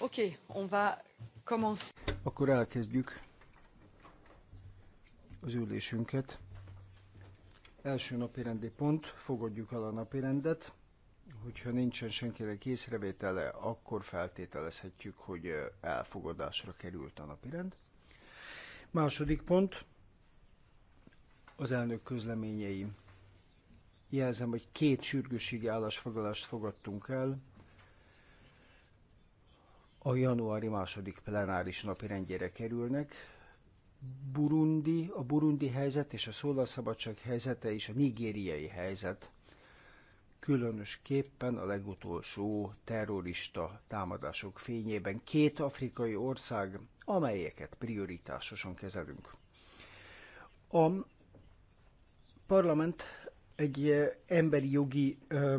Oké, on va commencer. Akkor elkezdjük az ülésünket. Első napi rendi pont, fogadjuk el a napi rendet. Hogyha nincsen senkinek észrevétele, akkor feltételezhetjük, hogy elfogadásra került a napi rend. Második pont, az elnök közleményei. Jelzem, hogy két sürgősségi állásfoglalást fogadtunk el, a januári második plenáris napi rendjére kerülnek. Burundi, a burundi helyzet és a szólalszabadság helyzete és a nigériai helyzet, különösképpen a legutolsó terrorista támadások fényében két afrikai ország, amelyeket prioritásosan kezelünk. A parlament egy eh, emberi jogi eh,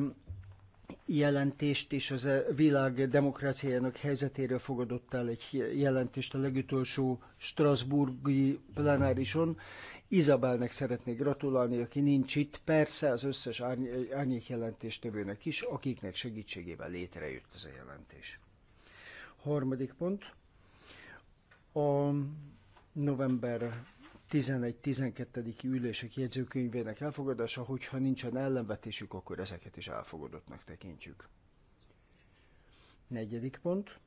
jelentést, és az a világ demokráciájának helyzetéről fogadott el egy jelentést a legutolsó Strasburgi plenárison. Izabelnek szeretnék gratulálni, aki nincs itt, persze az összes árny- árnyék jelentéstevőnek is, akiknek segítségével létrejött ez a jelentés. Harmadik pont. A november 11-12. ülések jegyzőkönyvének elfogadása, hogyha nincsen ellenvetésük, akkor ezeket is elfogadottnak tekintjük. Negyedik pont.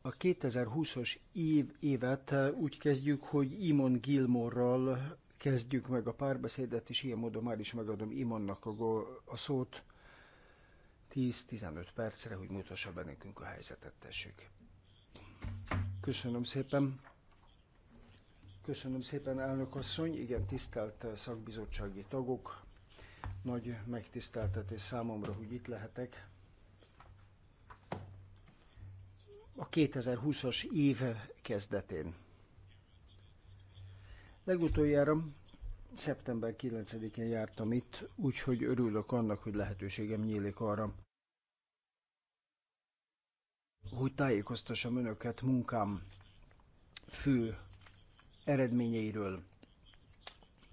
A 2020-as év, évet úgy kezdjük, hogy Imon Gilmorral kezdjük meg a párbeszédet, és ilyen módon már is megadom Imonnak a, a szót 10-15 percre, hogy mutassa be nekünk a helyzetet, tessék. Köszönöm szépen. Köszönöm szépen, elnök asszony. Igen, tisztelt szakbizottsági tagok. Nagy megtiszteltetés számomra, hogy itt lehetek. A 2020-as év kezdetén. Legutoljára szeptember 9-én jártam itt, úgyhogy örülök annak, hogy lehetőségem nyílik arra, hogy tájékoztassam önöket munkám fő eredményeiről,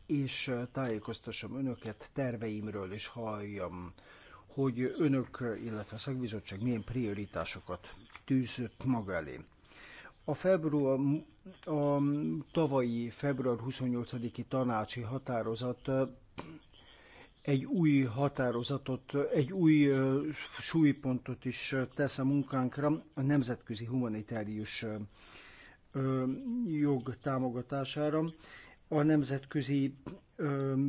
és eh, tájékoztassam önöket terveimről, és halljam, hogy önök, illetve a szakbizottság milyen prioritásokat tűzött maga elé. A, február, a tavalyi február 28-i tanácsi határozat eh, egy új határozatot, egy új súlypontot is tesz a munkánkra a nemzetközi humanitárius jog támogatására. A nemzetközi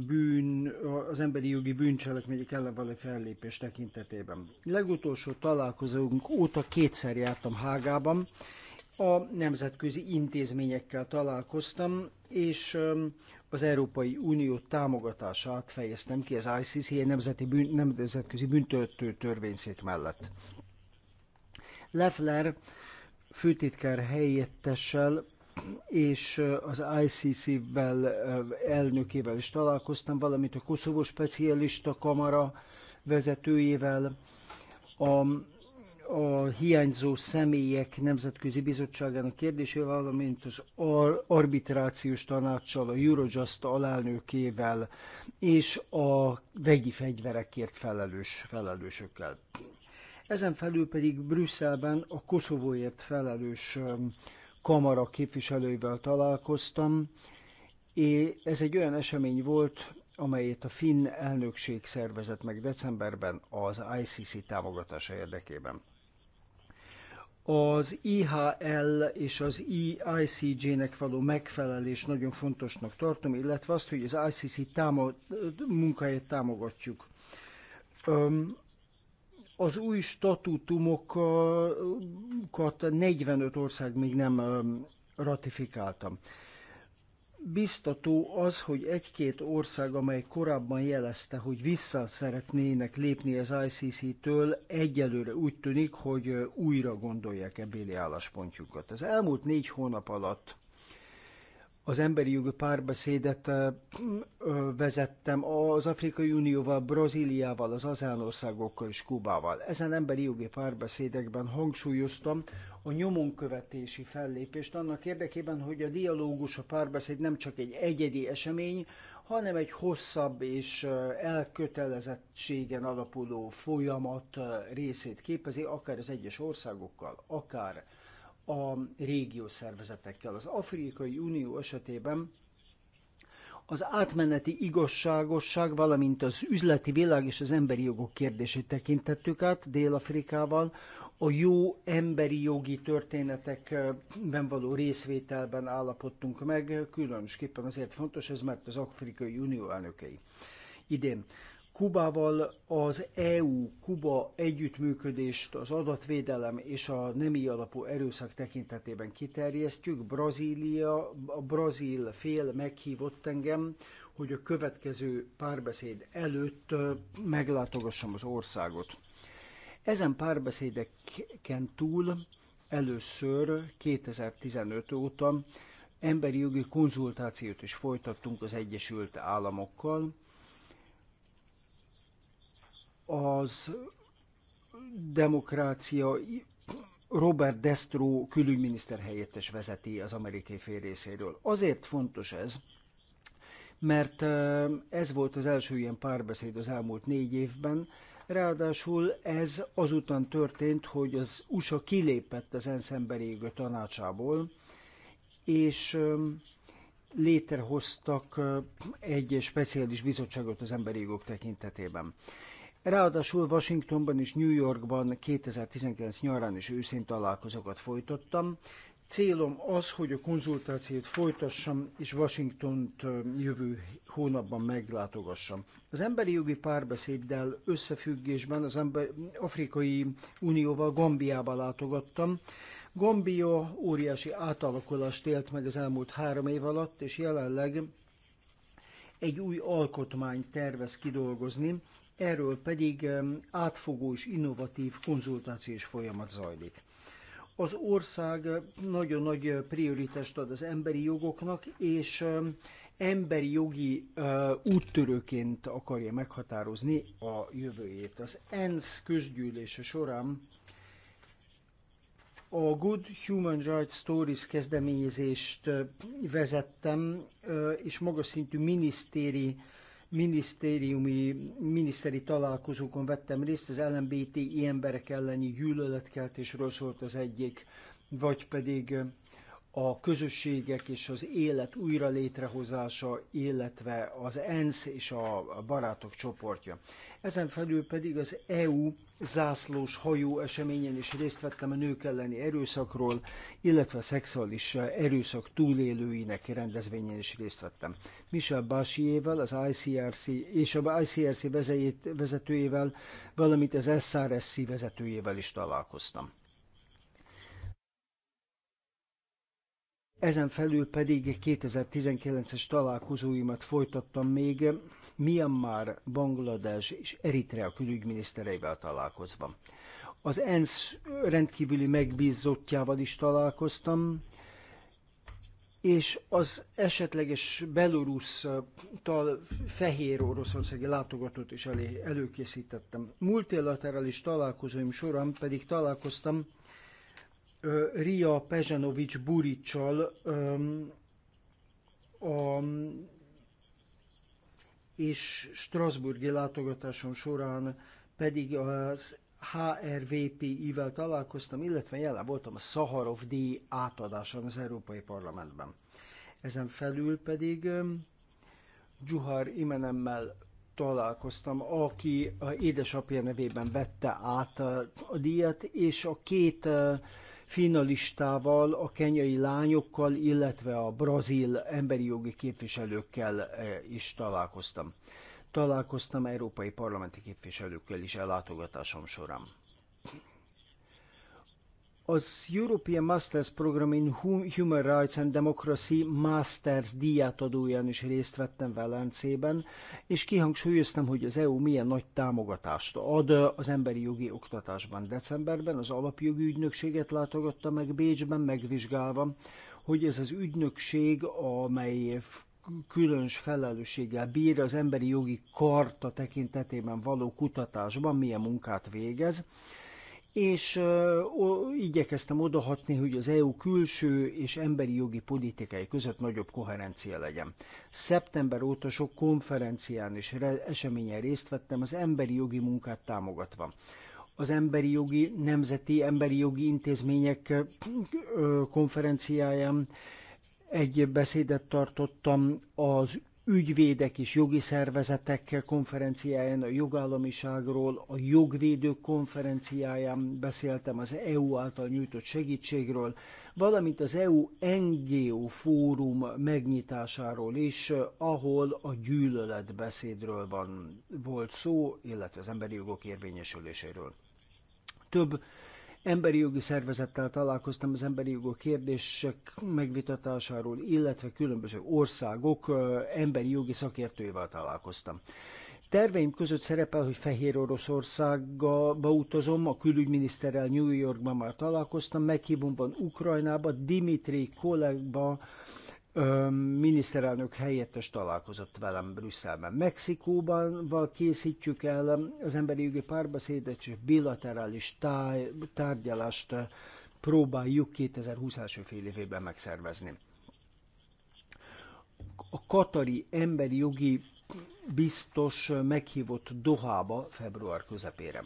bűn, az emberi jogi bűncselekmények ellen való fellépés tekintetében. Legutolsó találkozónk óta kétszer jártam Hágában, a nemzetközi intézményekkel találkoztam, és az Európai Unió támogatását fejeztem ki az ICC egy nemzeti bűn, nemzetközi büntető törvényszék mellett. Leffler főtitkár helyettessel és az ICC-vel elnökével is találkoztam, valamint a Koszovó specialista kamara vezetőjével, a a hiányzó személyek nemzetközi bizottságának kérdésével, valamint az arbitrációs tanácssal, a Eurojust alelnökével és a vegyi fegyverekért felelős felelősökkel. Ezen felül pedig Brüsszelben a Koszovóért felelős kamara képviselőivel találkoztam, és ez egy olyan esemény volt, amelyet a finn elnökség szervezett meg decemberben az ICC támogatása érdekében az IHL és az eicg nek való megfelelés nagyon fontosnak tartom, illetve azt, hogy az ICC támog, munkáját támogatjuk. Um, az új statútumokat 45 ország még nem ratifikáltam. Biztató az, hogy egy-két ország, amely korábban jelezte, hogy vissza szeretnének lépni az ICC-től, egyelőre úgy tűnik, hogy újra gondolják ebbéli álláspontjukat. Az elmúlt négy hónap alatt az emberi jogi párbeszédet vezettem az Afrikai Unióval, Brazíliával, az ASEAN országokkal és Kubával. Ezen emberi jogi párbeszédekben hangsúlyoztam a nyomonkövetési fellépést annak érdekében, hogy a dialógus, a párbeszéd nem csak egy egyedi esemény, hanem egy hosszabb és elkötelezettségen alapuló folyamat részét képezi, akár az egyes országokkal, akár a régió szervezetekkel. Az Afrikai Unió esetében az átmeneti igazságosság, valamint az üzleti világ és az emberi jogok kérdését tekintettük át Dél-Afrikával, a jó emberi jogi történetekben való részvételben állapodtunk meg, különösképpen azért fontos ez, mert az Afrikai Unió elnökei idén Kubával az EU-Kuba együttműködést az adatvédelem és a nemi alapú erőszak tekintetében kiterjesztjük. Brazília, a brazil fél meghívott engem, hogy a következő párbeszéd előtt meglátogassam az országot. Ezen párbeszédeken túl először 2015 óta emberi jogi konzultációt is folytattunk az Egyesült Államokkal, az demokrácia Robert Destro külügyminiszter helyettes vezeti az amerikai fél részéről. Azért fontos ez, mert eh, ez volt az első ilyen párbeszéd az elmúlt négy évben, Ráadásul ez azután történt, hogy az USA kilépett az ENSZ emberi tanácsából, és eh, létrehoztak eh, egy speciális bizottságot az emberi jogok tekintetében. Ráadásul Washingtonban és New Yorkban 2019 nyarán és őszén találkozókat folytattam. Célom az, hogy a konzultációt folytassam, és Washingtont jövő hónapban meglátogassam. Az emberi jogi párbeszéddel összefüggésben az ember, Afrikai Unióval Gambiába látogattam. Gambia óriási átalakulást élt meg az elmúlt három év alatt, és jelenleg egy új alkotmány tervez kidolgozni, erről pedig átfogó és innovatív konzultációs folyamat zajlik. Az ország nagyon nagy prioritást ad az emberi jogoknak, és emberi jogi úttörőként akarja meghatározni a jövőjét. Az ENSZ közgyűlése során a Good Human Rights Stories kezdeményezést vezettem, és magas szintű minisztéri minisztériumi, miniszteri találkozókon vettem részt, az LMBT emberek elleni gyűlöletkeltésről szólt az egyik, vagy pedig a közösségek és az élet újra létrehozása, illetve az ENSZ és a barátok csoportja. Ezen felül pedig az EU zászlós hajó eseményen is részt vettem a nők elleni erőszakról, illetve a szexuális erőszak túlélőinek rendezvényen is részt vettem. Michel Bashiével, az ICRC és a ICRC vezetőjével, valamint az SRSC vezetőjével is találkoztam. Ezen felül pedig 2019-es találkozóimat folytattam még Myanmar, Banglades és Eritrea külügyminisztereivel találkozva. Az ENSZ rendkívüli megbízottjával is találkoztam, és az esetleges belorusszal fehér oroszországi látogatót is elé, előkészítettem. Multilaterális találkozóim során pedig találkoztam uh, Ria Pezsanovics Buricsal, um, a és Strasburgi látogatásom során pedig az HRVP-ivel találkoztam, illetve jelen voltam a Szaharov díj átadáson az Európai Parlamentben. Ezen felül pedig Juhar um, Imenemmel találkoztam, aki a édesapja nevében vette át uh, a díjat, és a két uh, finalistával, a kenyai lányokkal, illetve a brazil emberi jogi képviselőkkel eh, is találkoztam. Találkoztam európai parlamenti képviselőkkel is ellátogatásom során az European Masters Program in Human Rights and Democracy Masters díjátadóján is részt vettem Velencében, és kihangsúlyoztam, hogy az EU milyen nagy támogatást ad az emberi jogi oktatásban. Decemberben az alapjogi ügynökséget látogatta meg Bécsben, megvizsgálva, hogy ez az ügynökség, amely különös felelősséggel bír az emberi jogi karta tekintetében való kutatásban, milyen munkát végez és igyekeztem odahatni, hogy az EU külső és emberi jogi politikai között nagyobb koherencia legyen. Szeptember óta sok konferencián és eseményen részt vettem az emberi jogi munkát támogatva. Az emberi jogi, nemzeti emberi jogi intézmények konferenciáján egy beszédet tartottam az ügyvédek és jogi szervezetek konferenciáján, a jogállamiságról, a jogvédők konferenciáján beszéltem az EU által nyújtott segítségről, valamint az EU NGO fórum megnyitásáról is, ahol a gyűlöletbeszédről van, volt szó, illetve az emberi jogok érvényesüléséről. Több Emberi jogi szervezettel találkoztam az emberi jogok kérdések megvitatásáról, illetve különböző országok emberi jogi szakértőivel találkoztam. Terveim között szerepel, hogy Fehér Oroszországba utazom, a külügyminiszterrel New Yorkban már találkoztam, meghívom van Ukrajnába, Dimitri kollégba, miniszterelnök helyettes találkozott velem Brüsszelben. Mexikóban val készítjük el az emberi jogi párbeszédet és bilaterális táj, tárgyalást próbáljuk 2020 első fél évében megszervezni. A Katari emberi jogi biztos meghívott Dohába február közepére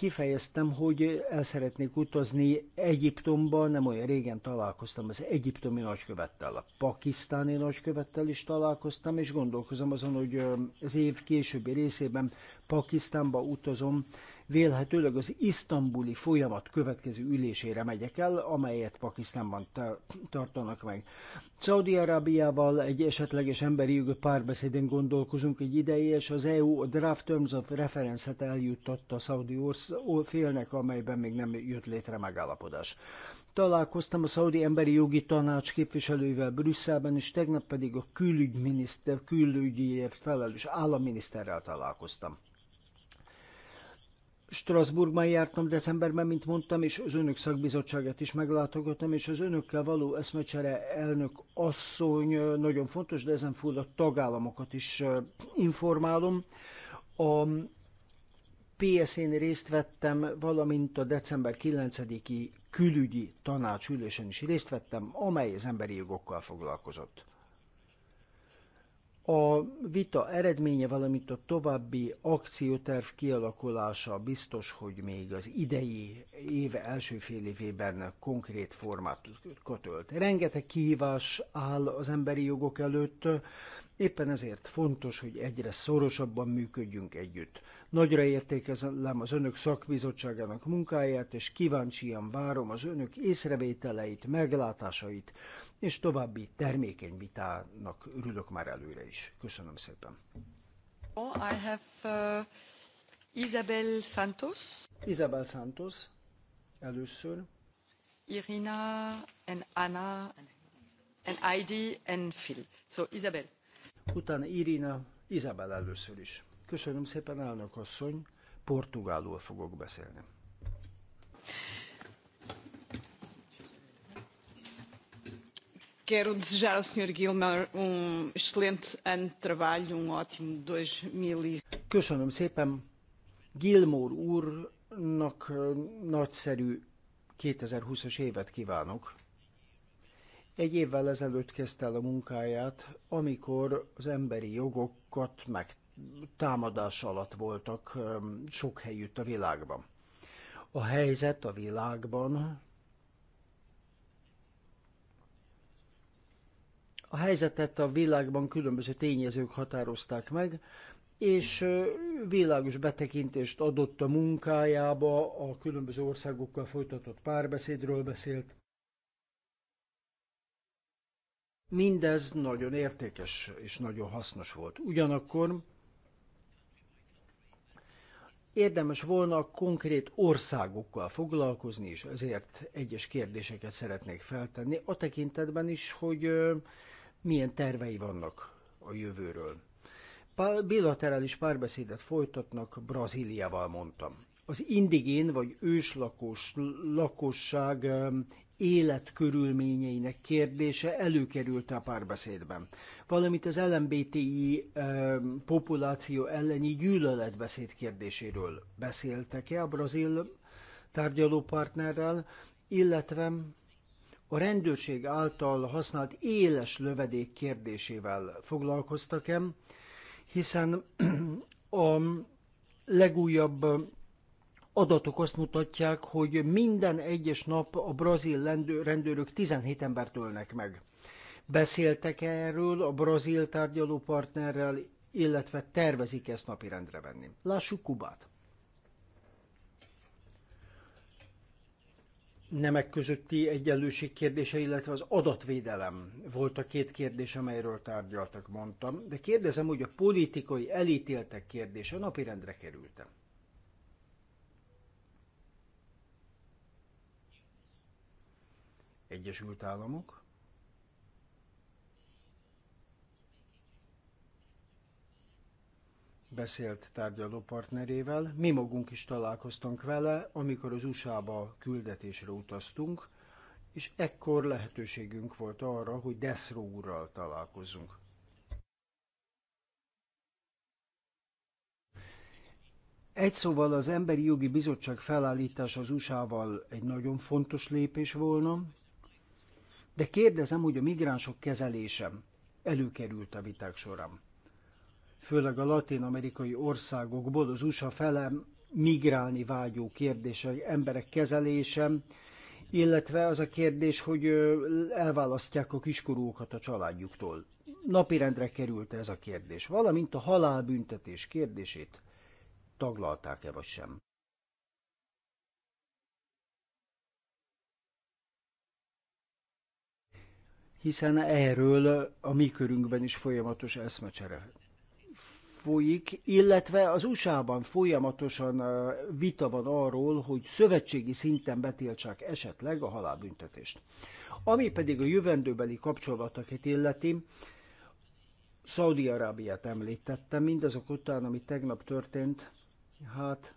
kifejeztem, hogy el szeretnék utazni Egyiptomba, nem olyan régen találkoztam az egyiptomi nagykövettel, a pakisztáni nagykövettel is találkoztam, és gondolkozom azon, hogy az év későbbi részében Pakisztánba utazom, vélhetőleg az isztambuli folyamat következő ülésére megyek el, amelyet Pakisztánban tartanak meg. Szaudi-Arábiával egy esetleges emberi jogok párbeszédén gondolkozunk egy ideje, és az EU a Draft Terms of Reference-et eljuttatta a szaudi félnek, amelyben még nem jött létre megállapodás. Találkoztam a Szaudi Emberi Jogi Tanács képviselőivel Brüsszelben, és tegnap pedig a külügyminiszter, külügyiért felelős államminiszterrel találkoztam. Strasbourgban jártam decemberben, mint mondtam, és az önök szakbizottságát is meglátogattam, és az önökkel való eszmecsere elnök asszony nagyon fontos, de ezen fúl a tagállamokat is informálom. A PSZ-én részt vettem, valamint a december 9-i külügyi tanácsülésen is részt vettem, amely az emberi jogokkal foglalkozott. A vita eredménye, valamint a további akcióterv kialakulása biztos, hogy még az idei éve első fél évében konkrét formát kötölt. Rengeteg kihívás áll az emberi jogok előtt, éppen ezért fontos, hogy egyre szorosabban működjünk együtt. Nagyra értékezem az önök szakbizottságának munkáját, és kíváncsian várom az önök észrevételeit, meglátásait, és további termékeny vitának örülök már előre is. Köszönöm szépen. I have uh, Isabel Santos. Isabel Santos először. Irina and Anna and Heidi and Phil. So Isabel. Utána Irina, Isabel először is. Köszönöm szépen, elnök asszony. Portugálul fogok beszélni. Quero desejar ao Sr. Gilmer um excelente ano de trabalho, um ótimo 2000. E- Köszönöm szépen. Gilmore úrnak nagyszerű 2020-as évet kívánok. Egy évvel ezelőtt kezdte el a munkáját, amikor az emberi jogokat meg támadás alatt voltak sok helyütt a világban. A helyzet a világban A helyzetet a világban különböző tényezők határozták meg, és világos betekintést adott a munkájába, a különböző országokkal folytatott párbeszédről beszélt. Mindez nagyon értékes és nagyon hasznos volt. Ugyanakkor érdemes volna konkrét országokkal foglalkozni, és ezért egyes kérdéseket szeretnék feltenni, a tekintetben is, hogy milyen tervei vannak a jövőről. Bilaterális párbeszédet folytatnak Brazíliával, mondtam. Az indigén vagy őslakos lakosság életkörülményeinek kérdése előkerült a párbeszédben, valamint az LMBTI populáció elleni gyűlöletbeszéd kérdéséről beszéltek-e a brazil tárgyalópartnerrel, illetve a rendőrség által használt éles lövedék kérdésével foglalkoztak-e, hiszen a legújabb adatok azt mutatják, hogy minden egyes nap a brazil rendőrök 17 embert ölnek meg. Beszéltek -e erről a brazil tárgyalópartnerrel, illetve tervezik ezt napirendre venni? Lássuk Kubát. nemek közötti egyenlőség kérdése, illetve az adatvédelem volt a két kérdés, amelyről tárgyaltak, mondtam. De kérdezem, hogy a politikai elítéltek kérdése napirendre kerültem. Egyesült Államok. beszélt tárgyaló partnerével. Mi magunk is találkoztunk vele, amikor az USA-ba küldetésre utaztunk, és ekkor lehetőségünk volt arra, hogy Deszró úrral találkozunk. Egy szóval az Emberi Jogi Bizottság felállítása az USA-val egy nagyon fontos lépés volna, de kérdezem, hogy a migránsok kezelése előkerült a viták során főleg a latin-amerikai országokból az USA fele migrálni vágyó kérdése, hogy emberek kezelése, illetve az a kérdés, hogy elválasztják a kiskorúkat a családjuktól. Napirendre került ez a kérdés, valamint a halálbüntetés kérdését taglalták-e vagy sem. hiszen erről a mi körünkben is folyamatos eszmecsere folyik, illetve az USA-ban folyamatosan vita van arról, hogy szövetségi szinten betiltsák esetleg a halálbüntetést. Ami pedig a jövendőbeli kapcsolatokat illeti, Szaudi-Arábiát említettem, mindazok után, ami tegnap történt, hát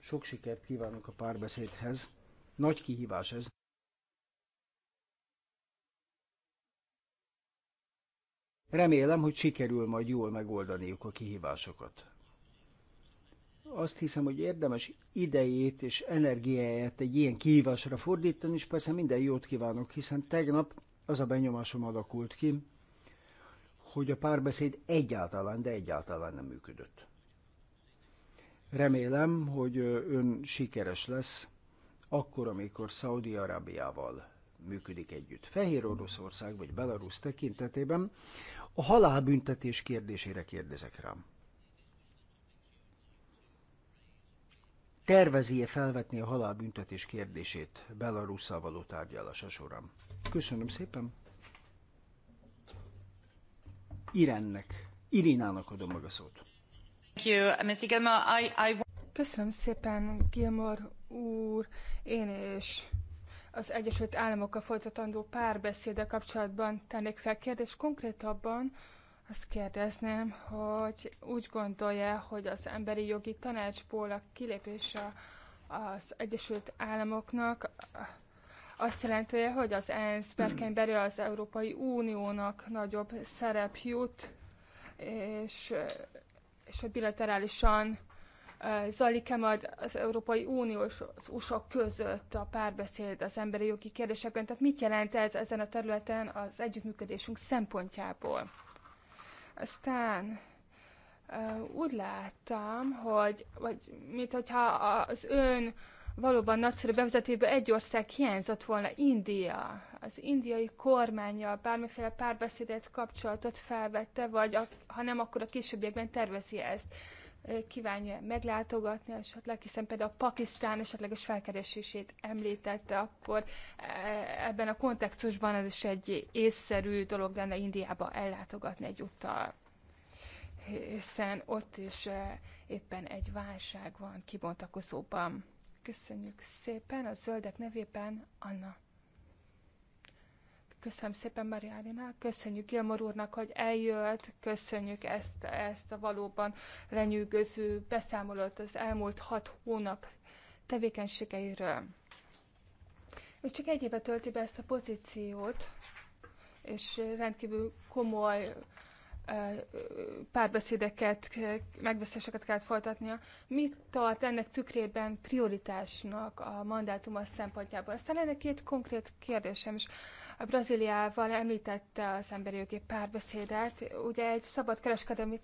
sok sikert kívánok a párbeszédhez. Nagy kihívás ez. Remélem, hogy sikerül majd jól megoldaniuk a kihívásokat. Azt hiszem, hogy érdemes idejét és energiáját egy ilyen kihívásra fordítani, és persze minden jót kívánok, hiszen tegnap az a benyomásom alakult ki, hogy a párbeszéd egyáltalán, de egyáltalán nem működött. Remélem, hogy ön sikeres lesz, akkor, amikor Szaudi-Arábiával működik együtt. Fehér Oroszország vagy Belarus tekintetében a halálbüntetés kérdésére kérdezek rám. Tervezi-e felvetni a halálbüntetés kérdését Belarusszal való tárgyalása során? Köszönöm szépen. Irennek, Irinának adom meg a szót. Köszönöm szépen, Gilmore úr. Én is az Egyesült Államokkal folytatandó párbeszéddel kapcsolatban tennék fel kérdést. Konkrétabban azt kérdezném, hogy úgy gondolja, hogy az emberi jogi tanácsból a kilépése az Egyesült Államoknak azt jelenti, hogy az ENSZ berkein belül az Európai Uniónak nagyobb szerep jut, és, és hogy bilaterálisan zajlik -e majd az Európai Unió és az USA között a párbeszéd az emberi jogi kérdésekben? Tehát mit jelent ez ezen a területen az együttműködésünk szempontjából? Aztán úgy láttam, hogy vagy, mint hogyha az ön valóban nagyszerű bevezetében egy ország hiányzott volna, India. Az indiai kormánya bármiféle párbeszédet, kapcsolatot felvette, vagy a, ha nem, akkor a későbbiekben tervezi ezt kívánja meglátogatni esetleg, hiszen például a Pakisztán esetleges felkeresését említette, akkor eh, ebben a kontextusban ez is egy észszerű dolog lenne Indiába ellátogatni egy uttal hiszen ott is eh, éppen egy válság van kibontakozóban. Köszönjük szépen a zöldek nevében, Anna. Köszönöm szépen Mariálinál, köszönjük Ilmar úrnak, hogy eljött, köszönjük ezt, ezt a valóban lenyűgöző beszámolót az elmúlt hat hónap tevékenységeiről. Ő csak egy éve tölti be ezt a pozíciót, és rendkívül komoly párbeszédeket, megbeszéléseket kellett folytatnia. Mit tart ennek tükrében prioritásnak a mandátuma szempontjából? Aztán lenne két konkrét kérdésem is. A Brazíliával említette az emberi jogi párbeszédet. Ugye egy szabad kereskedelmi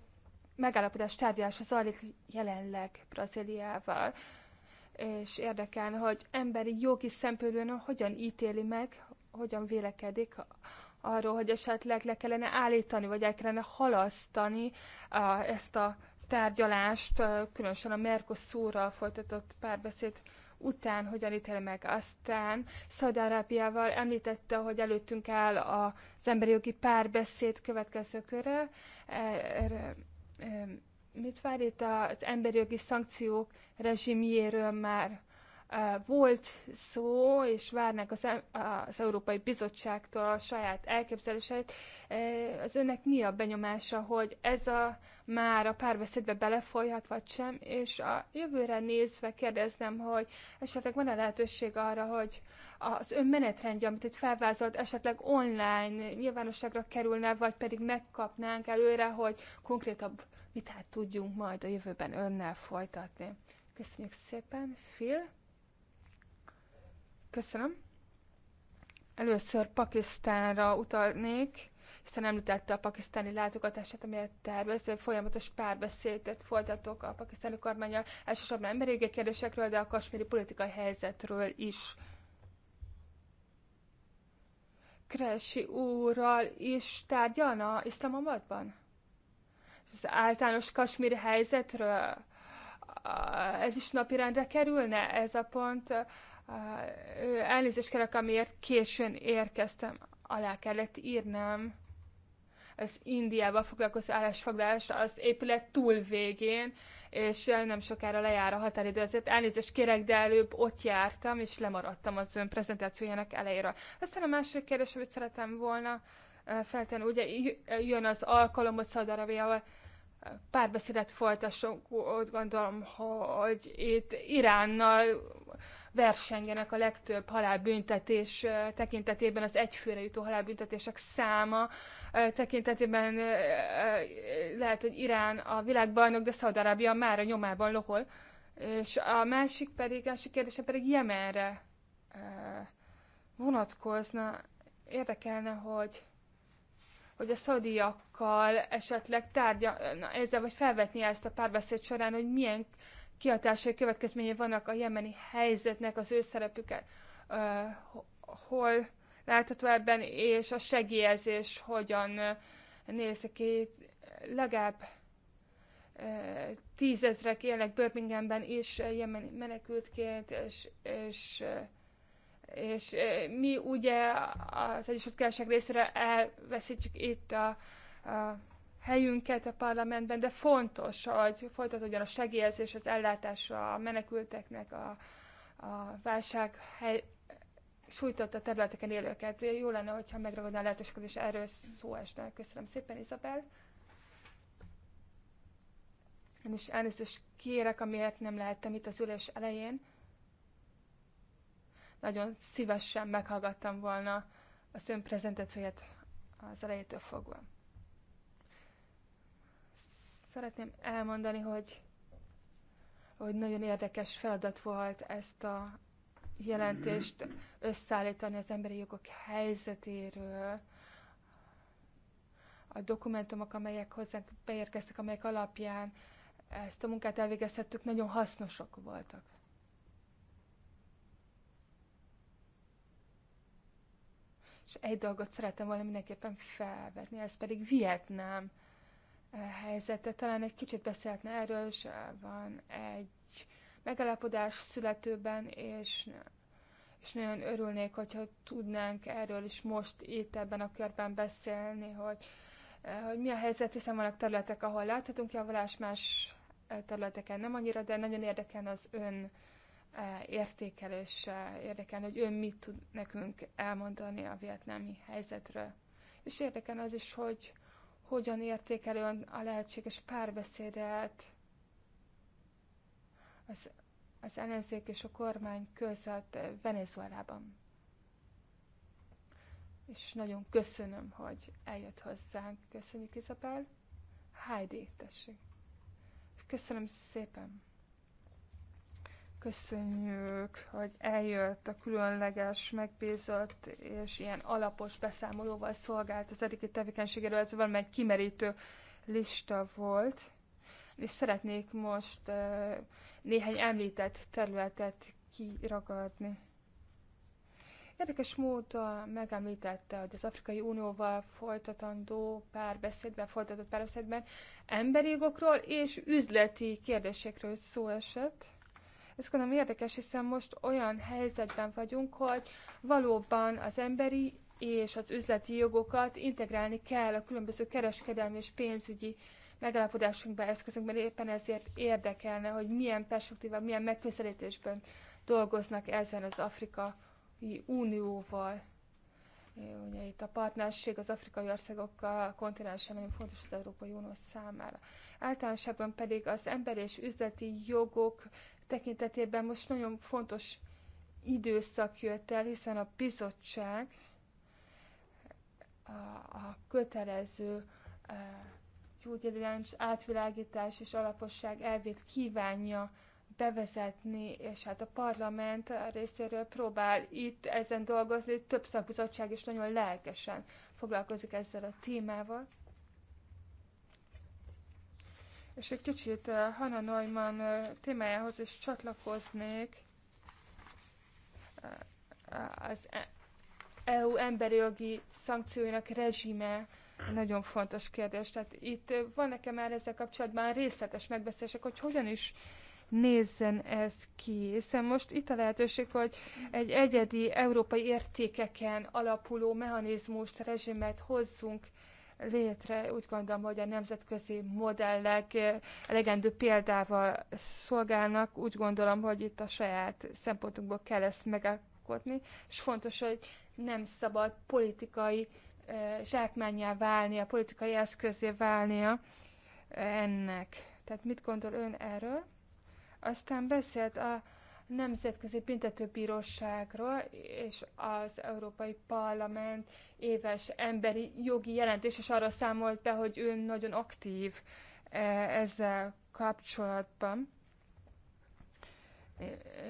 megállapodás tárgyalása zajlik jelenleg Brazíliával. És érdekelne, hogy emberi jogi szempontból hogyan ítéli meg, hogyan vélekedik arról, hogy esetleg le kellene állítani, vagy el kellene halasztani a, ezt a tárgyalást, különösen a Mercosurral folytatott párbeszéd után hogyan ítél meg. Aztán Szaudarábiával említette, hogy előttünk áll az emberi jogi párbeszéd következő köre. E, mit vár itt az emberi jogi szankciók rezsimjéről már volt szó, és várnak az, e- az Európai Bizottságtól a saját elképzeléseit. Az önnek mi a benyomása, hogy ez a már a párbeszédbe belefolyhat, vagy sem? És a jövőre nézve kérdeznem, hogy esetleg van-e lehetőség arra, hogy az ön menetrendje, amit itt felvázolt, esetleg online nyilvánosságra kerülne, vagy pedig megkapnánk előre, hogy konkrétabb vitát tudjunk majd a jövőben önnel folytatni. Köszönjük szépen, Phil! Köszönöm. Először Pakisztánra utalnék, hiszen említette a pakisztáni látogatását, amelyet tervez, folyamatos párbeszédet folytatok a pakisztáni kormányjal, elsősorban emberi kérdésekről, de a kasmíri politikai helyzetről is. Kresi úrral is tárgyalna Iszlamabadban? És az általános kasmíri helyzetről ez is napirendre kerülne, ez a pont elnézést kérek, amiért későn érkeztem. Alá kellett írnám az Indiával foglalkozó állásfoglalás az épület túl végén, és nem sokára lejár a határidő, ezért elnézést kérek, de előbb ott jártam, és lemaradtam az ön prezentációjának elejére. Aztán a másik kérdés, amit szeretem volna feltenni, ugye jön az alkalom, hogy Szadarabiával párbeszédet folytassunk, ott gondolom, hogy itt Iránnal versengenek a legtöbb halálbüntetés tekintetében, az egyfőre jutó halálbüntetések száma tekintetében lehet, hogy Irán a világbajnok, de Szaudarábia már a nyomában lohol. És a másik pedig, másik kérdése pedig Jemenre vonatkozna. Érdekelne, hogy hogy a szaudiakkal esetleg tárgya na, ezzel, vagy felvetni ezt a párbeszéd során, hogy milyen kihatásai, következményei vannak a jemeni helyzetnek az ő uh, hol látható ebben, és a segélyezés hogyan néz ki, legalább tízezrek élnek Birminghamben is jemeni menekültként, és, és és mi ugye az Egyesült Királyság részére elveszítjük itt a, a helyünket a parlamentben, de fontos, hogy folytatódjon a segélyezés, az ellátása a menekülteknek, a, a válság hely, sújtotta területeken élőket. Jó lenne, hogyha megragadná a lehetőséget, és erről szó esne. Köszönöm szépen, Izabel. Én is elnézést kérek, amiért nem lehettem itt az ülés elején. Nagyon szívesen meghallgattam volna a szőn prezentációját az elejétől fogva. Szeretném elmondani, hogy, hogy nagyon érdekes feladat volt ezt a jelentést összeállítani az emberi jogok helyzetéről, a dokumentumok, amelyek hozzánk beérkeztek, amelyek alapján ezt a munkát elvégezhettük, nagyon hasznosak voltak. És egy dolgot szeretem volna mindenképpen felvetni, ez pedig Vietnám helyzete. Talán egy kicsit beszélhetne erről, és van egy megállapodás születőben, és, és nagyon örülnék, hogyha tudnánk erről is most itt ebben a körben beszélni, hogy, hogy mi a helyzet, hiszen vannak területek, ahol láthatunk javulást, más területeken nem annyira, de nagyon érdekel az ön e, értékelés érdekel, hogy ön mit tud nekünk elmondani a vietnámi helyzetről. És érdekel az is, hogy hogyan értékeli a lehetséges párbeszédet az, az ellenzék és a kormány között Venezuelában. És nagyon köszönöm, hogy eljött hozzánk. Köszönjük, Izabel. Heidi, tessék. Köszönöm szépen. Köszönjük, hogy eljött a különleges, megbízott és ilyen alapos beszámolóval szolgált az eddigi tevékenységéről. Ez egy kimerítő lista volt. És szeretnék most néhány említett területet kiragadni. Érdekes módon megemlítette, hogy az Afrikai Unióval folytatandó párbeszédben, folytatott párbeszédben emberi jogokról és üzleti kérdésekről szó esett ez gondolom érdekes, hiszen most olyan helyzetben vagyunk, hogy valóban az emberi és az üzleti jogokat integrálni kell a különböző kereskedelmi és pénzügyi megállapodásunkban, eszközünkben. Éppen ezért érdekelne, hogy milyen perspektíva, milyen megközelítésben dolgoznak ezen az Afrikai Unióval. Ugye itt a partnerség az afrikai országokkal, a kontinensen nagyon fontos az Európai Unió számára. Általánosabban pedig az emberi és üzleti jogok tekintetében most nagyon fontos időszak jött el, hiszen a bizottság a, a kötelező e, gyógyvédelmi átvilágítás és alaposság elvét kívánja bevezetni, és hát a parlament részéről próbál itt ezen dolgozni, több szakbizottság is nagyon lelkesen foglalkozik ezzel a témával. És egy kicsit eh, Hanna Neumann eh, témájához is csatlakoznék. Eh, az EU e emberi jogi szankcióinak rezsime nagyon fontos kérdés. Tehát itt van nekem már ezzel kapcsolatban részletes megbeszélések, hogy hogyan is nézzen ez ki, hiszen most itt a lehetőség, hogy egy egyedi európai értékeken alapuló mechanizmust, rezsimet hozzunk létre. Úgy gondolom, hogy a nemzetközi modellek elegendő példával szolgálnak. Úgy gondolom, hogy itt a saját szempontunkból kell ezt megalkotni, és fontos, hogy nem szabad politikai eh, zsákmányjá válnia, politikai eszközé válnia ennek. Tehát mit gondol ön erről? Aztán beszélt a Nemzetközi Büntetőbíróságról és az Európai Parlament éves emberi jogi jelentés, és arra számolt be, hogy ő nagyon aktív e, ezzel kapcsolatban.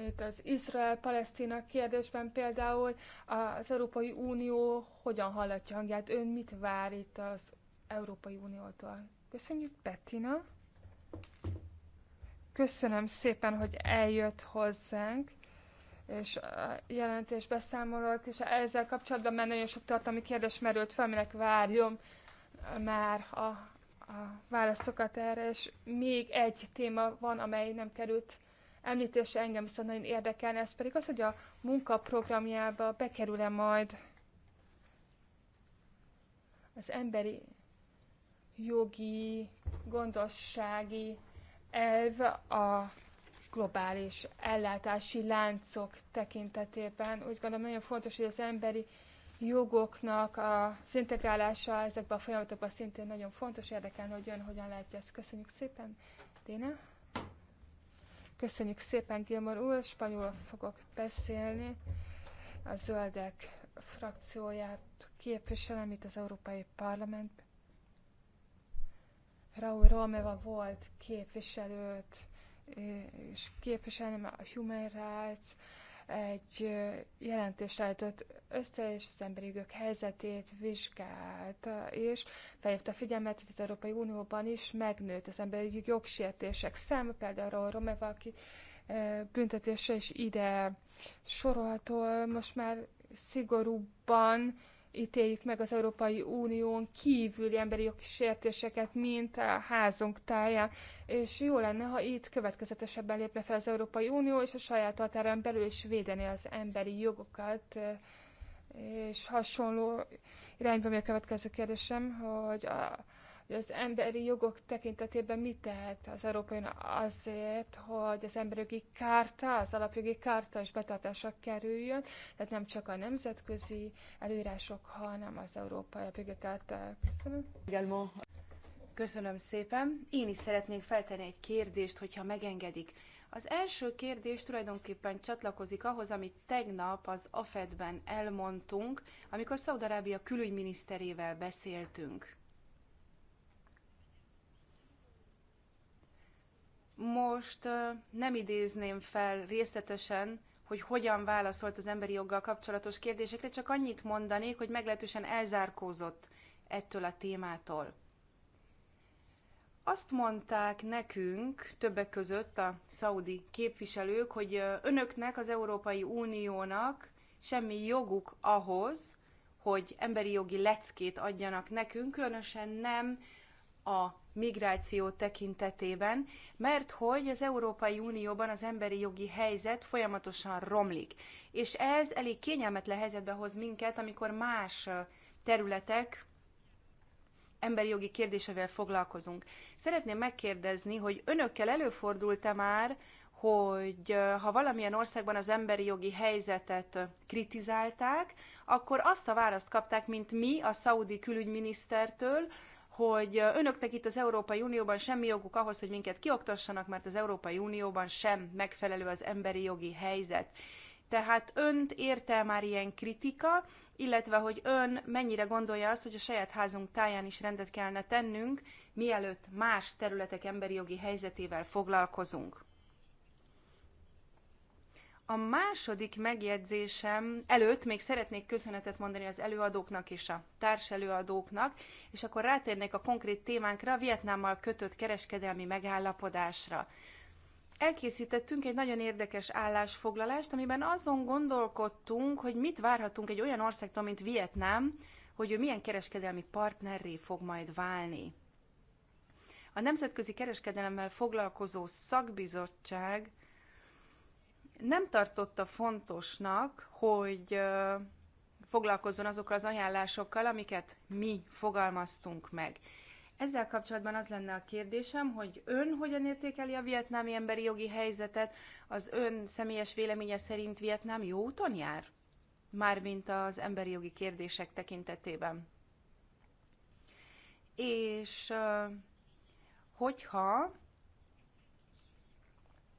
Itt az Izrael-Palesztina kérdésben például az Európai Unió hogyan hallatja hangját? Ön mit vár itt az Európai Uniótól? Köszönjük, Bettina! Köszönöm szépen, hogy eljött hozzánk, és a jelentés beszámolót, és ezzel kapcsolatban már nagyon sok tartalmi kérdés merült fel, aminek várjom már a, a válaszokat erre, és még egy téma van, amely nem került említése engem viszont nagyon érdekelne, ez pedig az, hogy a munkaprogramjába bekerül-e majd az emberi jogi, gondossági elv a globális ellátási láncok tekintetében. Úgy gondolom nagyon fontos, hogy az emberi jogoknak a integrálása ezekben a folyamatokban szintén nagyon fontos. Érdekelne, hogy jön, hogyan látja ezt. Köszönjük szépen, Déna. Köszönjük szépen, Gilmar úr. Spanyol fogok beszélni. A zöldek frakcióját képviselem itt az Európai Parlamentben. Raúl Romeva volt képviselőt, és képviselni a Human Rights, egy jelentést állított össze, és az emberi jogok helyzetét vizsgálta, és felhívta figyelmet, hogy az Európai Unióban is megnőtt az emberi jogsértések száma, például Romeva, aki büntetése is ide sorolható, most már szigorúbban ítéljük meg az Európai Unión kívüli emberi jogi sértéseket, mint a házunk táján, és jó lenne, ha itt következetesebben lépne fel az Európai Unió, és a saját határán belül is védeni az emberi jogokat, és hasonló irányba mi a következő kérdésem, hogy a, hogy az emberi jogok tekintetében mit tehet az Európai Unió azért, hogy az emberi kárta, az alapjogi kárta is betartásra kerüljön, tehát nem csak a nemzetközi előírások, hanem az Európai Alapjogi Kárta. Köszönöm. Köszönöm szépen. Én is szeretnék feltenni egy kérdést, hogyha megengedik. Az első kérdés tulajdonképpen csatlakozik ahhoz, amit tegnap az AFED-ben elmondtunk, amikor Szaudarábia külügyminiszterével beszéltünk. Most nem idézném fel részletesen, hogy hogyan válaszolt az emberi joggal kapcsolatos kérdésekre, csak annyit mondanék, hogy meglehetősen elzárkózott ettől a témától. Azt mondták nekünk, többek között a szaudi képviselők, hogy önöknek, az Európai Uniónak semmi joguk ahhoz, hogy emberi jogi leckét adjanak nekünk, különösen nem a migráció tekintetében, mert hogy az Európai Unióban az emberi jogi helyzet folyamatosan romlik. És ez elég kényelmetlen helyzetbe hoz minket, amikor más területek emberi jogi kérdésevel foglalkozunk. Szeretném megkérdezni, hogy önökkel előfordult-e már, hogy ha valamilyen országban az emberi jogi helyzetet kritizálták, akkor azt a választ kapták, mint mi a szaudi külügyminisztertől, hogy önöknek itt az Európai Unióban semmi joguk ahhoz, hogy minket kioktassanak, mert az Európai Unióban sem megfelelő az emberi jogi helyzet. Tehát önt érte már ilyen kritika, illetve hogy ön mennyire gondolja azt, hogy a saját házunk táján is rendet kellene tennünk, mielőtt más területek emberi jogi helyzetével foglalkozunk. A második megjegyzésem előtt még szeretnék köszönetet mondani az előadóknak és a társelőadóknak, és akkor rátérnék a konkrét témánkra, a Vietnámmal kötött kereskedelmi megállapodásra. Elkészítettünk egy nagyon érdekes állásfoglalást, amiben azon gondolkodtunk, hogy mit várhatunk egy olyan országtól, mint Vietnám, hogy ő milyen kereskedelmi partnerré fog majd válni. A Nemzetközi Kereskedelemmel Foglalkozó Szakbizottság nem tartotta fontosnak, hogy foglalkozzon azokkal az ajánlásokkal, amiket mi fogalmaztunk meg. Ezzel kapcsolatban az lenne a kérdésem, hogy ön hogyan értékeli a vietnámi emberi jogi helyzetet, az ön személyes véleménye szerint Vietnám jó úton jár? Mármint az emberi jogi kérdések tekintetében. És hogyha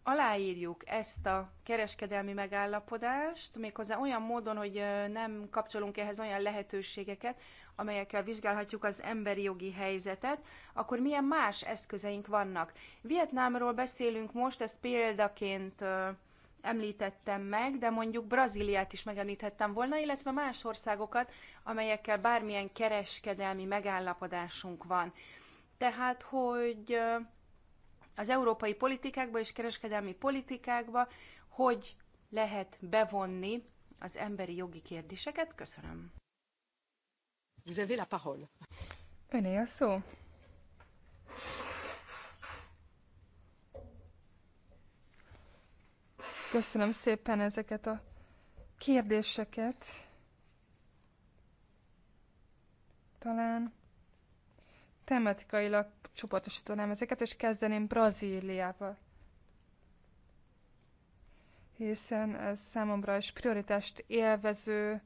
aláírjuk ezt a kereskedelmi megállapodást, méghozzá olyan módon, hogy nem kapcsolunk ehhez olyan lehetőségeket, amelyekkel vizsgálhatjuk az emberi jogi helyzetet, akkor milyen más eszközeink vannak? Vietnámról beszélünk most, ezt példaként említettem meg, de mondjuk Brazíliát is megemlíthettem volna, illetve más országokat, amelyekkel bármilyen kereskedelmi megállapodásunk van. Tehát, hogy az európai politikákba és kereskedelmi politikákba, hogy lehet bevonni az emberi jogi kérdéseket. Köszönöm. Vous avez la parole. Öné a szó. Köszönöm szépen ezeket a kérdéseket. Talán tematikailag csoportosítanám ezeket, és kezdeném Brazíliával. Hiszen ez számomra is prioritást élvező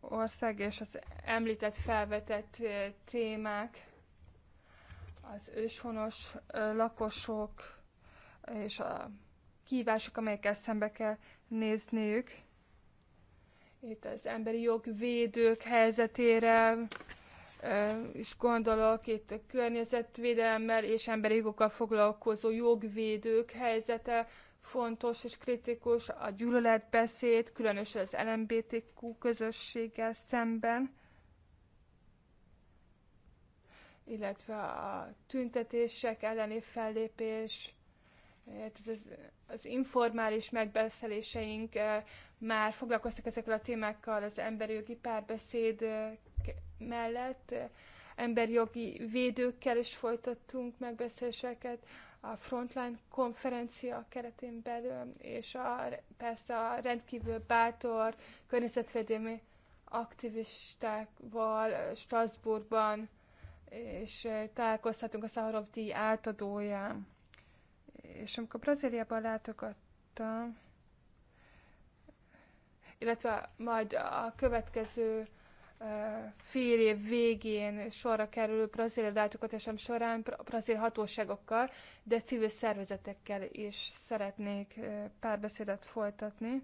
ország, és az említett, felvetett eh, témák, az őshonos eh, lakosok, és a kívások, amelyekkel szembe kell nézniük. Itt az emberi jogvédők helyzetére is gondolok itt a környezetvédelemmel és emberi jogokkal foglalkozó jogvédők helyzete fontos és kritikus, a gyűlöletbeszéd, különösen az LMBTQ közösséggel szemben, illetve a tüntetések elleni fellépés, hát az, az informális megbeszéléseink már foglalkoztak ezekkel a témákkal az emberi jogi párbeszéd mellett eh, emberjogi védőkkel is folytattunk megbeszéléseket a Frontline konferencia keretén belül, és a, persze a rendkívül bátor környezetvédelmi aktivistákval eh, Strasbourgban, és eh, találkozhatunk a Szaharov díj átadóján. És amikor Brazíliában látogattam, illetve majd a következő fél év végén sorra kerülő brazil látogatásom során brazil hatóságokkal, de civil szervezetekkel is szeretnék párbeszédet folytatni,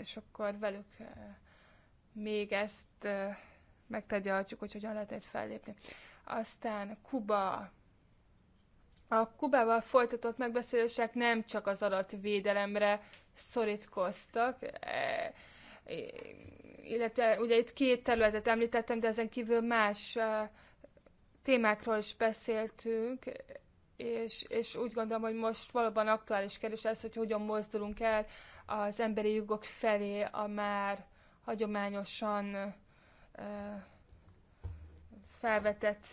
és akkor velük még ezt megtegyaltjuk, hogy hogyan lehet egy fellépni. Aztán Kuba. A Kubával folytatott megbeszélések nem csak az adatvédelemre szorítkoztak, e, illetve ugye itt két területet említettem, de ezen kívül más témákról is beszéltünk, és, és úgy gondolom, hogy most valóban aktuális kérdés ez, hogy hogyan mozdulunk el az emberi jogok felé a már hagyományosan felvetett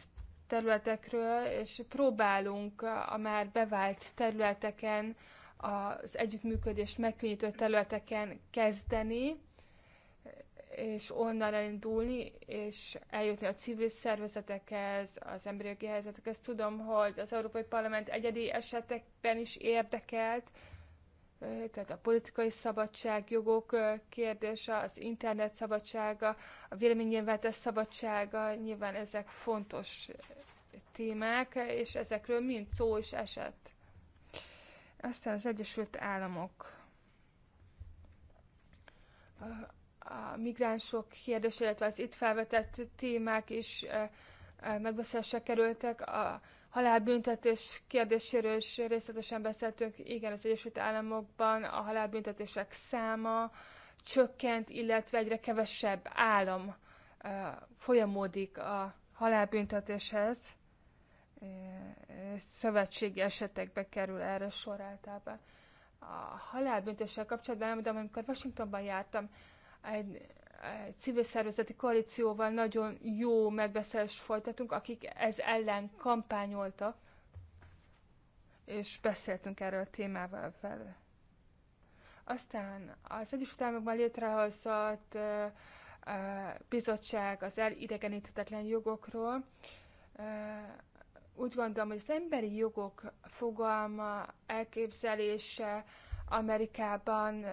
területekről, és próbálunk a már bevált területeken, az együttműködés megkönnyítő területeken kezdeni, és onnan elindulni, és eljutni a civil szervezetekhez, az emberi jogi helyzetekhez. Tudom, hogy az Európai Parlament egyedi esetekben is érdekelt, tehát a politikai szabadság, jogok kérdése, az internet szabadsága, a véleménynyilvánítás szabadsága, nyilván ezek fontos témák, és ezekről mind szó is esett. Aztán az Egyesült Államok a migránsok kérdése, illetve az itt felvetett témák is eh, eh, megbeszélésre kerültek. A halálbüntetés kérdéséről is részletesen beszéltünk. Igen, az Egyesült Államokban a halálbüntetések száma csökkent, illetve egyre kevesebb állam eh, folyamodik a halálbüntetéshez. Szövetségi esetekbe kerül erre sor általában. A halálbüntéssel kapcsolatban, de amikor Washingtonban jártam, egy, egy civil szervezeti koalícióval nagyon jó megbeszélést folytatunk, akik ez ellen kampányoltak, és beszéltünk erről a témával velük. Aztán az Egyesült Államokban létrehozott bizottság az elidegeníthetetlen jogokról. úgy gondolom, hogy az emberi jogok fogalma, elképzelése Amerikában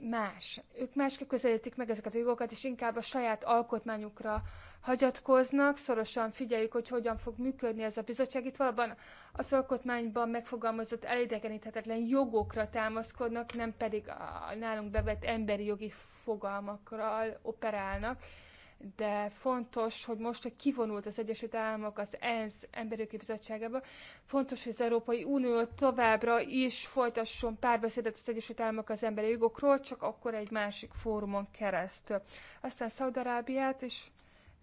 más. Ők másképp közelítik meg ezeket a jogokat, és inkább a saját alkotmányukra hagyatkoznak, szorosan figyeljük, hogy hogyan fog működni ez a bizottság. Itt valóban az alkotmányban megfogalmazott elidegeníthetetlen jogokra támaszkodnak, nem pedig a nálunk bevett emberi jogi fogalmakra operálnak de fontos, hogy most, hogy kivonult az Egyesült Államok az ENSZ emberjogi bizottságába, fontos, hogy az Európai Unió továbbra is folytasson párbeszédet az Egyesült Államok az emberi jogokról, csak akkor egy másik fórumon keresztül. Aztán Szaudarábiát is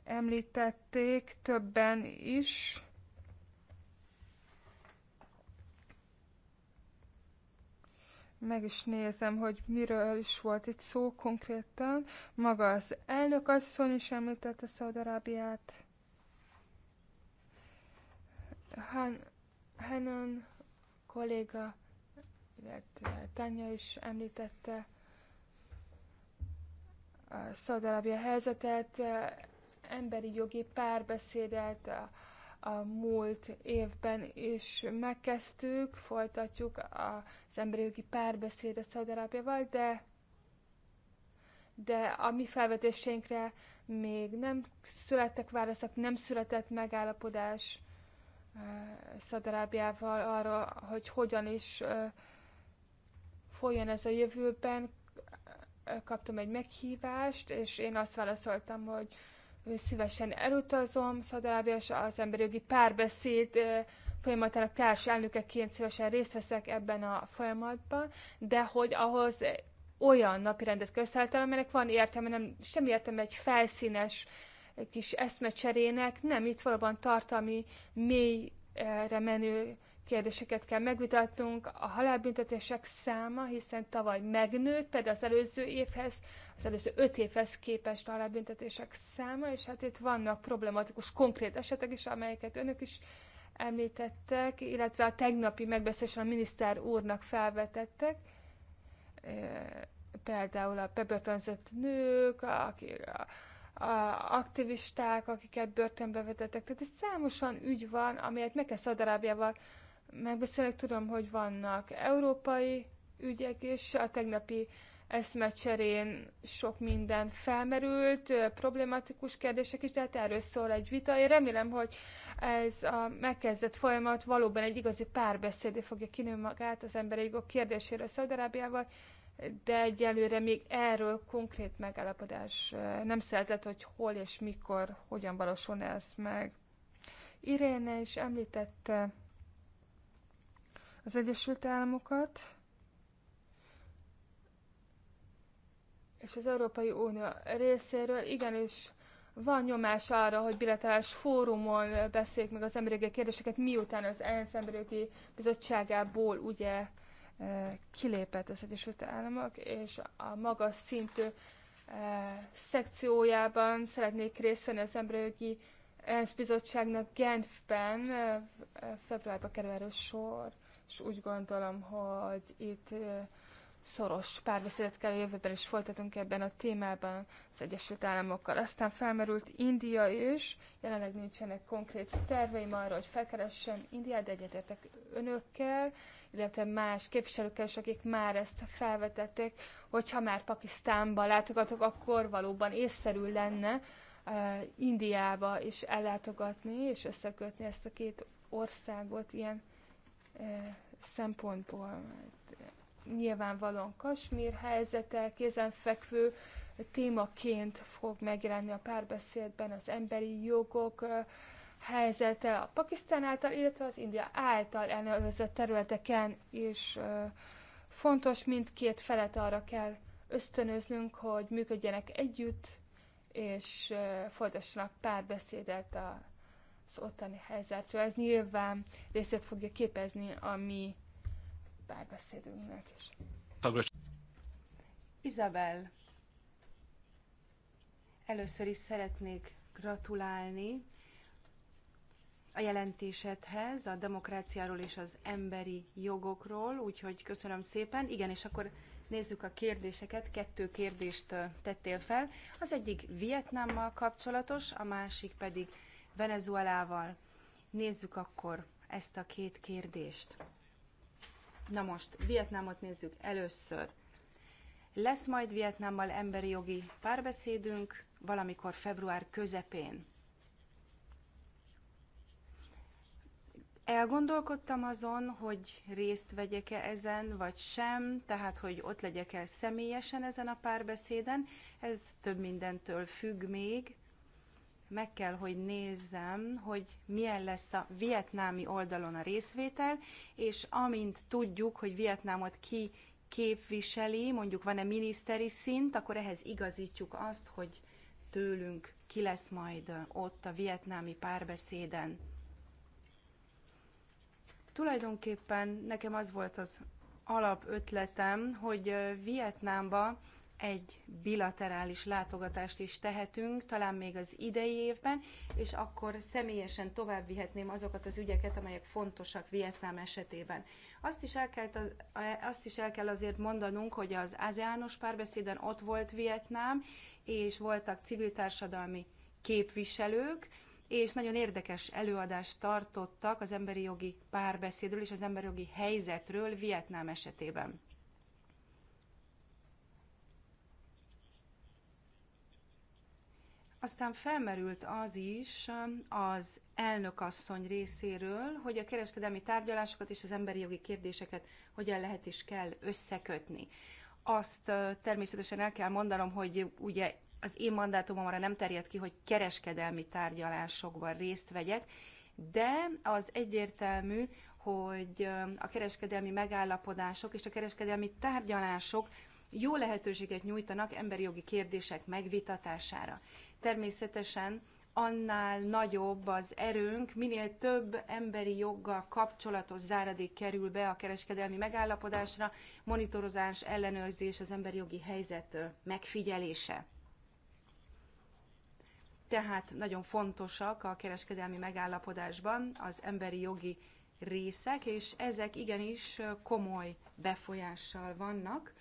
említették többen is. meg is nézem, hogy miről is volt itt szó konkrétan. Maga az elnök asszony is említette Szaudarábiát. Han, Hanon kolléga, illetve Tanya is említette a Szaudarábia helyzetet, emberi jogi párbeszédet, a a múlt évben is megkezdtük, folytatjuk az emberi jogi párbeszédet Szaudarábiával, de, de a mi felvetésénkre még nem születtek válaszok, nem született megállapodás Szaudarábiával arra, hogy hogyan is folyjon ez a jövőben. Kaptam egy meghívást, és én azt válaszoltam, hogy szívesen elutazom Szadarábia, és az emberi jogi párbeszéd folyamatának társ elnökeként szívesen részt veszek ebben a folyamatban, de hogy ahhoz olyan napirendet köztelettem, aminek van értelme, nem, semmi értelme egy felszínes kis eszmecserének, nem, itt valóban tartalmi, mélyre menő kérdéseket kell megvitatnunk. A halálbüntetések száma, hiszen tavaly megnőtt, például az előző évhez, az előző öt évhez képest a halálbüntetések száma, és hát itt vannak problematikus konkrét esetek is, amelyeket önök is említettek, illetve a tegnapi megbeszélésen a miniszter úrnak felvetettek, például a bebörtönzött nők, akik a, a aktivisták, akiket börtönbe vetettek. Tehát itt számosan ügy van, amelyet meg kell Szadarábiával megbeszélek. Tudom, hogy vannak európai ügyek, és a tegnapi eszmecserén sok minden felmerült, problematikus kérdések is, de hát erről szól egy vita. Én remélem, hogy ez a megkezdett folyamat valóban egy igazi párbeszédé fogja kinőni magát az emberi jogok kérdéséről Szaudarábiával, de egyelőre még erről konkrét megállapodás nem született, hogy hol és mikor, hogyan valósul ez meg. Iréne is említette az Egyesült Államokat, és az Európai Unió részéről igenis van nyomás arra, hogy bilaterális fórumon beszéljük meg az emberi kérdéseket, miután az ENSZ emberi bizottságából ugye eh, kilépett az Egyesült Államok, és a magas szintű eh, szekciójában szeretnék részt venni az emberi ENSZ bizottságnak Genfben eh, februárba kerül erős sor és úgy gondolom, hogy itt szoros párbeszédet kell a jövőben is folytatunk ebben a témában az Egyesült Államokkal. Aztán felmerült India is, jelenleg nincsenek konkrét terveim arra, hogy felkeressem Indiát, de egyetértek önökkel, illetve más képviselőkkel is, akik már ezt felvetették, hogyha már Pakisztánba látogatok, akkor valóban észszerű lenne uh, Indiába is ellátogatni, és összekötni ezt a két országot ilyen szempontból nyilvánvalóan Kasmír helyzete kézenfekvő témaként fog megjelenni a párbeszédben az emberi jogok helyzete a Pakisztán által, illetve az India által elnevezett területeken is fontos mindkét felet arra kell ösztönöznünk, hogy működjenek együtt, és folytassanak párbeszédet a az ottani helyzetről. Ez nyilván részét fogja képezni a mi párbeszédünknek is. Izabel, először is szeretnék gratulálni a jelentésedhez, a demokráciáról és az emberi jogokról, úgyhogy köszönöm szépen. Igen, és akkor nézzük a kérdéseket. Kettő kérdést tettél fel. Az egyik Vietnámmal kapcsolatos, a másik pedig Venezuelával. Nézzük akkor ezt a két kérdést. Na most, Vietnámot nézzük először. Lesz majd Vietnámmal emberi jogi párbeszédünk valamikor február közepén. Elgondolkodtam azon, hogy részt vegyek-e ezen, vagy sem, tehát hogy ott legyek-e személyesen ezen a párbeszéden. Ez több mindentől függ még meg kell, hogy nézzem, hogy milyen lesz a vietnámi oldalon a részvétel, és amint tudjuk, hogy Vietnámot ki képviseli, mondjuk van-e miniszteri szint, akkor ehhez igazítjuk azt, hogy tőlünk ki lesz majd ott a vietnámi párbeszéden. Tulajdonképpen nekem az volt az alapötletem, hogy Vietnámba egy bilaterális látogatást is tehetünk, talán még az idei évben, és akkor személyesen tovább vihetném azokat az ügyeket, amelyek fontosak Vietnám esetében. Azt is el kell, azt is el kell azért mondanunk, hogy az ázeános párbeszéden ott volt Vietnám, és voltak civil társadalmi képviselők, és nagyon érdekes előadást tartottak az emberi jogi párbeszédről és az emberi jogi helyzetről Vietnám esetében. Aztán felmerült az is um, az elnökasszony részéről, hogy a kereskedelmi tárgyalásokat és az emberi jogi kérdéseket hogyan lehet és kell összekötni. Azt uh, természetesen el kell mondanom, hogy ugye az én mandátumom arra nem terjed ki, hogy kereskedelmi tárgyalásokban részt vegyek, de az egyértelmű, hogy um, a kereskedelmi megállapodások és a kereskedelmi tárgyalások jó lehetőséget nyújtanak emberi jogi kérdések megvitatására. Természetesen annál nagyobb az erőnk, minél több emberi joggal kapcsolatos záradék kerül be a kereskedelmi megállapodásra, monitorozás, ellenőrzés, az emberi jogi helyzet megfigyelése. Tehát nagyon fontosak a kereskedelmi megállapodásban az emberi jogi részek, és ezek igenis komoly befolyással vannak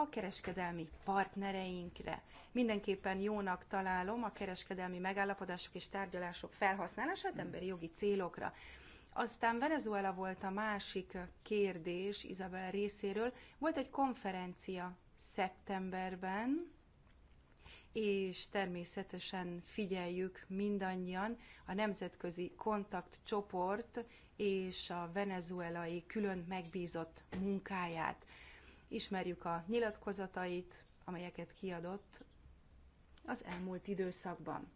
a kereskedelmi partnereinkre. Mindenképpen jónak találom a kereskedelmi megállapodások és tárgyalások felhasználását emberi jogi célokra. Aztán Venezuela volt a másik kérdés Izabel részéről. Volt egy konferencia szeptemberben, és természetesen figyeljük mindannyian a nemzetközi kontaktcsoport és a venezuelai külön megbízott munkáját ismerjük a nyilatkozatait, amelyeket kiadott az elmúlt időszakban.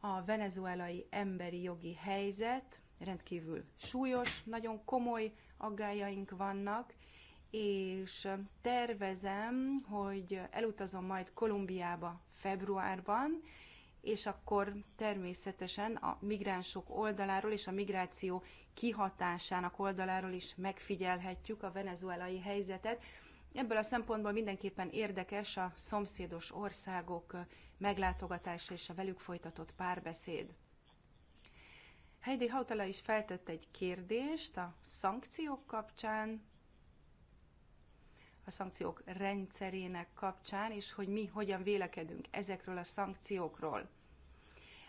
A venezuelai emberi jogi helyzet rendkívül súlyos, nagyon komoly aggájaink vannak, és tervezem, hogy elutazom majd Kolumbiába februárban, és akkor természetesen a migránsok oldaláról és a migráció kihatásának oldaláról is megfigyelhetjük a venezuelai helyzetet, Ebből a szempontból mindenképpen érdekes a szomszédos országok meglátogatása és a velük folytatott párbeszéd. Heidi Hautala is feltett egy kérdést a szankciók kapcsán, a szankciók rendszerének kapcsán, és hogy mi hogyan vélekedünk ezekről a szankciókról.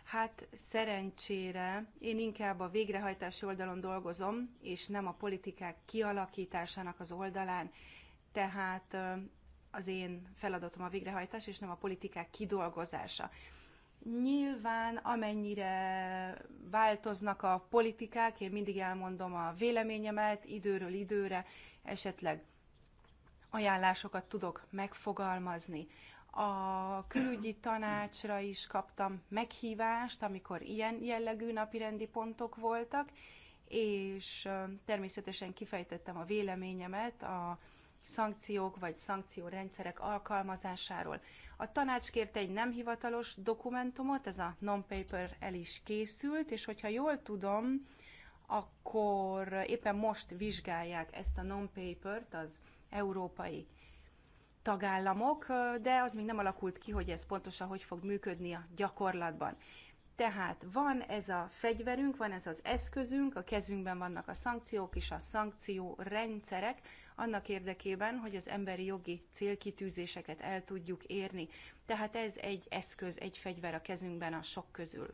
Hát szerencsére én inkább a végrehajtási oldalon dolgozom, és nem a politikák kialakításának az oldalán tehát az én feladatom a végrehajtás, és nem a politikák kidolgozása. Nyilván amennyire változnak a politikák, én mindig elmondom a véleményemet időről időre, esetleg ajánlásokat tudok megfogalmazni. A külügyi tanácsra is kaptam meghívást, amikor ilyen jellegű napirendi pontok voltak, és természetesen kifejtettem a véleményemet a szankciók vagy szankciórendszerek alkalmazásáról. A tanács kérte egy nem hivatalos dokumentumot, ez a non-paper el is készült, és hogyha jól tudom, akkor éppen most vizsgálják ezt a non-papert az európai tagállamok, de az még nem alakult ki, hogy ez pontosan hogy fog működni a gyakorlatban. Tehát van ez a fegyverünk, van ez az eszközünk, a kezünkben vannak a szankciók és a szankciórendszerek, annak érdekében, hogy az emberi jogi célkitűzéseket el tudjuk érni. Tehát ez egy eszköz, egy fegyver a kezünkben a sok közül.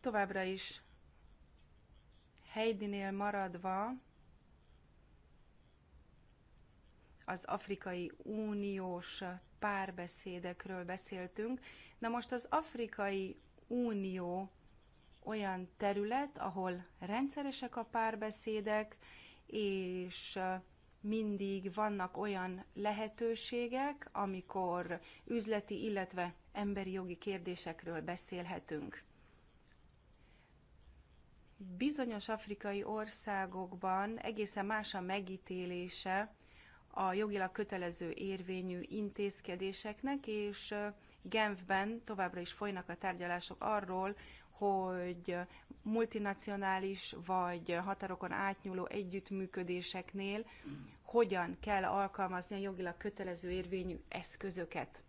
Továbbra is Heidinél maradva az Afrikai Uniós párbeszédekről beszéltünk. Na most az Afrikai Unió olyan terület, ahol rendszeresek a párbeszédek, és mindig vannak olyan lehetőségek, amikor üzleti, illetve emberi jogi kérdésekről beszélhetünk. Bizonyos afrikai országokban egészen más a megítélése a jogilag kötelező érvényű intézkedéseknek, és Genfben továbbra is folynak a tárgyalások arról, hogy multinacionális vagy határokon átnyúló együttműködéseknél hogyan kell alkalmazni a jogilag kötelező érvényű eszközöket.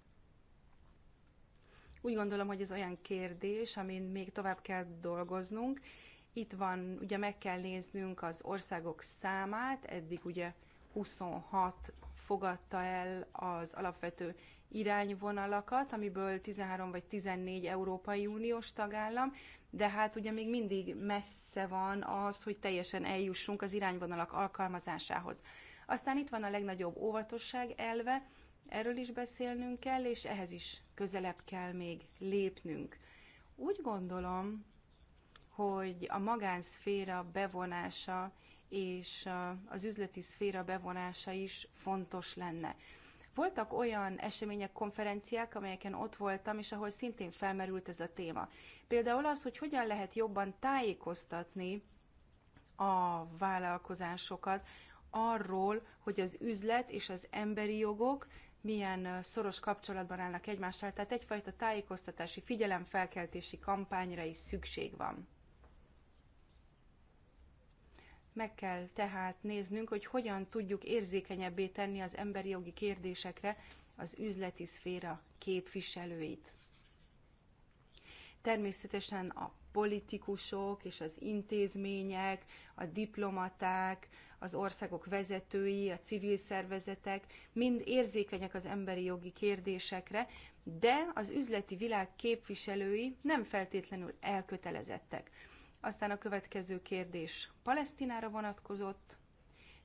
Úgy gondolom, hogy ez olyan kérdés, amin még tovább kell dolgoznunk. Itt van, ugye meg kell néznünk az országok számát, eddig ugye 26 fogadta el az alapvető irányvonalakat, amiből 13 vagy 14 Európai Uniós tagállam, de hát ugye még mindig messze van az, hogy teljesen eljussunk az irányvonalak alkalmazásához. Aztán itt van a legnagyobb óvatosság elve, erről is beszélnünk kell, és ehhez is közelebb kell még lépnünk. Úgy gondolom, hogy a magánszféra bevonása és az üzleti szféra bevonása is fontos lenne. Voltak olyan események, konferenciák, amelyeken ott voltam, és ahol szintén felmerült ez a téma. Például az, hogy hogyan lehet jobban tájékoztatni a vállalkozásokat arról, hogy az üzlet és az emberi jogok milyen szoros kapcsolatban állnak egymással, tehát egyfajta tájékoztatási, figyelemfelkeltési kampányra is szükség van. Meg kell tehát néznünk, hogy hogyan tudjuk érzékenyebbé tenni az emberi jogi kérdésekre az üzleti szféra képviselőit. Természetesen a politikusok és az intézmények, a diplomaták, az országok vezetői, a civil szervezetek mind érzékenyek az emberi jogi kérdésekre, de az üzleti világ képviselői nem feltétlenül elkötelezettek. Aztán a következő kérdés Palesztinára vonatkozott.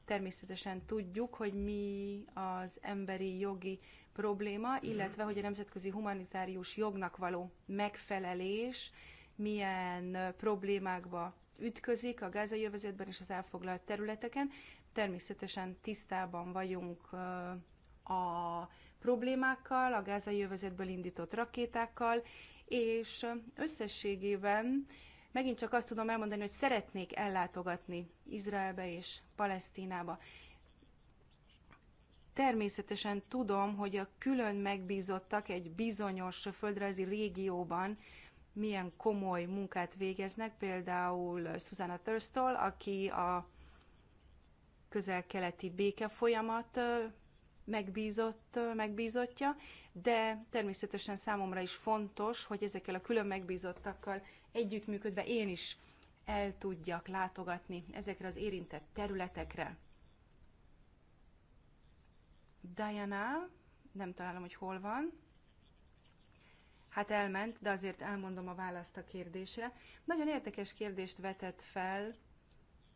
Természetesen tudjuk, hogy mi az emberi jogi probléma, mhm. illetve hogy a nemzetközi humanitárius jognak való megfelelés milyen problémákba ütközik a gázai övezetben és az elfoglalt területeken. Természetesen tisztában vagyunk a problémákkal, a gázai övezetből indított rakétákkal, és összességében Megint csak azt tudom elmondani, hogy szeretnék ellátogatni Izraelbe és Palesztinába. Természetesen tudom, hogy a külön megbízottak egy bizonyos földrajzi régióban milyen komoly munkát végeznek, például Susanna Thurstall, aki a közel-keleti béke folyamat megbízott, megbízottja, de természetesen számomra is fontos, hogy ezekkel a külön megbízottakkal együttműködve én is el tudjak látogatni ezekre az érintett területekre. Diana, nem találom, hogy hol van. Hát elment, de azért elmondom a választ a kérdésre. Nagyon érdekes kérdést vetett fel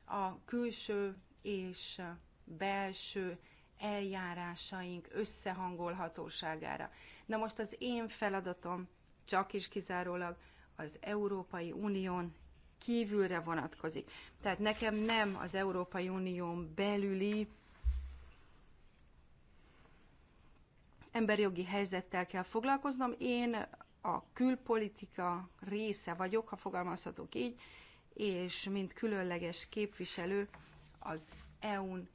a külső és belső eljárásaink összehangolhatóságára. Na most az én feladatom csak is kizárólag az Európai Unión kívülre vonatkozik. Tehát nekem nem az Európai Unión belüli emberjogi helyzettel kell foglalkoznom. Én a külpolitika része vagyok, ha fogalmazhatok így, és mint különleges képviselő az EU-n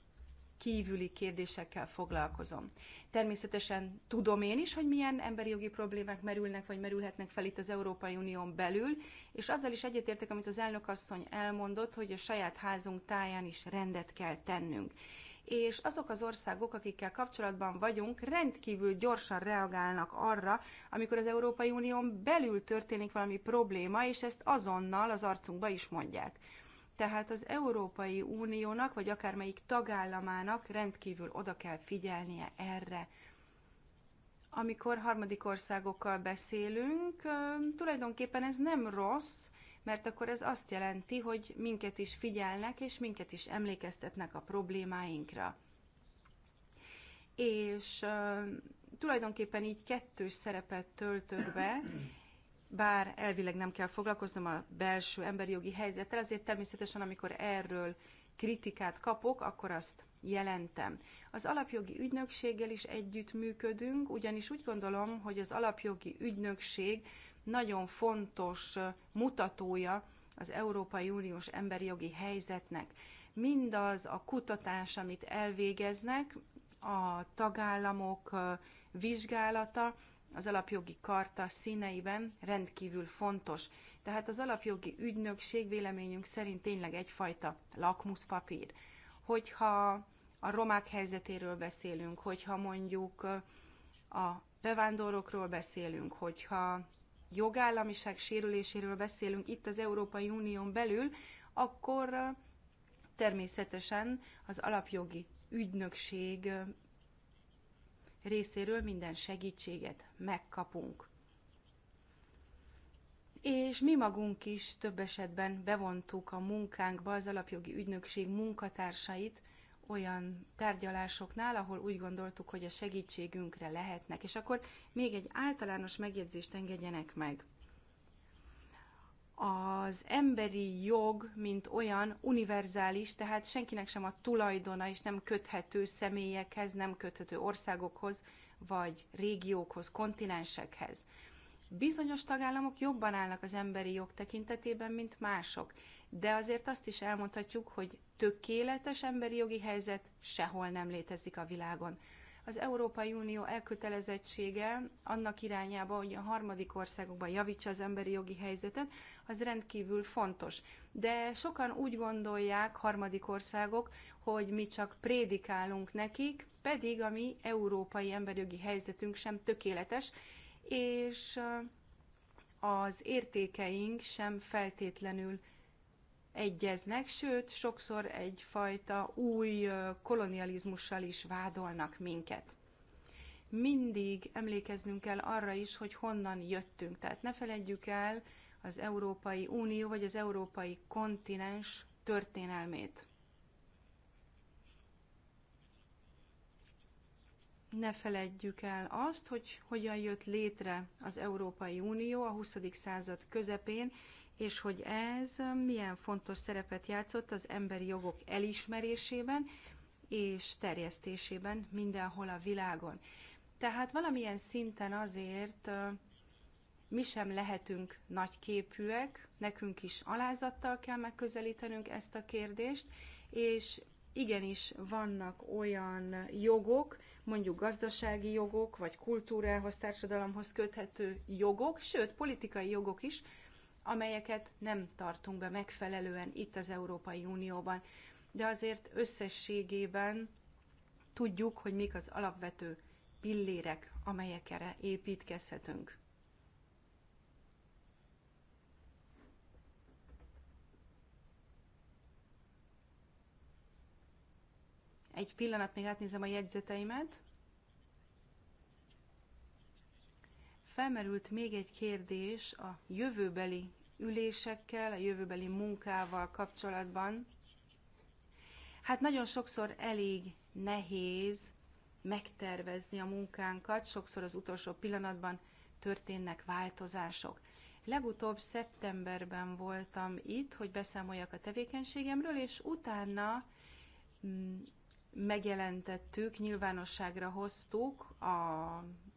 kívüli kérdésekkel foglalkozom. Természetesen tudom én is, hogy milyen emberi jogi problémák merülnek vagy merülhetnek fel itt az Európai Unión belül, és azzal is egyetértek, amit az elnök asszony elmondott, hogy a saját házunk táján is rendet kell tennünk. És azok az országok, akikkel kapcsolatban vagyunk, rendkívül gyorsan reagálnak arra, amikor az Európai Unión belül történik valami probléma, és ezt azonnal az arcunkba is mondják. Tehát az Európai Uniónak, vagy akármelyik tagállamának rendkívül oda kell figyelnie erre. Amikor harmadik országokkal beszélünk, tulajdonképpen ez nem rossz, mert akkor ez azt jelenti, hogy minket is figyelnek, és minket is emlékeztetnek a problémáinkra. És tulajdonképpen így kettős szerepet töltök be, bár elvileg nem kell foglalkoznom a belső emberi jogi helyzettel, azért természetesen, amikor erről kritikát kapok, akkor azt jelentem. Az alapjogi ügynökséggel is együtt működünk, ugyanis úgy gondolom, hogy az alapjogi ügynökség nagyon fontos mutatója az Európai Uniós emberi jogi helyzetnek. Mindaz a kutatás, amit elvégeznek, a tagállamok vizsgálata, az alapjogi karta színeiben rendkívül fontos. Tehát az alapjogi ügynökség véleményünk szerint tényleg egyfajta lakmuszpapír. Hogyha a romák helyzetéről beszélünk, hogyha mondjuk a bevándorlókról beszélünk, hogyha jogállamiság sérüléséről beszélünk itt az Európai Unión belül, akkor természetesen az alapjogi ügynökség részéről minden segítséget megkapunk. És mi magunk is több esetben bevontuk a munkánkba az alapjogi ügynökség munkatársait, olyan tárgyalásoknál, ahol úgy gondoltuk, hogy a segítségünkre lehetnek. És akkor még egy általános megjegyzést engedjenek meg az emberi jog, mint olyan univerzális, tehát senkinek sem a tulajdona, és nem köthető személyekhez, nem köthető országokhoz, vagy régiókhoz, kontinensekhez. Bizonyos tagállamok jobban állnak az emberi jog tekintetében, mint mások, de azért azt is elmondhatjuk, hogy tökéletes emberi jogi helyzet sehol nem létezik a világon. Az Európai Unió elkötelezettsége annak irányába, hogy a harmadik országokban javítsa az emberi jogi helyzetet, az rendkívül fontos. De sokan úgy gondolják, harmadik országok, hogy mi csak prédikálunk nekik, pedig a mi európai emberi jogi helyzetünk sem tökéletes, és az értékeink sem feltétlenül egyeznek, sőt, sokszor egyfajta új kolonializmussal is vádolnak minket. Mindig emlékeznünk kell arra is, hogy honnan jöttünk. Tehát ne feledjük el az Európai Unió vagy az Európai Kontinens történelmét. ne feledjük el azt, hogy hogyan jött létre az Európai Unió a 20. század közepén, és hogy ez milyen fontos szerepet játszott az emberi jogok elismerésében és terjesztésében mindenhol a világon. Tehát valamilyen szinten azért mi sem lehetünk nagyképűek, nekünk is alázattal kell megközelítenünk ezt a kérdést, és igenis vannak olyan jogok, mondjuk gazdasági jogok, vagy kultúrához, társadalomhoz köthető jogok, sőt, politikai jogok is, amelyeket nem tartunk be megfelelően itt az Európai Unióban. De azért összességében tudjuk, hogy mik az alapvető pillérek, amelyekre építkezhetünk. Egy pillanat, még átnézem a jegyzeteimet. Felmerült még egy kérdés a jövőbeli ülésekkel, a jövőbeli munkával kapcsolatban. Hát nagyon sokszor elég nehéz megtervezni a munkánkat, sokszor az utolsó pillanatban történnek változások. Legutóbb szeptemberben voltam itt, hogy beszámoljak a tevékenységemről, és utána mm, megjelentettük, nyilvánosságra hoztuk a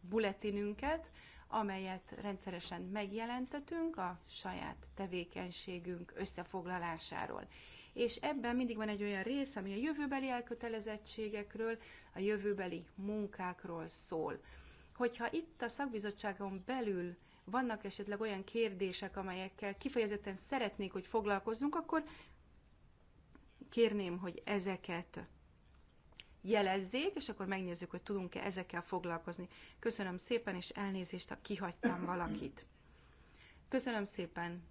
bulletinünket, amelyet rendszeresen megjelentetünk a saját tevékenységünk összefoglalásáról. És ebben mindig van egy olyan rész, ami a jövőbeli elkötelezettségekről, a jövőbeli munkákról szól. Hogyha itt a szakbizottságon belül vannak esetleg olyan kérdések, amelyekkel kifejezetten szeretnék, hogy foglalkozzunk, akkor kérném, hogy ezeket jelezzék, és akkor megnézzük, hogy tudunk-e ezekkel foglalkozni. Köszönöm szépen, és elnézést, ha kihagytam valakit. Köszönöm szépen,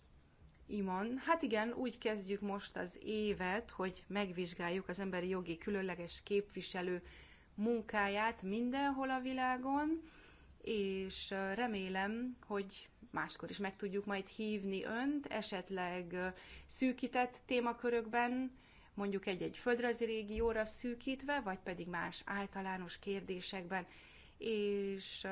Imon. Hát igen, úgy kezdjük most az évet, hogy megvizsgáljuk az emberi jogi különleges képviselő munkáját mindenhol a világon, és remélem, hogy máskor is meg tudjuk majd hívni önt, esetleg szűkített témakörökben, mondjuk egy-egy földrajzi régióra szűkítve, vagy pedig más általános kérdésekben. És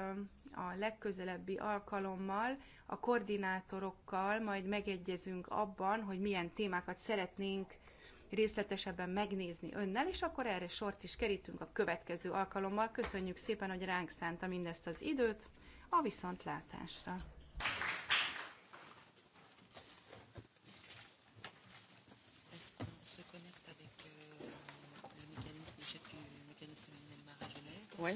a legközelebbi alkalommal a koordinátorokkal majd megegyezünk abban, hogy milyen témákat szeretnénk részletesebben megnézni önnel, és akkor erre sort is kerítünk a következő alkalommal. Köszönjük szépen, hogy ránk szánta mindezt az időt. A viszontlátásra! Oui.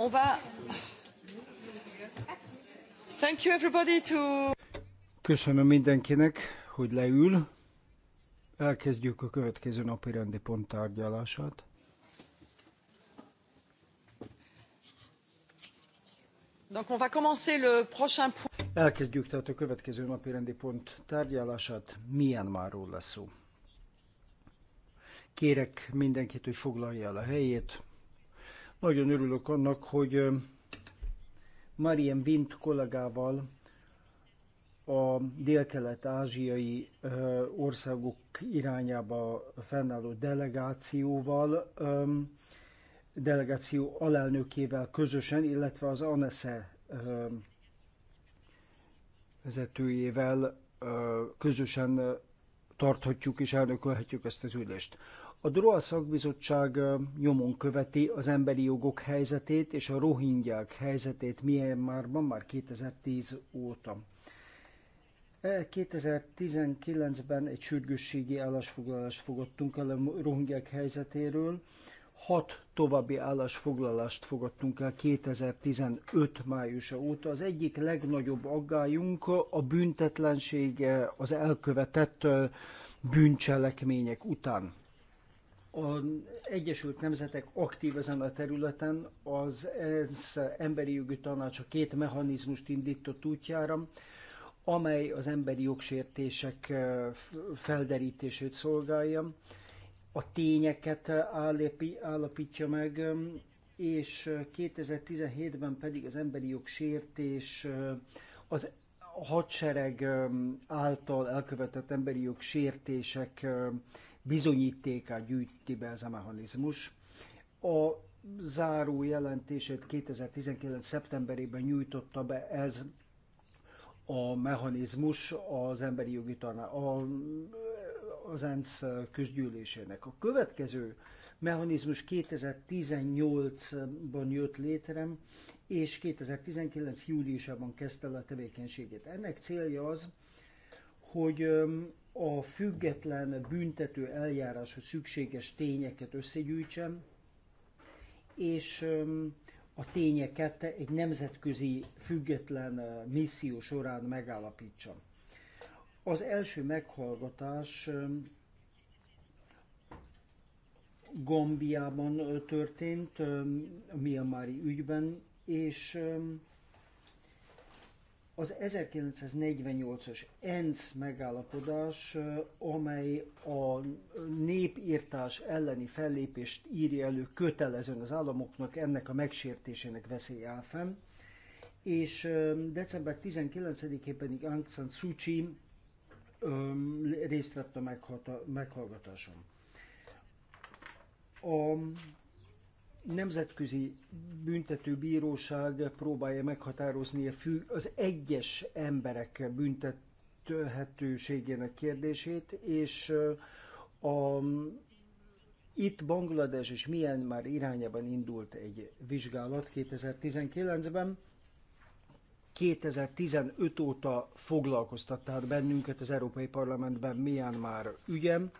On va... Thank you everybody to... Köszönöm mindenkinek, hogy leül. Elkezdjük a következő napi rendi pont tárgyalását. Donc on va commencer le prochain point. Elkezdjük tehát a következő napi rendi pont tárgyalását. Myanmarról lesz szó. Kérek mindenkit, hogy foglalja el a helyét. Nagyon örülök annak, hogy Marian Vint kollégával a délkelet-ázsiai országok irányába fennálló delegációval, delegáció alelnökével közösen, illetve az ANESZE vezetőjével közösen tarthatjuk és elnökölhetjük ezt az ülést. A DROA szakbizottság nyomon követi az emberi jogok helyzetét és a rohingyák helyzetét van már 2010 óta. 2019-ben e, egy sürgősségi állásfoglalást fogadtunk el a rohingyák helyzetéről, hat további állásfoglalást fogadtunk el 2015 májusa óta. Az egyik legnagyobb aggályunk a büntetlenség e, az elkövetett e, bűncselekmények után az Egyesült Nemzetek aktív ezen a területen, az ENSZ emberi jogi tanácsa két mechanizmust indított útjára, amely az emberi jogsértések eh, felderítését szolgálja, a tényeket eh, állapítja meg, eh, és 2017-ben pedig az emberi jogsértés az hadsereg által elkövetett emberi jogsértések sértések Bizonyítéka gyűjti be ez a mechanizmus. A záró jelentését 2019. szeptemberében nyújtotta be ez a mechanizmus az emberi jogi taná, a, az ENSZ közgyűlésének. A következő mechanizmus 2018-ban jött létre, és 2019. júliusában kezdte el a tevékenységét. Ennek célja az, hogy a független büntető eljáráshoz szükséges tényeket összegyűjtsem, és a tényeket egy nemzetközi független misszió során megállapítsam. Az első meghallgatás Gambiában történt, a Myanmari ügyben, és az 1948-as ENSZ megállapodás, amely a népírtás elleni fellépést írja elő kötelezően az államoknak, ennek a megsértésének veszély áll fenn. És december 19-én pedig Aung San Suu Kyi részt vett a meghallgatáson. A nemzetközi büntetőbíróság próbálja meghatározni a fű, az egyes emberek büntethetőségének kérdését, és a, itt Banglades és milyen már irányában indult egy vizsgálat 2019-ben. 2015 óta foglalkoztattál bennünket az Európai Parlamentben Mianmar ügyem.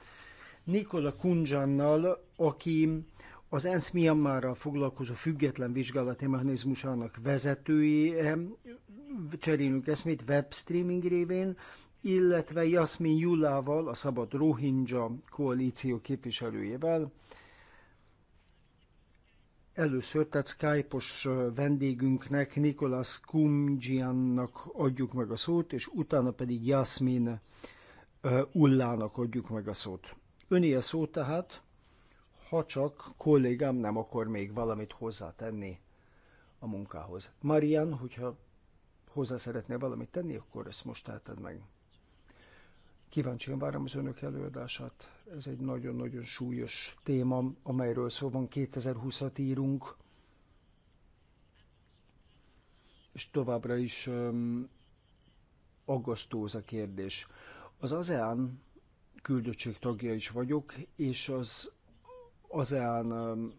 Nikola Kunjannal, aki az ENSZ Myanmarral foglalkozó független vizsgálati mechanizmusának vezetői cserélünk eszmét streaming révén, illetve Jasmin Julával, a Szabad Rohingya koalíció képviselőjével. Először, tehát Skype-os vendégünknek, Nikolas Kumjiannak adjuk meg a szót, és utána pedig Jasmin Ullának adjuk meg a szót. Öné a szó tehát ha csak kollégám nem akar még valamit hozzátenni a munkához. Marian, hogyha hozzá szeretné valamit tenni, akkor ezt most teheted meg. Kíváncsian várom az önök előadását. Ez egy nagyon-nagyon súlyos téma, amelyről szó van. 2020-at írunk, és továbbra is um, aggasztó az a kérdés. Az ASEAN küldöttség tagja is vagyok, és az azán um,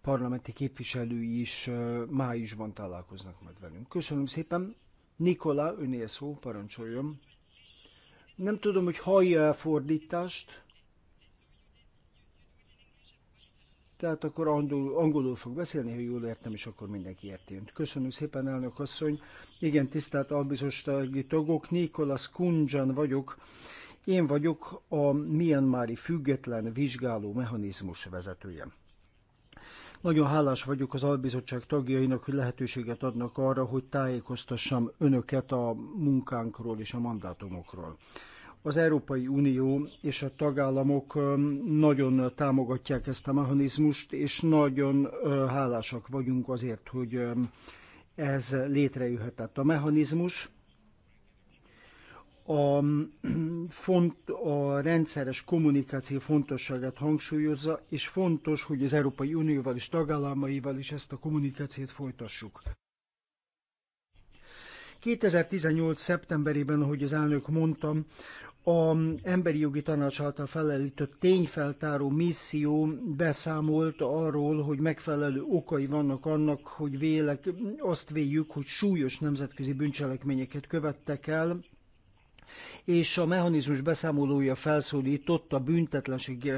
parlamenti képviselői is uh, májusban találkoznak majd velünk. Köszönöm szépen. Nikola, önél szó, parancsoljon. Nem tudom, hogy hallja a fordítást. Tehát akkor angolul, angolul fog beszélni, ha jól értem, és akkor mindenki érti Köszönöm szépen, elnök asszony. Igen, tisztelt albizos tagok, Nikolas Kunjan vagyok én vagyok a Myanmari Független Vizsgáló Mechanizmus vezetője. Nagyon hálás vagyok az albizottság tagjainak, hogy lehetőséget adnak arra, hogy tájékoztassam önöket a munkánkról és a mandátumokról. Az Európai Unió és a tagállamok nagyon támogatják ezt a mechanizmust, és nagyon hálásak vagyunk azért, hogy ez létrejöhetett. A mechanizmus a, font, a rendszeres kommunikáció fontosságát hangsúlyozza, és fontos, hogy az Európai Unióval és tagállamaival is ezt a kommunikációt folytassuk. 2018. szeptemberében, ahogy az elnök mondtam, a emberi jogi tanács által felelített tényfeltáró misszió beszámolt arról, hogy megfelelő okai vannak annak, hogy vélek, azt véljük, hogy súlyos nemzetközi bűncselekményeket követtek el, és a mechanizmus beszámolója felszólított a büntetlenség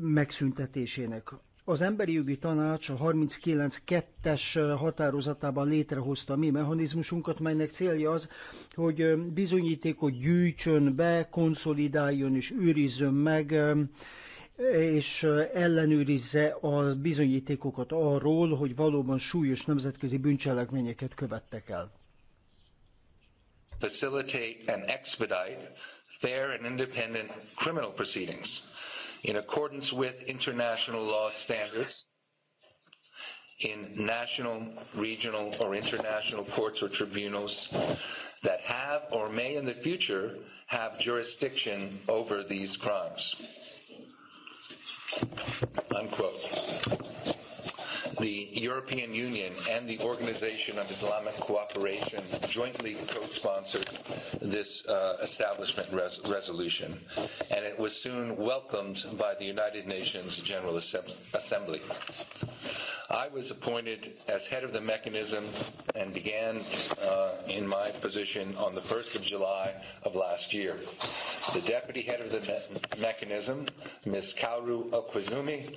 megszüntetésének. Az Emberi Jogi Tanács a 39.2-es határozatában létrehozta a mi mechanizmusunkat, melynek célja az, hogy bizonyítékot gyűjtsön be, konszolidáljon és őrizzön meg, és ellenőrizze a bizonyítékokat arról, hogy valóban súlyos nemzetközi bűncselekményeket követtek el facilitate, and expedite fair and independent criminal proceedings in accordance with international law standards in national, regional, or international courts or tribunals that have or may in the future have jurisdiction over these crimes. Unquote the European Union and the Organization of Islamic Cooperation jointly co-sponsored this uh, establishment res- resolution, and it was soon welcomed by the United Nations General Assemb- Assembly. I was appointed as head of the mechanism and began uh, in my position on the 1st of July of last year. The deputy head of the me- mechanism, Ms. Kauru Okwazumi,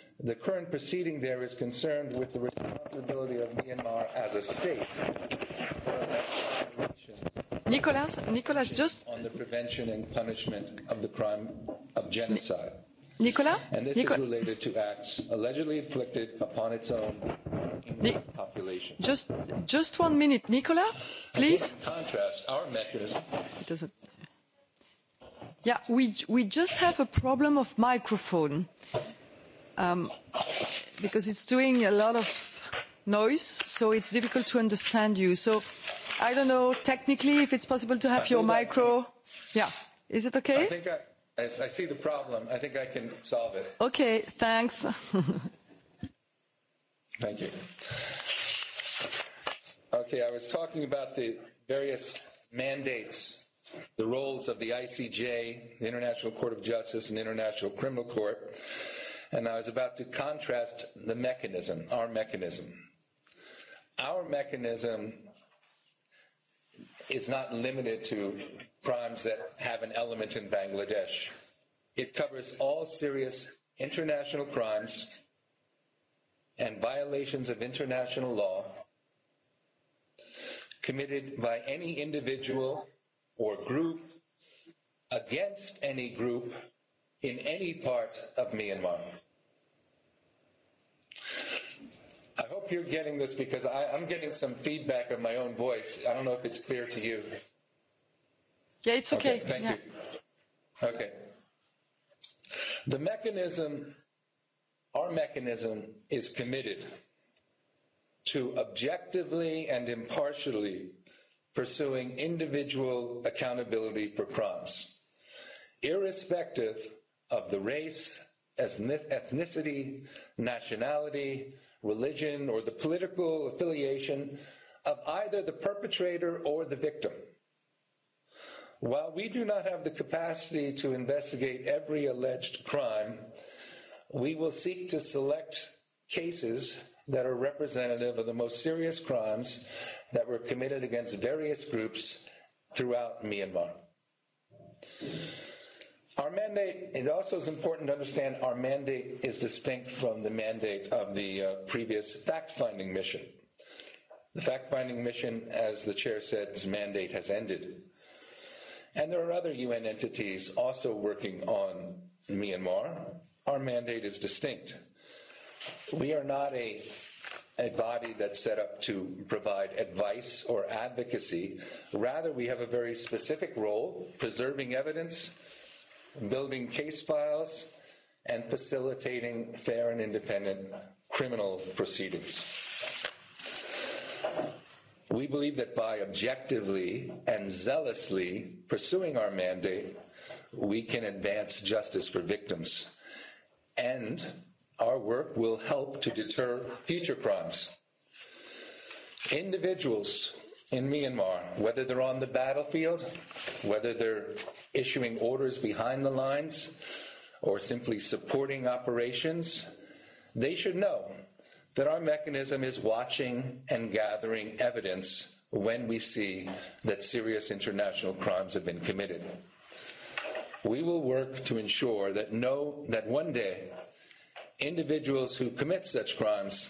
The current proceeding there is concerned with the responsibility of Myanmar as a state Nicolas, Nicolas, just on the prevention and punishment of the crime of genocide. Nicolas, and this Nicolas, is related to acts allegedly inflicted upon its own Ni- population. Just, just one minute, Nicolas, please. In contrast, our mechanism. It doesn't. Yeah, we we just have a problem of microphone. Um, because it's doing a lot of noise, so it's difficult to understand you. So I don't know technically if it's possible to have I your micro. Yeah, is it okay? I think I, I see the problem. I think I can solve it. Okay, thanks. Thank you. Okay, I was talking about the various mandates, the roles of the ICJ, the International Court of Justice, and International Criminal Court. And I was about to contrast the mechanism, our mechanism. Our mechanism is not limited to crimes that have an element in Bangladesh. It covers all serious international crimes and violations of international law committed by any individual or group against any group in any part of Myanmar. you're getting this because I, I'm getting some feedback of my own voice. I don't know if it's clear to you. Yeah, it's okay. okay thank yeah. you. Okay. The mechanism, our mechanism, is committed to objectively and impartially pursuing individual accountability for crimes, irrespective of the race, ethnicity, nationality, religion, or the political affiliation of either the perpetrator or the victim. While we do not have the capacity to investigate every alleged crime, we will seek to select cases that are representative of the most serious crimes that were committed against various groups throughout Myanmar. Our mandate, it also is important to understand our mandate is distinct from the mandate of the uh, previous fact finding mission. The fact finding mission, as the chair said, its mandate has ended. And there are other UN entities also working on Myanmar. Our mandate is distinct. We are not a, a body that's set up to provide advice or advocacy. Rather, we have a very specific role preserving evidence building case files, and facilitating fair and independent criminal proceedings. We believe that by objectively and zealously pursuing our mandate, we can advance justice for victims. And our work will help to deter future crimes. Individuals in Myanmar, whether they're on the battlefield, whether they're issuing orders behind the lines, or simply supporting operations, they should know that our mechanism is watching and gathering evidence when we see that serious international crimes have been committed. We will work to ensure that no that one day individuals who commit such crimes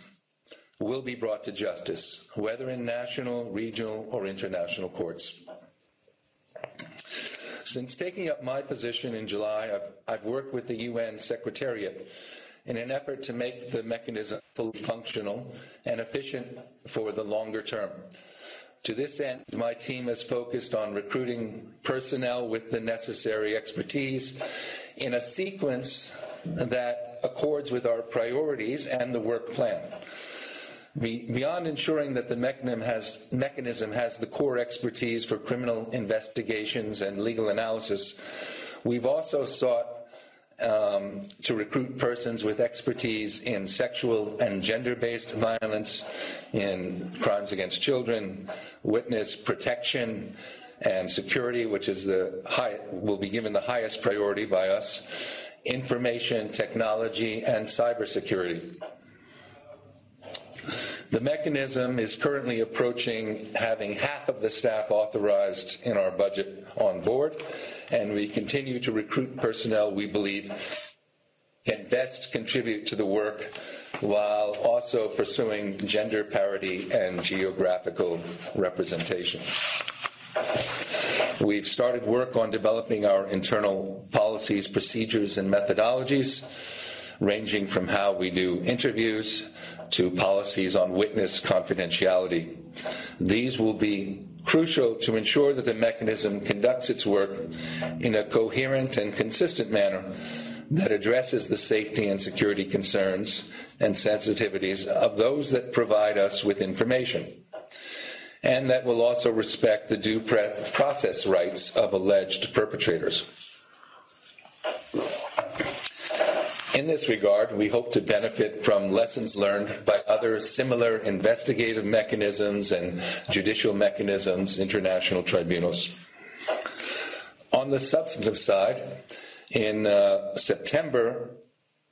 will be brought to justice, whether in national, regional, or international courts. Since taking up my position in July, I've, I've worked with the UN Secretariat in an effort to make the mechanism fully functional and efficient for the longer term. To this end, my team has focused on recruiting personnel with the necessary expertise in a sequence that accords with our priorities and the work plan beyond ensuring that the mechanism has, mechanism has the core expertise for criminal investigations and legal analysis, we've also sought um, to recruit persons with expertise in sexual and gender based violence, in crimes against children, witness protection and security, which is the high, will be given the highest priority by us, information technology, and cybersecurity. The mechanism is currently approaching having half of the staff authorized in our budget on board, and we continue to recruit personnel we believe can best contribute to the work while also pursuing gender parity and geographical representation. We've started work on developing our internal policies, procedures, and methodologies, ranging from how we do interviews to policies on witness confidentiality. These will be crucial to ensure that the mechanism conducts its work in a coherent and consistent manner that addresses the safety and security concerns and sensitivities of those that provide us with information, and that will also respect the due process rights of alleged perpetrators. In this regard, we hope to benefit from lessons learned by other similar investigative mechanisms and judicial mechanisms, international tribunals. On the substantive side, in uh, September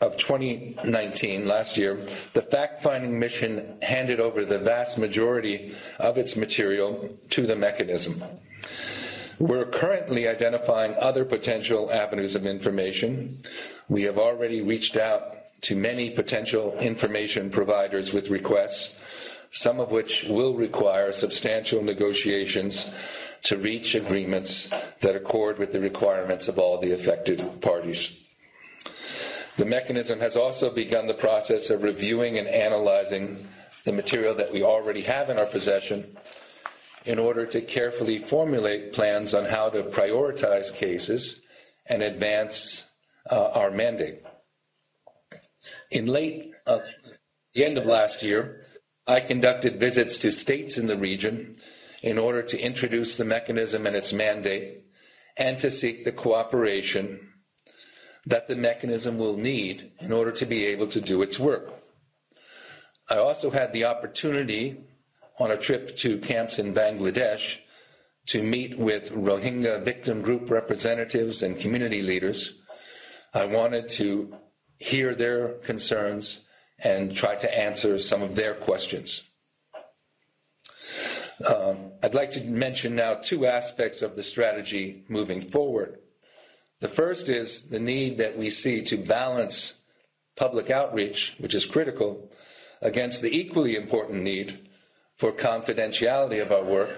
of 2019, last year, the fact finding mission handed over the vast majority of its material to the mechanism. We're currently identifying other potential avenues of information. We have already reached out to many potential information providers with requests, some of which will require substantial negotiations to reach agreements that accord with the requirements of all the affected parties. The mechanism has also begun the process of reviewing and analyzing the material that we already have in our possession in order to carefully formulate plans on how to prioritize cases and advance uh, our mandate. In late uh, the end of last year, I conducted visits to states in the region in order to introduce the mechanism and its mandate and to seek the cooperation that the mechanism will need in order to be able to do its work. I also had the opportunity on a trip to camps in Bangladesh to meet with Rohingya victim group representatives and community leaders I wanted to hear their concerns and try to answer some of their questions. Um, I'd like to mention now two aspects of the strategy moving forward. The first is the need that we see to balance public outreach, which is critical, against the equally important need for confidentiality of our work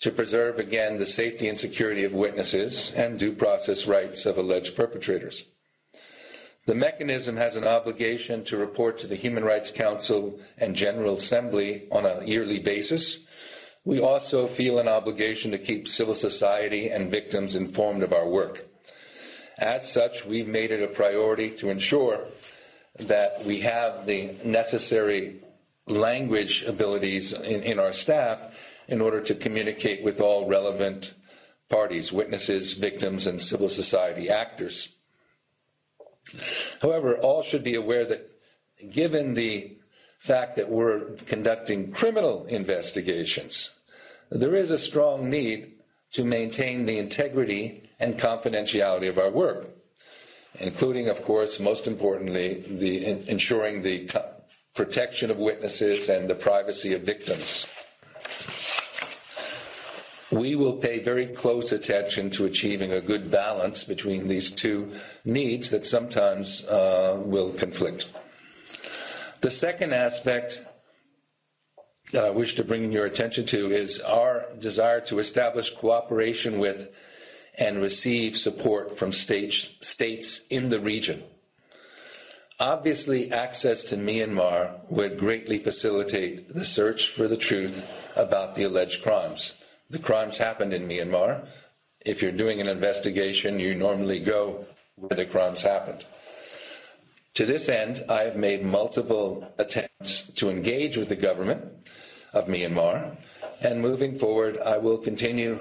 to preserve again the safety and security of witnesses and due process rights of alleged perpetrators. The mechanism has an obligation to report to the Human Rights Council and General Assembly on a yearly basis. We also feel an obligation to keep civil society and victims informed of our work. As such, we've made it a priority to ensure that we have the necessary language abilities in, in our staff in order to communicate with all relevant parties, witnesses, victims, and civil society actors. However, all should be aware that given the fact that we're conducting criminal investigations, there is a strong need to maintain the integrity and confidentiality of our work, including, of course, most importantly, the, in, ensuring the protection of witnesses and the privacy of victims. We will pay very close attention to achieving a good balance between these two needs that sometimes uh, will conflict. The second aspect that I wish to bring your attention to is our desire to establish cooperation with and receive support from states, states in the region. Obviously, access to Myanmar would greatly facilitate the search for the truth about the alleged crimes the crimes happened in Myanmar. If you're doing an investigation, you normally go where the crimes happened. To this end, I have made multiple attempts to engage with the government of Myanmar, and moving forward, I will continue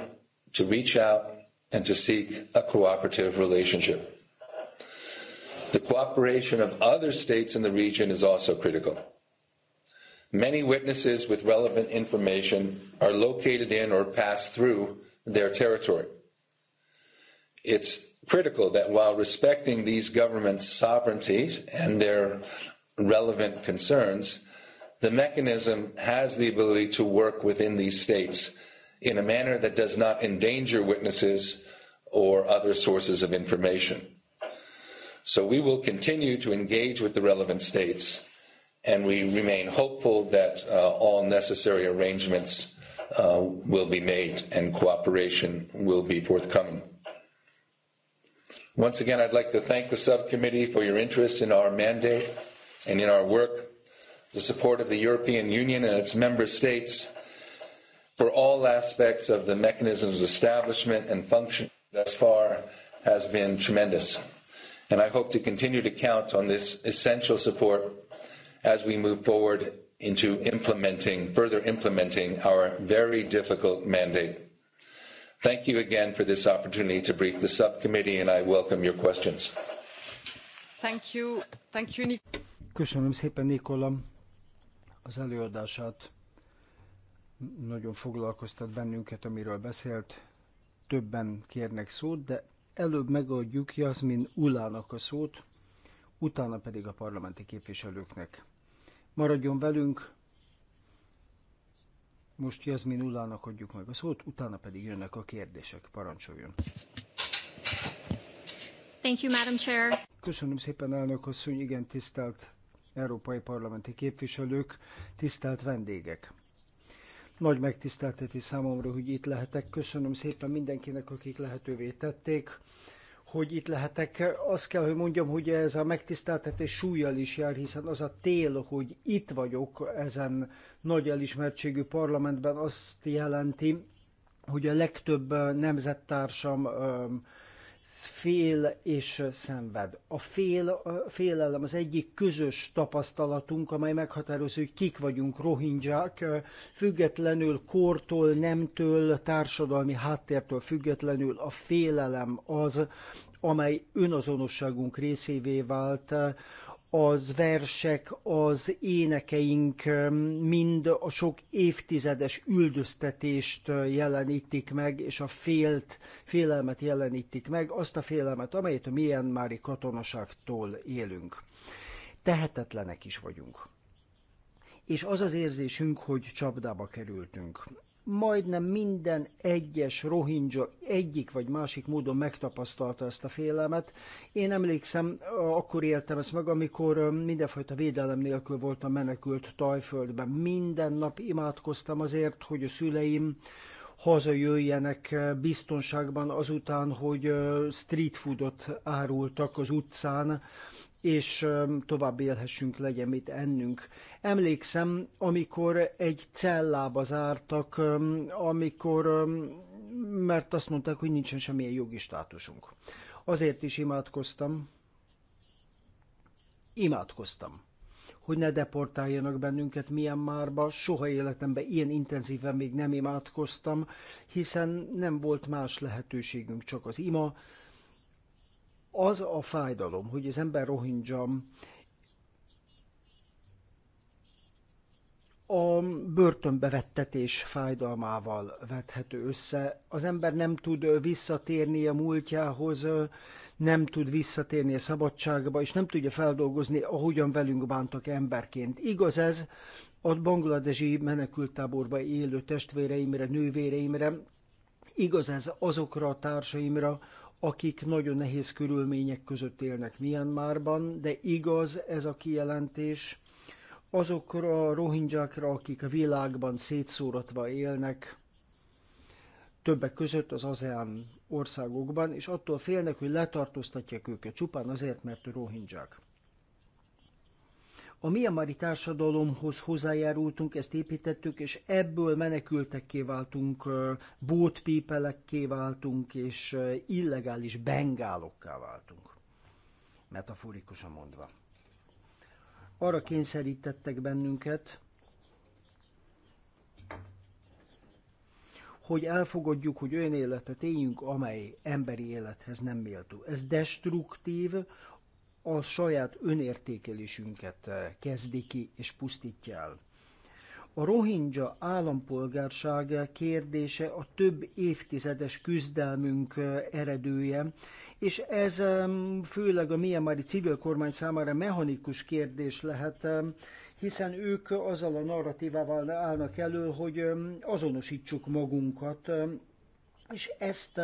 to reach out and to seek a cooperative relationship. The cooperation of other states in the region is also critical. Many witnesses with relevant information are located in or pass through their territory. It's critical that while respecting these governments' sovereignties and their relevant concerns, the mechanism has the ability to work within these states in a manner that does not endanger witnesses or other sources of information. So we will continue to engage with the relevant states and we remain hopeful that uh, all necessary arrangements uh, will be made and cooperation will be forthcoming. Once again, I'd like to thank the subcommittee for your interest in our mandate and in our work, the support of the European Union and its member states for all aspects of the mechanism's establishment and function thus far has been tremendous. And I hope to continue to count on this essential support as we move forward into implementing, further implementing our very difficult mandate. Thank you again for this opportunity to brief the subcommittee, and I welcome your questions. Thank you. Thank you, Nik Köszönöm szépen, Nikola, az előadását. Nagyon foglalkoztat bennünket, amiről beszélt. Többen kérnek szót, de előbb megadjuk Jasmin Ulának a szót, utána pedig a parlamenti képviselőknek. Maradjon velünk. Most Jazmin Ulának adjuk meg a szót, utána pedig jönnek a kérdések. Parancsoljon. Thank you, Madam Chair. Köszönöm szépen, elnök asszony, igen, tisztelt európai parlamenti képviselők, tisztelt vendégek. Nagy megtiszteltetés számomra, hogy itt lehetek. Köszönöm szépen mindenkinek, akik lehetővé tették hogy itt lehetek. Azt kell, hogy mondjam, hogy ez a megtiszteltetés súlyjal is jár, hiszen az a tél, hogy itt vagyok ezen nagy elismertségű parlamentben, azt jelenti, hogy a legtöbb nemzettársam fél és szenved. A fél, a félelem az egyik közös tapasztalatunk, amely meghatározó, hogy kik vagyunk rohingyák, függetlenül kortól, nemtől, társadalmi háttértől függetlenül a félelem az, amely önazonosságunk részévé vált, az versek, az énekeink mind a sok évtizedes üldöztetést jelenítik meg, és a félt, félelmet jelenítik meg, azt a félelmet, amelyet a mári katonaságtól élünk. Tehetetlenek is vagyunk. És az az érzésünk, hogy csapdába kerültünk majdnem minden egyes rohingya egyik vagy másik módon megtapasztalta ezt a félelmet. Én emlékszem, akkor éltem ezt meg, amikor mindenfajta védelem nélkül voltam menekült Tajföldben. Minden nap imádkoztam azért, hogy a szüleim hazajöjjenek biztonságban azután, hogy street foodot árultak az utcán, és tovább élhessünk, legyen mit ennünk. Emlékszem, amikor egy cellába zártak, amikor, mert azt mondták, hogy nincsen semmilyen jogi státusunk. Azért is imádkoztam, imádkoztam, hogy ne deportáljanak bennünket milyen márba, soha életemben ilyen intenzíven még nem imádkoztam, hiszen nem volt más lehetőségünk, csak az ima, az a fájdalom, hogy az ember rohingyam a börtönbevettetés fájdalmával vethető össze. Az ember nem tud visszatérni a múltjához, nem tud visszatérni a szabadságba, és nem tudja feldolgozni, ahogyan velünk bántak emberként. Igaz ez a bangladesi menekültáborban élő testvéreimre, nővéreimre, igaz ez azokra a társaimra, akik nagyon nehéz körülmények között élnek Myanmarban, de igaz ez a kijelentés azokra a rohingyákra, akik a világban szétszóratva élnek, többek között az ASEAN országokban, és attól félnek, hogy letartóztatják őket csupán azért, mert rohingyák. A miamari társadalomhoz hozzájárultunk, ezt építettük, és ebből menekültekké váltunk, bótpépelekké váltunk, és illegális bengálokká váltunk. Metaforikusan mondva. Arra kényszerítettek bennünket, hogy elfogadjuk, hogy olyan életet éljünk, amely emberi élethez nem méltó. Ez destruktív, a saját önértékelésünket eh, kezdi ki és pusztítja el. A rohingya állampolgárság kérdése a több évtizedes küzdelmünk eh, eredője, és ez főleg a Myanmari civil kormány számára mechanikus kérdés lehet, hiszen ők azzal a narratívával állnak elő, hogy azonosítsuk magunkat, és ezt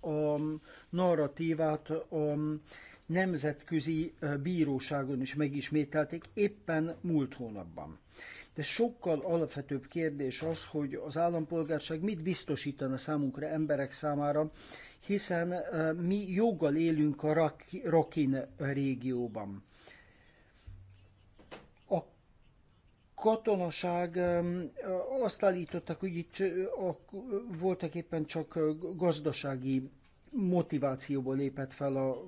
a narratívát a nemzetközi bíróságon is megismételték éppen múlt hónapban. De sokkal alapvetőbb kérdés az, hogy az állampolgárság mit biztosítana számunkra, emberek számára, hiszen mi joggal élünk a Rakin régióban. A katonaság azt állítottak, hogy itt voltak éppen csak gazdasági motivációból lépett fel a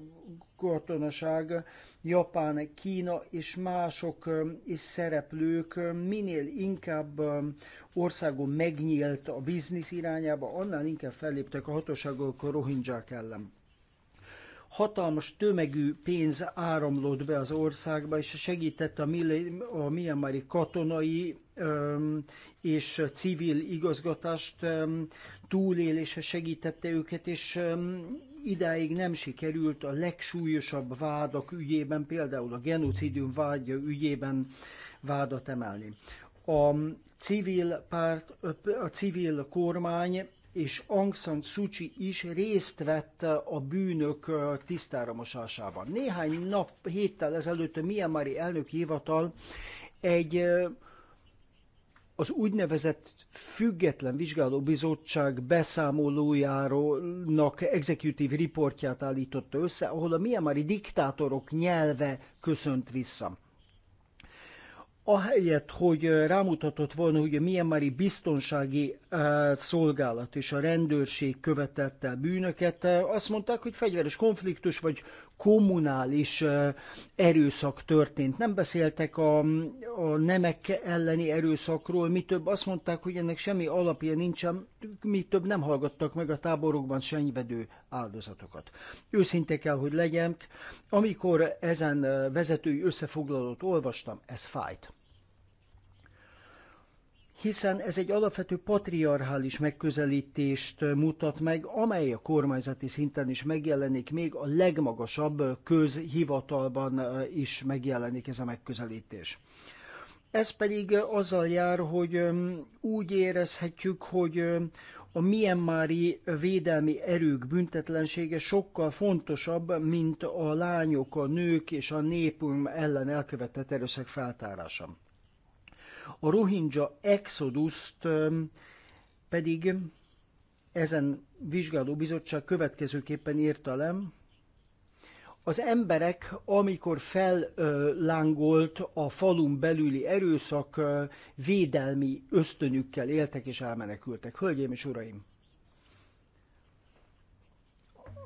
katonaság. Japán, Kína és mások és szereplők minél inkább országon megnyílt a biznisz irányába, annál inkább felléptek a hatóságok a rohingyák ellen hatalmas tömegű pénz áramlott be az országba, és segített a, Mil- a Myanmari katonai öm, és civil igazgatást öm, túlélése segítette őket, és öm, idáig nem sikerült a legsúlyosabb vádak ügyében, például a genocidium vádja ügyében vádat emelni. A civil párt, a civil kormány és Aung San Suu Kyi is részt vett a bűnök tisztára mosásában. Néhány nap, héttel ezelőtt a Myanmari elnök hivatal egy az úgynevezett független vizsgálóbizottság beszámolójárónak executive reportját állította össze, ahol a Myanmari diktátorok nyelve köszönt vissza ahelyett, hogy rámutatott volna, hogy a Myanmari biztonsági szolgálat és a rendőrség követett el bűnöket, azt mondták, hogy fegyveres konfliktus vagy kommunális erőszak történt. Nem beszéltek a, a nemek elleni erőszakról, mi több azt mondták, hogy ennek semmi alapja nincsen, mi több nem hallgattak meg a táborokban senyvedő áldozatokat. Őszinte kell, hogy legyek, amikor ezen vezetői összefoglalót olvastam, ez fájt hiszen ez egy alapvető patriarchális megközelítést mutat meg, amely a kormányzati szinten is megjelenik, még a legmagasabb közhivatalban is megjelenik ez a megközelítés. Ez pedig azzal jár, hogy úgy érezhetjük, hogy a Myanmari védelmi erők büntetlensége sokkal fontosabb, mint a lányok, a nők és a népünk ellen elkövetett erőszak feltárása. A Rohingya exodus pedig ezen vizsgáló bizottság következőképpen írta le, az emberek, amikor fellángolt a falun belüli erőszak, védelmi ösztönükkel éltek és elmenekültek. Hölgyeim és uraim!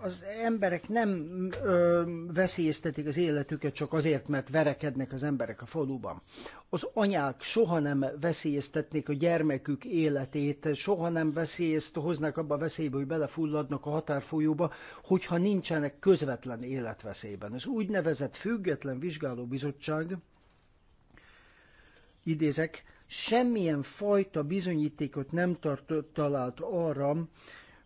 az emberek nem ö, veszélyeztetik az életüket csak azért, mert verekednek az emberek a faluban. Az anyák soha nem veszélyeztetnék a gyermekük életét, soha nem veszélyezt hoznak abba a veszélybe, hogy belefulladnak a határfolyóba, hogyha nincsenek közvetlen életveszélyben. Az úgynevezett független vizsgálóbizottság, idézek, semmilyen fajta bizonyítékot nem tart, talált arra,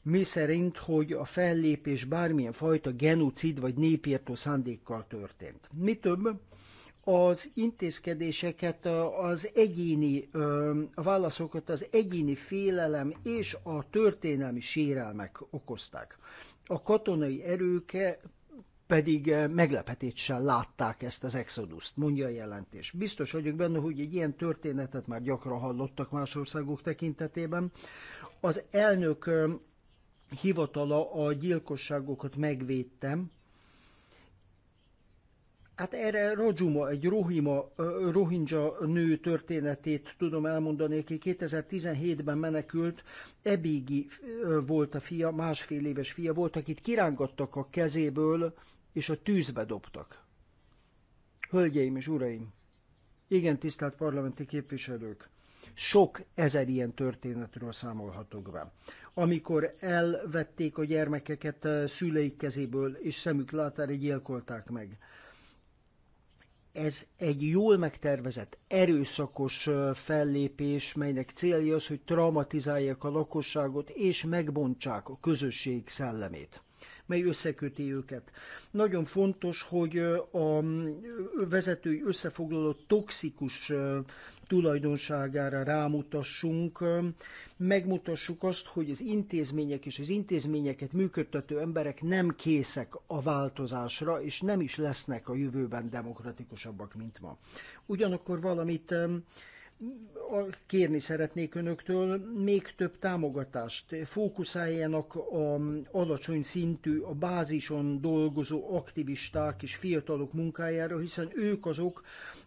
mi szerint, hogy a fellépés bármilyen fajta genocid vagy népírtó szándékkal történt. Mi több, az intézkedéseket, az egyéni a válaszokat az egyéni félelem és a történelmi sérelmek okozták. A katonai erők pedig meglepetéssel látták ezt az exoduszt, mondja a jelentés. Biztos vagyok benne, hogy egy ilyen történetet már gyakran hallottak más országok tekintetében. Az elnök hivatala a gyilkosságokat megvédtem, Hát erre Rajuma, egy Rohima, Rohingya nő történetét tudom elmondani, aki 2017-ben menekült, Ebégi volt a fia, másfél éves fia volt, akit kirángattak a kezéből, és a tűzbe dobtak. Hölgyeim és uraim! Igen, tisztelt parlamenti képviselők! Sok ezer ilyen történetről számolhatok be. Amikor elvették a gyermekeket eh, szüleik kezéből, és szemük látára gyilkolták meg. Ez egy jól megtervezett, erőszakos eh, fellépés, melynek célja az, hogy traumatizálják a lakosságot és megbontsák a közösség szellemét mely összeköti őket. Nagyon fontos, hogy a vezetői összefoglaló toxikus tulajdonságára rámutassunk, megmutassuk azt, hogy az intézmények és az intézményeket működtető emberek nem készek a változásra, és nem is lesznek a jövőben demokratikusabbak, mint ma. Ugyanakkor valamit kérni szeretnék önöktől még több támogatást. Fókuszáljanak a alacsony szintű, a bázison dolgozó aktivisták és fiatalok munkájára, hiszen ők azok,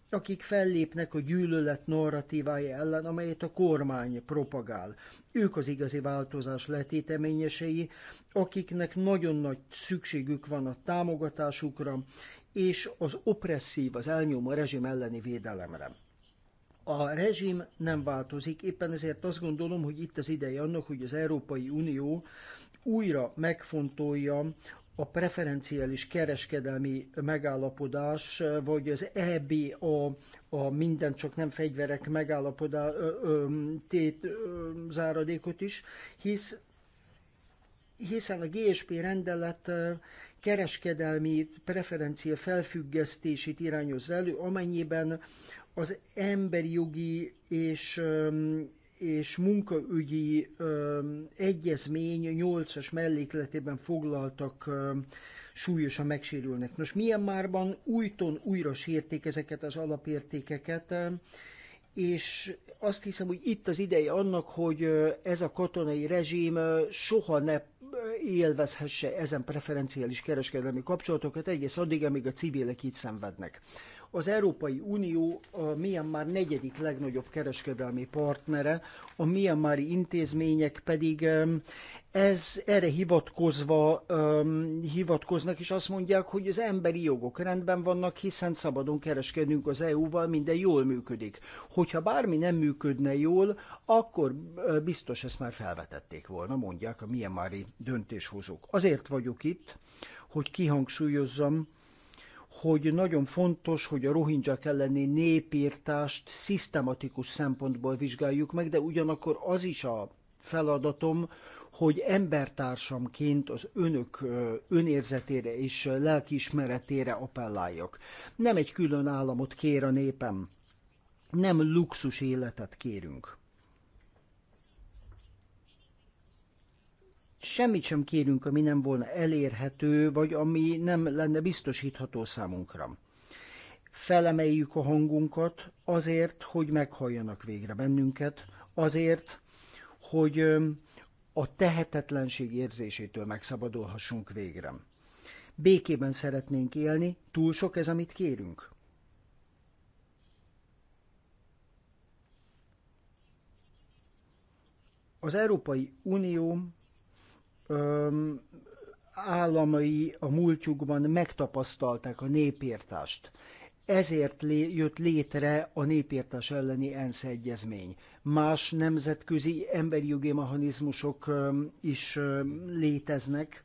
akik fellépnek a gyűlölet narratívája ellen, amelyet a kormány propagál. Ők az igazi változás letéteményesei, akiknek nagyon nagy szükségük van a támogatásukra és az opresszív, az elnyomó rezsim elleni védelemre. A rezsim nem változik, éppen ezért azt gondolom, hogy itt az ideje annak, hogy az Európai Unió újra megfontolja a preferenciális kereskedelmi megállapodás, vagy az EBA, a minden csak nem fegyverek megállapodás tét záradékot is, hisz, hiszen a GSP rendelet kereskedelmi preferencia felfüggesztését irányoz elő, amennyiben az emberi jogi és, és munkaügyi egyezmény 8-as mellékletében foglaltak súlyosan megsérülnek. Nos, Myanmarban újton újra sérték ezeket az alapértékeket, és azt hiszem, hogy itt az ideje annak, hogy ez a katonai rezsim soha ne élvezhesse ezen preferenciális kereskedelmi kapcsolatokat egész addig, amíg a civilek itt szenvednek. Az Európai Unió a Myanmar negyedik legnagyobb kereskedelmi partnere, a Myanmari intézmények pedig ez erre hivatkozva um, hivatkoznak, és azt mondják, hogy az emberi jogok rendben vannak, hiszen szabadon kereskedünk az EU-val, minden jól működik. Hogyha bármi nem működne jól, akkor biztos ezt már felvetették volna, mondják a Myanmari döntéshozók. Azért vagyok itt, hogy kihangsúlyozzam, hogy nagyon fontos, hogy a rohingyák elleni népírtást szisztematikus szempontból vizsgáljuk meg, de ugyanakkor az is a feladatom, hogy embertársamként az önök önérzetére és lelkiismeretére appelláljak. Nem egy külön államot kér a népem, nem luxus életet kérünk. semmit sem kérünk, ami nem volna elérhető, vagy ami nem lenne biztosítható számunkra. Felemeljük a hangunkat azért, hogy meghalljanak végre bennünket, azért, hogy a tehetetlenség érzésétől megszabadulhassunk végre. Békében szeretnénk élni, túl sok ez, amit kérünk. Az Európai Unió államai a múltjukban megtapasztalták a népírtást. Ezért lé, jött létre a népírtás elleni ENSZ egyezmény. Más nemzetközi emberi jogi mechanizmusok is léteznek.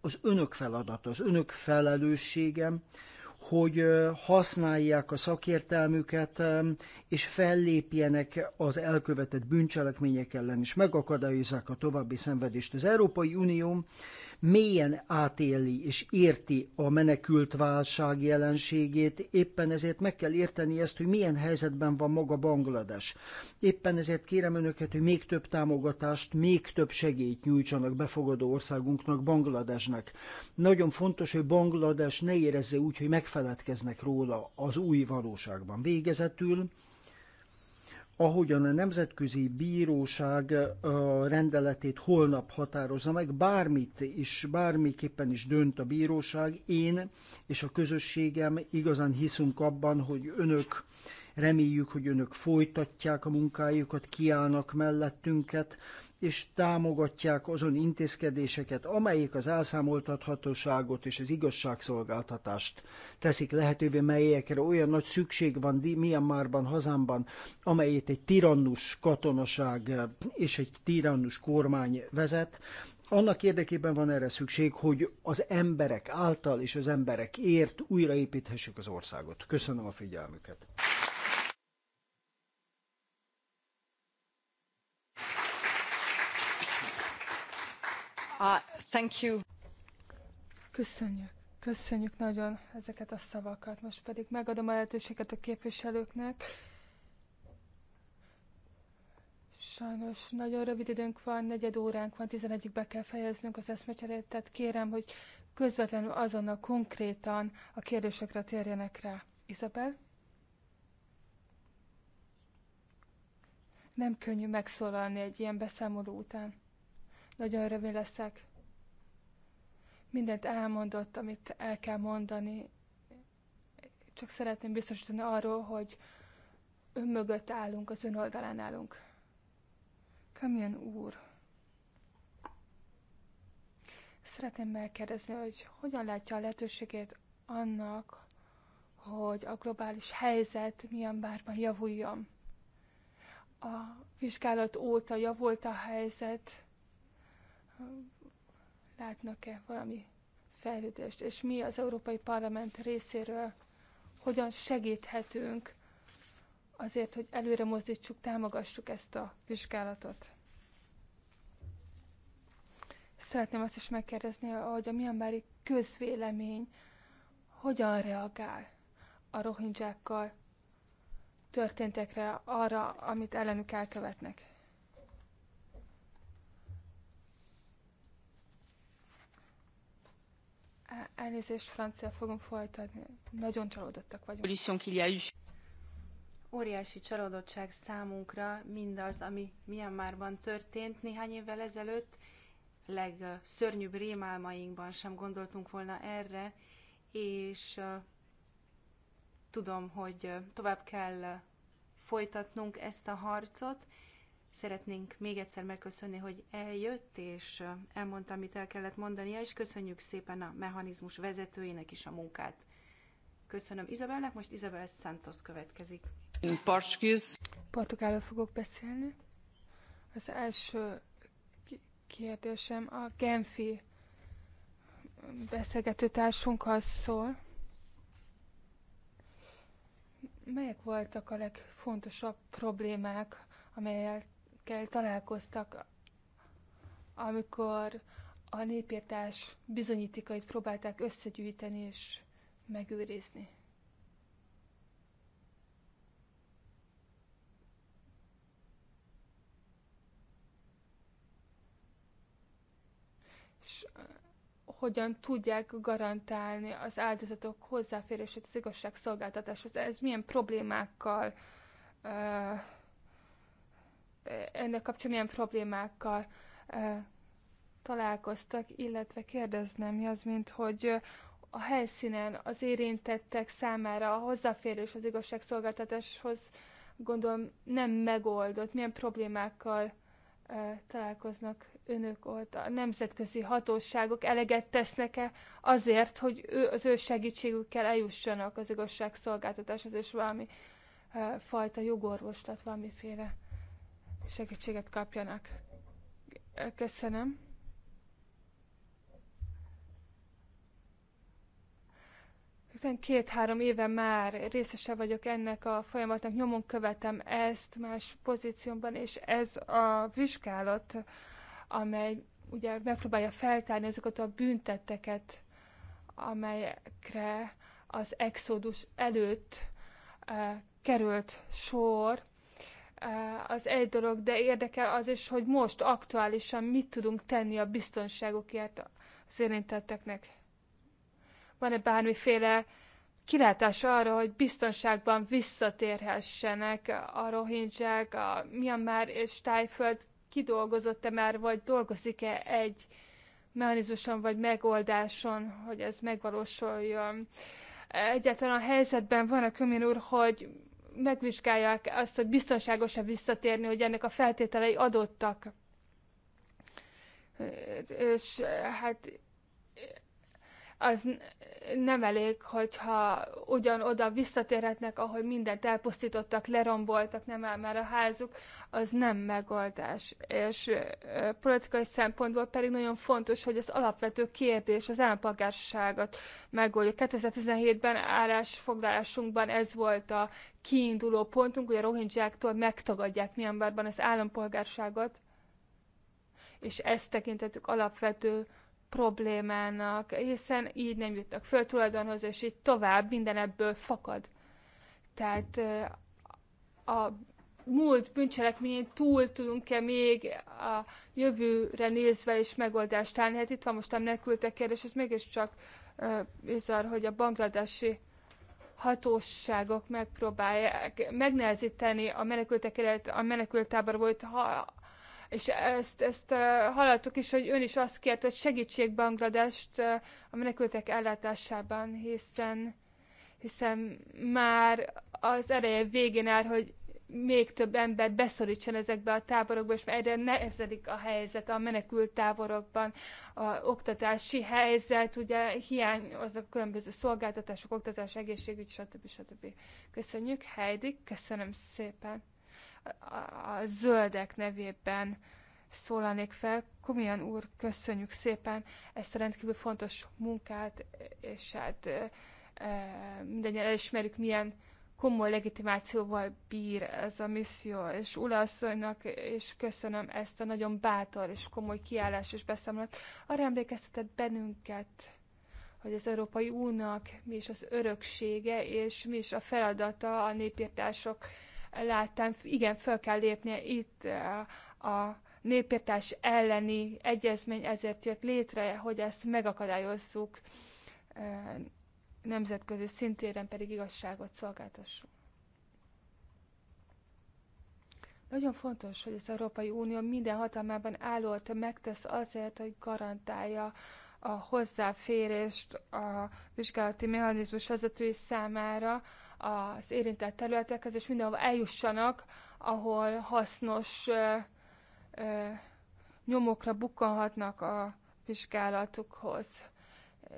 Az önök feladata, az önök felelősségem, hogy használják a szakértelmüket, és fellépjenek az elkövetett bűncselekmények ellen, és megakadályozzák a további szenvedést. Az Európai Unió mélyen átéli és érti a menekült válság jelenségét, éppen ezért meg kell érteni ezt, hogy milyen helyzetben van maga Banglades. Éppen ezért kérem önöket, hogy még több támogatást, még több segélyt nyújtsanak befogadó országunknak, Bangladesnek. Nagyon fontos, hogy Banglades ne érezze úgy, hogy megfeledkeznek róla az új valóságban. Végezetül ahogyan a Nemzetközi Bíróság rendeletét holnap határozza meg, bármit is, bármiképpen is dönt a bíróság, én és a közösségem igazán hiszünk abban, hogy önök, reméljük, hogy önök folytatják a munkájukat, kiállnak mellettünket, és támogatják azon intézkedéseket, amelyek az elszámoltathatóságot és az igazságszolgáltatást teszik lehetővé, melyekre olyan nagy szükség van Myanmarban, hazámban, amelyet egy tirannus katonaság eh, és egy tirannus kormány vezet. Annak érdekében van erre szükség, hogy az emberek által és az emberek ért újraépíthessük az országot. Köszönöm a figyelmüket! Uh, thank you. Köszönjük. Köszönjük nagyon ezeket a szavakat. Most pedig megadom a lehetőséget a képviselőknek. Sajnos nagyon rövid időnk van, negyed óránk van, 11-ig be kell fejeznünk az eszmecserét, tehát kérem, hogy közvetlenül azonnal konkrétan a kérdésekre térjenek rá. Isabel? Nem könnyű megszólalni egy ilyen beszámoló után. Nagyon rövid leszek. Mindent elmondott, amit el kell mondani. Csak szeretném biztosítani arról, hogy ön mögött állunk, az ön oldalán állunk. Kamilyen úr. Szeretném megkérdezni, hogy hogyan látja a lehetőségét annak, hogy a globális helyzet milyen bárban javuljon. A vizsgálat óta javult a helyzet, látnak-e valami fejlődést, és mi az Európai Parlament részéről hogyan segíthetünk azért, hogy előre mozdítsuk, támogassuk ezt a vizsgálatot. Szeretném azt is megkérdezni, hogy a mianbári közvélemény hogyan reagál a rohingyákkal történtekre, arra, amit ellenük elkövetnek. Elnézést, francia fogom folytatni. Nagyon csalódottak vagyunk. Óriási csalódottság számunkra mindaz, ami Myanmarban történt néhány évvel ezelőtt. Legszörnyűbb rémálmainkban sem gondoltunk volna erre, és tudom, hogy tovább kell folytatnunk ezt a harcot, Szeretnénk még egyszer megköszönni, hogy eljött, és elmondta, amit el kellett mondania, és köszönjük szépen a mechanizmus vezetőinek is a munkát. Köszönöm Izabelnek, most Izabel Santos következik. Portugálról fogok beszélni. Az első kérdésem a Genfi beszélgető szól. Melyek voltak a legfontosabb problémák, amelyek kell találkoztak, amikor a népírtás bizonyítékait próbálták összegyűjteni és megőrizni. És hogyan tudják garantálni az áldozatok hozzáférését az igazságszolgáltatáshoz. Ez milyen problémákkal uh, ennek kapcsán milyen problémákkal találkoztak, illetve kérdeznem, az, mint hogy a helyszínen az érintettek számára a hozzáférés az igazságszolgáltatáshoz gondolom nem megoldott, milyen problémákkal találkoznak önök ott, a nemzetközi hatóságok eleget tesznek-e azért, hogy ő, az ő segítségükkel eljussanak az igazságszolgáltatáshoz, és valami fajta jogorvoslat, valamiféle segítséget kapjanak. Köszönöm. Két-három éve már részese vagyok ennek a folyamatnak, nyomon követem ezt más pozíciómban, és ez a vizsgálat, amely ugye megpróbálja feltárni azokat a büntetteket, amelyekre az exodus előtt e, került sor, Eh, az egy dolog, de érdekel az is, hogy most aktuálisan mit tudunk tenni a biztonságokért az érintetteknek. Van-e bármiféle kilátás arra, hogy biztonságban visszatérhessenek a rohingyák, a Myanmar és Tájföld kidolgozott-e már, vagy dolgozik-e egy mechanizmuson vagy megoldáson, hogy ez megvalósuljon. Egyáltalán a helyzetben van a kömin úr, hogy megvizsgálják azt, hogy biztoságos-e visszatérni, hogy ennek a feltételei adottak. És hát az nem elég, hogyha ugyanoda visszatérhetnek, ahogy mindent elpusztítottak, leromboltak, nem áll már a házuk, az nem megoldás. És politikai szempontból pedig nagyon fontos, hogy az alapvető kérdés, az állampolgárságot megoldja. 2017-ben állásfoglalásunkban ez volt a kiinduló pontunk, hogy a rohingyáktól megtagadják Myanmarban az állampolgárságot, és ezt tekintettük alapvető problémának, hiszen így nem jutnak föl tulajdonhoz, és így tovább minden ebből fakad. Tehát a múlt bűncselekményén túl tudunk-e még a jövőre nézve is megoldást állni? Hát itt van most a menekültek kérdés, ez mégiscsak bizarr, hogy a bangladesi hatóságok megpróbálják megnehezíteni a menekültek a a táborból, volt ha, és ezt, ezt hallottuk is, hogy ön is azt kért, hogy segítség Bangladest a menekültek ellátásában, hiszen, hiszen már az ereje végén áll, hogy még több embert beszorítson ezekbe a táborokba, és egyre nehezedik a helyzet a menekült táborokban, a oktatási helyzet, ugye a különböző szolgáltatások, oktatás, egészségügy, stb. stb. Köszönjük, Heidi, köszönöm szépen a zöldek nevében szólalnék fel. Kumian úr, köszönjük szépen ezt a rendkívül fontos munkát, és hát mindennyire elismerjük, milyen komoly legitimációval bír ez a misszió, és Ulaszonynak és köszönöm ezt a nagyon bátor és komoly kiállás és beszámolat. Arra emlékeztetett bennünket, hogy az Európai Únak mi is az öröksége, és mi is a feladata a népírtások láttam, igen, föl kell lépnie itt eh, a, népírtás elleni egyezmény ezért jött létre, hogy ezt megakadályozzuk eh, nemzetközi szintéren pedig igazságot szolgáltassunk. Nagyon fontos, hogy az Európai Unió minden hatalmában állott megtesz azért, hogy garantálja a hozzáférést a vizsgálati mechanizmus vezetői számára az érintett területekhez, és mindenhova eljussanak, ahol hasznos ö, ö, nyomokra bukkanhatnak a vizsgálatukhoz.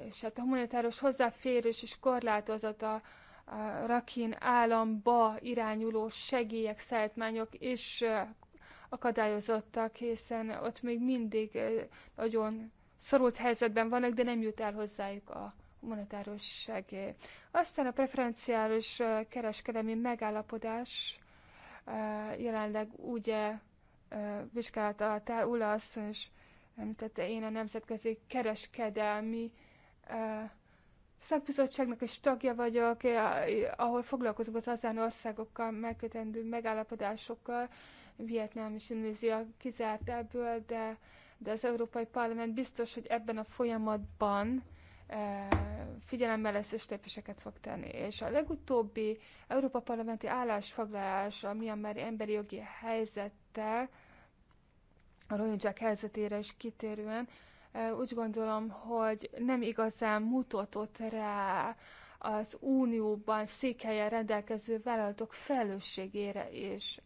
És hát a humanitáros hozzáférés is korlátozott a, a Rakin államba irányuló segélyek, szállítmányok is akadályozottak, hiszen ott még mindig nagyon szorult helyzetben vannak, de nem jut el hozzájuk a monetáros segély. Aztán a preferenciális kereskedelmi megállapodás jelenleg ugye vizsgálat alatt áll, Ula asszony is említette, én a Nemzetközi Kereskedelmi Szakbizottságnak is tagja vagyok, eh, ahol foglalkozunk az azán országokkal megkötendő megállapodásokkal, Vietnám és Indonézia kizárt ebből, de, de az Európai Parlament biztos, hogy ebben a folyamatban figyelembe lesz és lépéseket fog tenni. És a legutóbbi Európa Parlamenti állásfoglalás a Myanmar emberi jogi helyzettel, a Rohingyák helyzetére is kitérően, úgy gondolom, hogy nem igazán mutatott rá az Unióban székhelyen rendelkező vállalatok felelősségére is.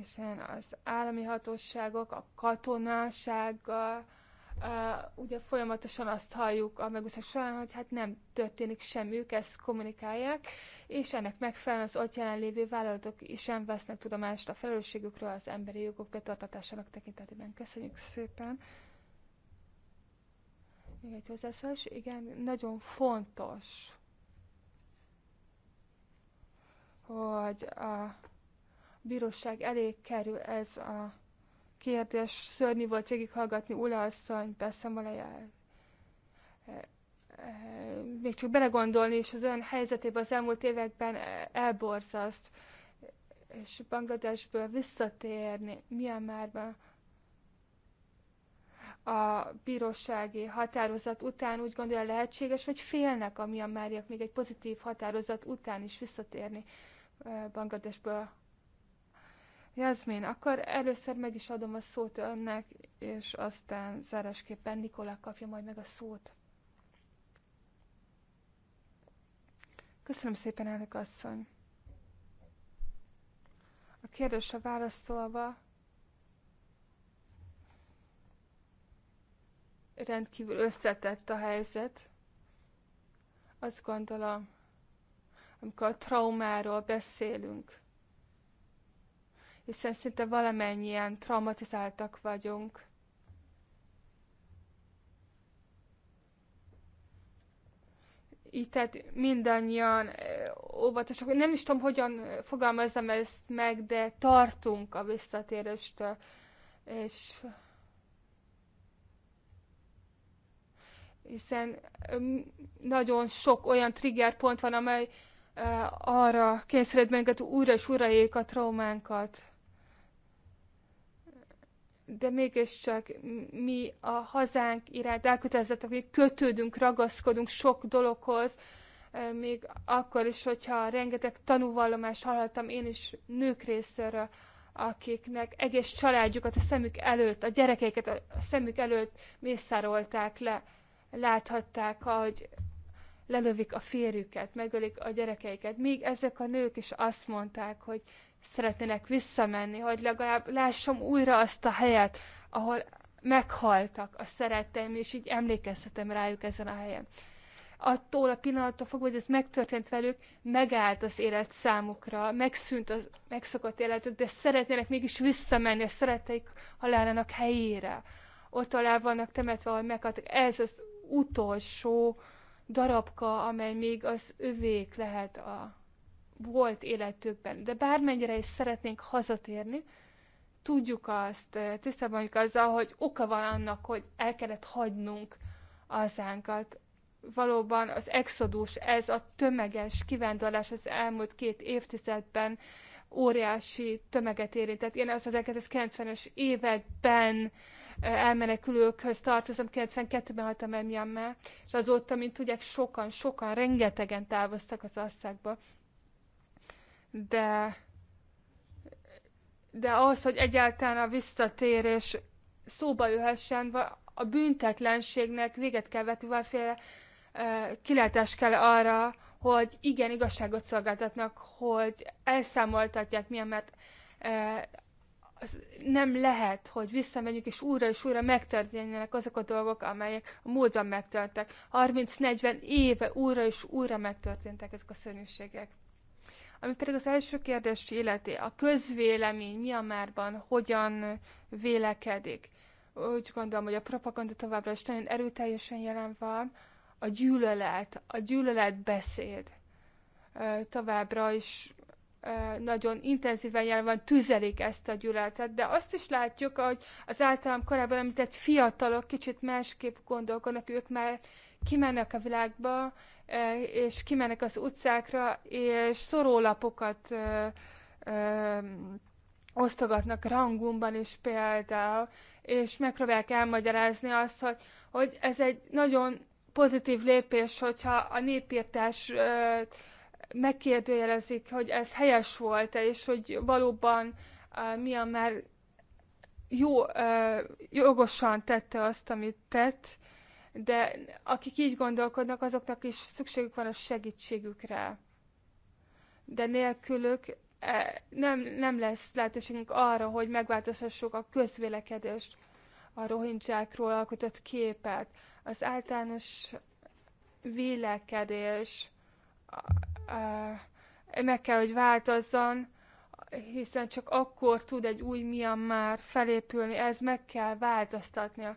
és az állami hatóságok a katonásággal, ugye folyamatosan azt halljuk a megúszás során, hogy hát nem történik semmi, ők ezt kommunikálják, és ennek megfelelően az ott jelenlévő vállalatok is sem vesznek tudomást a felelősségükről az emberi jogok betartatásának tekintetében. Köszönjük szépen! Még egy hozzászólás. Igen, nagyon fontos, hogy a bíróság elé kerül ez a kérdés. Szörnyű volt végighallgatni Ula asszony beszámolóját. Eh, eh, még csak belegondolni, és az olyan helyzetében az elmúlt években eh, elborzaszt, és Bangladesből visszatérni Myanmarba a bírósági határozat után úgy gondolja lehetséges, vagy félnek a Myanmariak még egy pozitív határozat után is visszatérni Bangladesből Jasmin, akkor először meg is adom a szót önnek, és aztán zárásképpen Nikola kapja majd meg a szót. Köszönöm szépen, elnök asszony. A kérdésre válaszolva rendkívül összetett a helyzet. Azt gondolom, amikor a traumáról beszélünk, hiszen szinte valamennyien traumatizáltak vagyunk. Így tehát mindannyian óvatosak, nem is tudom, hogyan fogalmazzam ezt meg, de tartunk a visszatérőstől, és hiszen nagyon sok olyan triggerpont van, amely arra kényszerít minket újra és újra a traumánkat de mégiscsak mi a hazánk iránt elkötelezettek, hogy kötődünk, ragaszkodunk sok dologhoz, még akkor is, hogyha rengeteg tanúvallomást hallhattam én is nők részéről, akiknek egész családjukat a szemük előtt, a gyerekeiket a szemük előtt mészárolták le, láthatták, hogy lelövik a férjüket, megölik a gyerekeiket. Még ezek a nők is azt mondták, hogy szeretnének visszamenni, hogy legalább lássam újra azt a helyet, ahol meghaltak a szeretteim, és így emlékezhetem rájuk ezen a helyen. Attól a pillanattól fogva, hogy ez megtörtént velük, megállt az élet számukra, megszűnt a megszokott életük, de szeretnének mégis visszamenni a szeretteik halálának helyére. Ott alá vannak temetve, ahol meghaltak. Ez az utolsó darabka, amely még az övék lehet a volt életükben. De bármennyire is szeretnénk hazatérni, tudjuk azt, tisztában vagyunk azzal, hogy oka van annak, hogy el kellett hagynunk azánkat. Valóban az exodus, ez a tömeges kivándorlás az elmúlt két évtizedben óriási tömeget érintett. Én az 1990-es években elmenekülőkhöz tartozom, 92-ben hagytam el és azóta, mint tudják, sokan, sokan, rengetegen távoztak az országba de, de ahhoz, hogy egyáltalán a visszatérés szóba jöhessen, a büntetlenségnek véget kell vetni, valamiféle kilátás kell arra, hogy igen, igazságot szolgáltatnak, hogy elszámoltatják milyen, mert e, az nem lehet, hogy visszamegyünk, és újra és újra megtörténjenek azok a dolgok, amelyek a múltban megtörtek. 30-40 éve újra és újra megtörténtek ezek a szörnyűségek. Ami pedig az első kérdés életé, a közvélemény Miamárban hogyan vélekedik. Úgy gondolom, hogy a propaganda továbbra is nagyon erőteljesen jelen van, a gyűlölet, a beszéd továbbra is nagyon intenzíven jelen van, tüzelik ezt a gyűlöletet, de azt is látjuk, hogy az általam korábban említett fiatalok kicsit másképp gondolkodnak, ők már kimennek a világba, és kimennek az utcákra, és ö, osztogatnak rangumban is például, és megpróbálják elmagyarázni azt, hogy, hogy ez egy nagyon pozitív lépés, hogyha a népírtás megkérdőjelezik, hogy ez helyes volt -e, és hogy valóban milyen már jó, jogosan tette azt, amit tett, de akik így gondolkodnak, azoknak is szükségük van a segítségükre. De nélkülük e, nem, nem lesz lehetőségünk arra, hogy megváltoztassuk a közvélekedést, a rohincsákról alkotott képet, az általános vélekedés meg kell, hogy változzon, hiszen csak akkor tud egy új mian már felépülni, ez meg kell változtatnia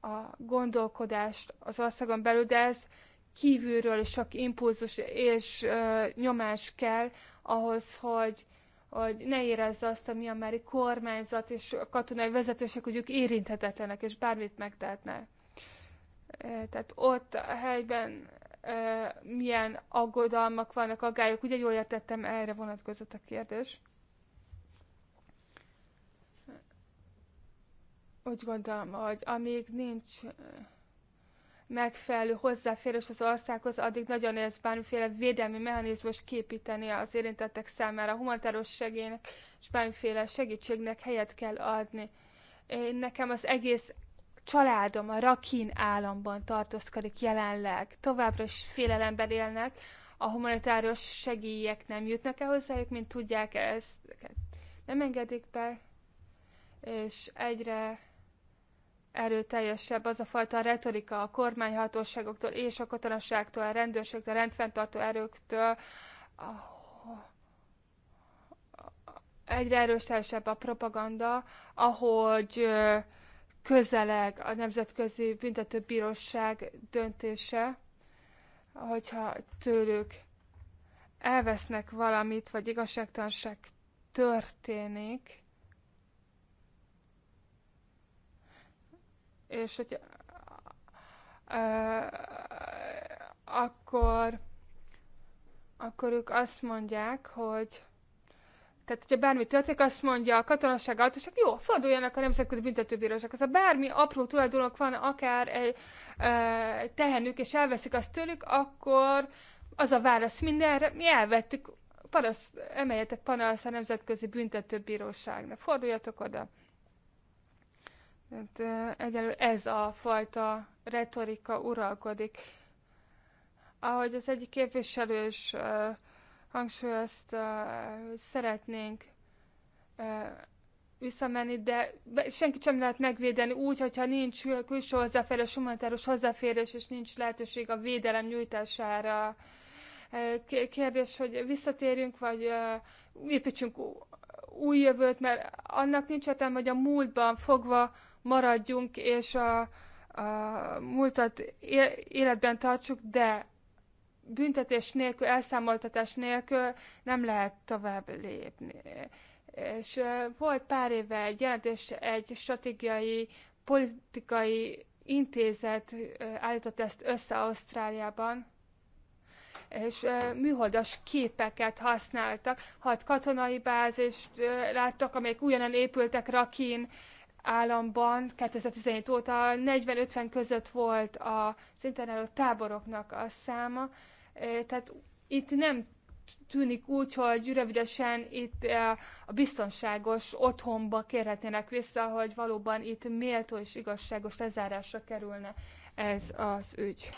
a gondolkodást az országon belül, de ez kívülről sok impulzus és ö, nyomás kell ahhoz, hogy, hogy ne érezze azt a miamári kormányzat és a katonai vezetőség, hogy ők érinthetetlenek, és bármit megtehetnek. Tehát ott a helyben milyen aggodalmak vannak, aggályok. Ugye jól értettem, erre vonatkozott a kérdés. úgy gondolom, hogy amíg nincs megfelelő hozzáférés az országhoz, addig nagyon nehéz bármiféle védelmi mechanizmus képíteni az érintettek számára. A humanitáros segélynek és bármiféle segítségnek helyet kell adni. Én nekem az egész családom a Rakin államban tartózkodik jelenleg. Továbbra is félelemben élnek, a humanitárius segélyek nem jutnak el hozzájuk, mint tudják ezt. Nem engedik be, és egyre erőteljesebb az a fajta retorika a kormányhatóságoktól és a katonaságtól, a rendőrségtől, a rendfenntartó erőktől, egyre erősebb a propaganda, ahogy közeleg a Nemzetközi Büntetőbíróság döntése, hogyha tőlük elvesznek valamit, vagy igazságtalanság történik, és hogy akkor, akkor ők azt mondják, hogy tehát, hogyha bármi történik, azt mondja a katonaság, a hát jó, forduljanak a nemzetközi büntetőbíróság. Az a bármi apró tulajdonok van, akár egy e, tehenük, és elveszik azt tőlük, akkor az a válasz mindenre, mi elvettük, panasz, emeljetek panasz a nemzetközi büntetőbíróságnak. Forduljatok oda. Hát, egyelőre ez a fajta retorika uralkodik. Ahogy az egyik képviselő is hangsúlyozta, szeretnénk visszamenni, de senki sem lehet megvédeni úgy, hogyha nincs külső hozzáférés, humanitárus hozzáférés, és nincs lehetőség a védelem nyújtására. Kérdés, hogy visszatérjünk, vagy építsünk új jövőt, mert annak nincs értelme, hogy a múltban fogva maradjunk, és a, a múltat életben tartsuk, de büntetés nélkül, elszámoltatás nélkül nem lehet tovább lépni. És volt pár éve egy jelentés, egy stratégiai, politikai intézet állított ezt össze Ausztráliában, és műholdas képeket használtak. Hat katonai bázist láttak, amelyek újonnan épültek Rakin, államban 2017 óta 40-50 között volt a szinten táboroknak a száma, tehát itt nem tűnik úgy, hogy rövidesen itt a biztonságos otthonba kérhetnének vissza, hogy valóban itt méltó és igazságos lezárásra kerülne ez az ügy.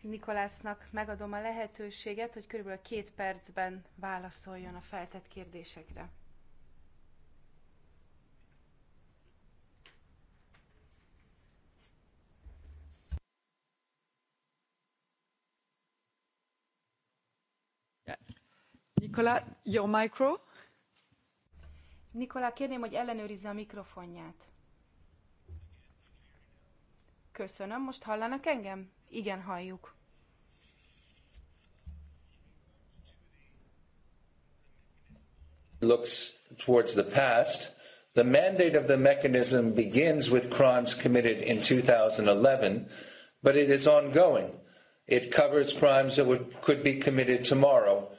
Nikolásznak megadom a lehetőséget, hogy körülbelül két percben válaszoljon a feltett kérdésekre. Nikola, your micro? Nikola, kérném, hogy ellenőrizze a mikrofonját. Köszönöm, most hallanak engem? Igen, halljuk. Looks towards the past. The mandate of the mechanism begins with crimes committed in 2011, but it is ongoing. It covers crimes that would, could be committed tomorrow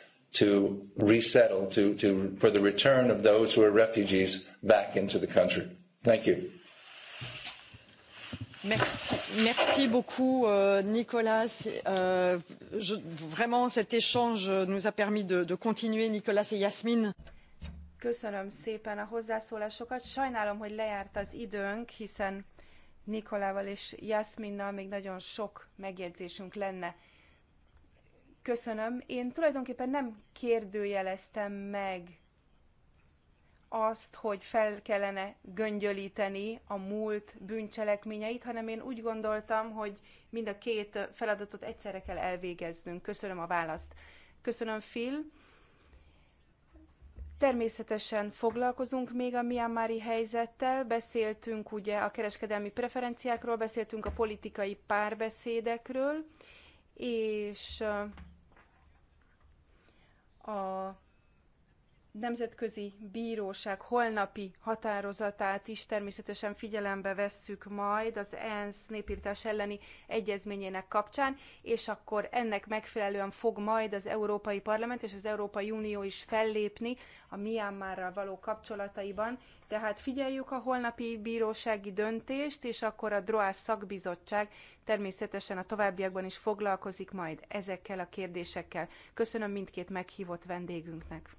to resettle, to, to, for the return of those who are refugees back into the country. Thank you. Merci, merci beaucoup euh, Nicolas. Euh, je, vraiment cet échange nous a permis de, de continuer Nicolas et Yasmine. Köszönöm szépen a hozzászólásokat. Sajnálom, hogy lejárt az időnk, hiszen Nikolával és Jasminnal még nagyon sok megjegyzésünk lenne. Köszönöm. Én tulajdonképpen nem kérdőjeleztem meg azt, hogy fel kellene göngyölíteni a múlt bűncselekményeit, hanem én úgy gondoltam, hogy mind a két feladatot egyszerre kell elvégeznünk. Köszönöm a választ. Köszönöm, Phil. Természetesen foglalkozunk még a Myanmari helyzettel, beszéltünk ugye a kereskedelmi preferenciákról, beszéltünk a politikai párbeszédekről, és a Nemzetközi Bíróság holnapi határozatát is természetesen figyelembe vesszük majd az ENSZ népírtás elleni egyezményének kapcsán, és akkor ennek megfelelően fog majd az Európai Parlament és az Európai Unió is fellépni a Myanmarral való kapcsolataiban. Tehát figyeljük a holnapi bírósági döntést, és akkor a DROAS szakbizottság természetesen a továbbiakban is foglalkozik majd ezekkel a kérdésekkel. Köszönöm mindkét meghívott vendégünknek.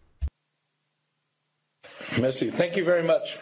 Merci. Thank you very much.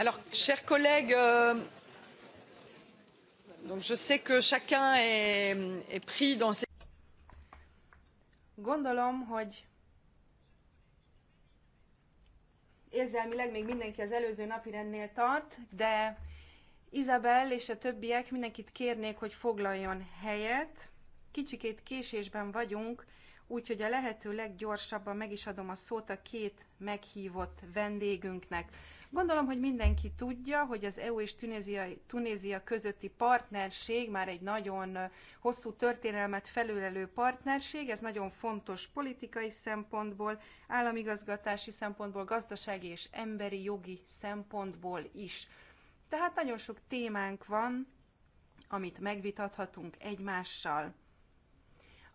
Alors, chers collègues, euh, je sais que chacun est, est pris dans ses... Gondolom, hogy érzelmileg még mindenki az előző napi rendnél tart, de Izabel és a többiek mindenkit kérnék, hogy foglaljon helyet. Kicsikét késésben vagyunk, úgyhogy a lehető leggyorsabban meg is adom a szót a két meghívott vendégünknek. Gondolom, hogy mindenki tudja, hogy az EU és Tunézia, Tunézia közötti partnerség már egy nagyon hosszú történelmet felülelő partnerség, ez nagyon fontos politikai szempontból, államigazgatási szempontból, gazdasági és emberi jogi szempontból is. Tehát nagyon sok témánk van, amit megvitathatunk egymással.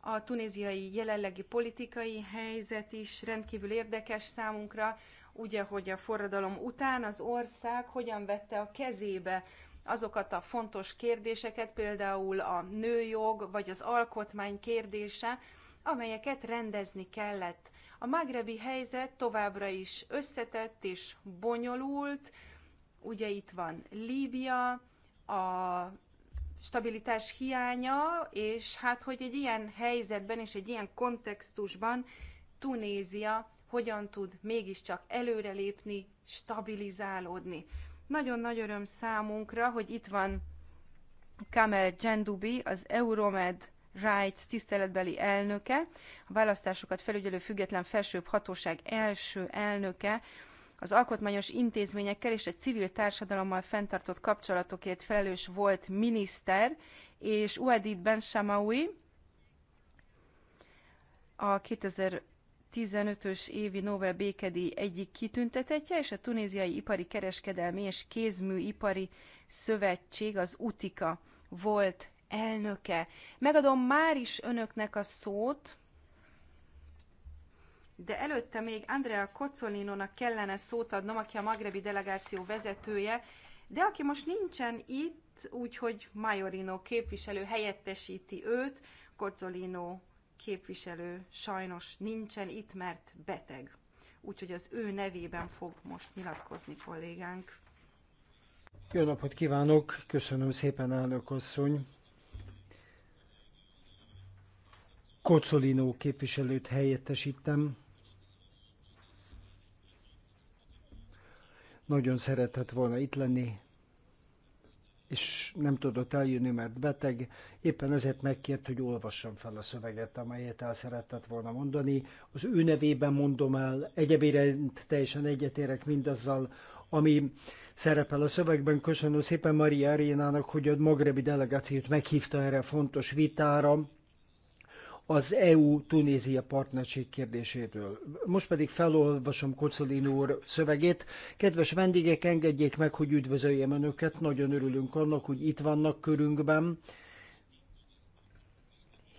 A tunéziai jelenlegi politikai helyzet is rendkívül érdekes számunkra, ugye, hogy a forradalom után az ország hogyan vette a kezébe azokat a fontos kérdéseket, például a nőjog vagy az alkotmány kérdése, amelyeket rendezni kellett. A magrebi helyzet továbbra is összetett és bonyolult. Ugye itt van Líbia, a stabilitás hiánya, és hát, hogy egy ilyen helyzetben és egy ilyen kontextusban Tunézia hogyan tud mégiscsak előrelépni, stabilizálódni. Nagyon nagy öröm számunkra, hogy itt van Kamel Gendubi, az Euromed Rights tiszteletbeli elnöke, a választásokat felügyelő független felsőbb hatóság első elnöke, az alkotmányos intézményekkel és egy civil társadalommal fenntartott kapcsolatokért felelős volt miniszter, és Ben Shamaui a 2015-ös évi Nobel békedíj egyik kitüntetetje, és a Tunéziai Ipari Kereskedelmi és Kézműipari Szövetség, az UTIKA volt elnöke. Megadom már is önöknek a szót, de előtte még Andrea Kocolinónak kellene szót adnom, aki a magrebi delegáció vezetője, de aki most nincsen itt, úgyhogy Majorino képviselő helyettesíti őt, Kocolino képviselő sajnos nincsen itt, mert beteg. Úgyhogy az ő nevében fog most nyilatkozni kollégánk. Jó napot kívánok, köszönöm szépen, elnök asszony. Kocolino képviselőt helyettesítem, nagyon szeretett volna itt lenni, és nem tudott eljönni, mert beteg. Éppen ezért megkért, hogy olvassam fel a szöveget, amelyet el szeretett volna mondani. Az ő nevében mondom el, egyebére teljesen egyetérek mindazzal, ami szerepel a szövegben. Köszönöm szépen Maria Arénának, hogy a magrebi delegációt meghívta erre a fontos vitára az EU-Tunézia partnerség kérdéséről. Most pedig felolvasom Kocolin úr szövegét. Kedves vendégek, engedjék meg, hogy üdvözöljem Önöket. Nagyon örülünk annak, hogy itt vannak körünkben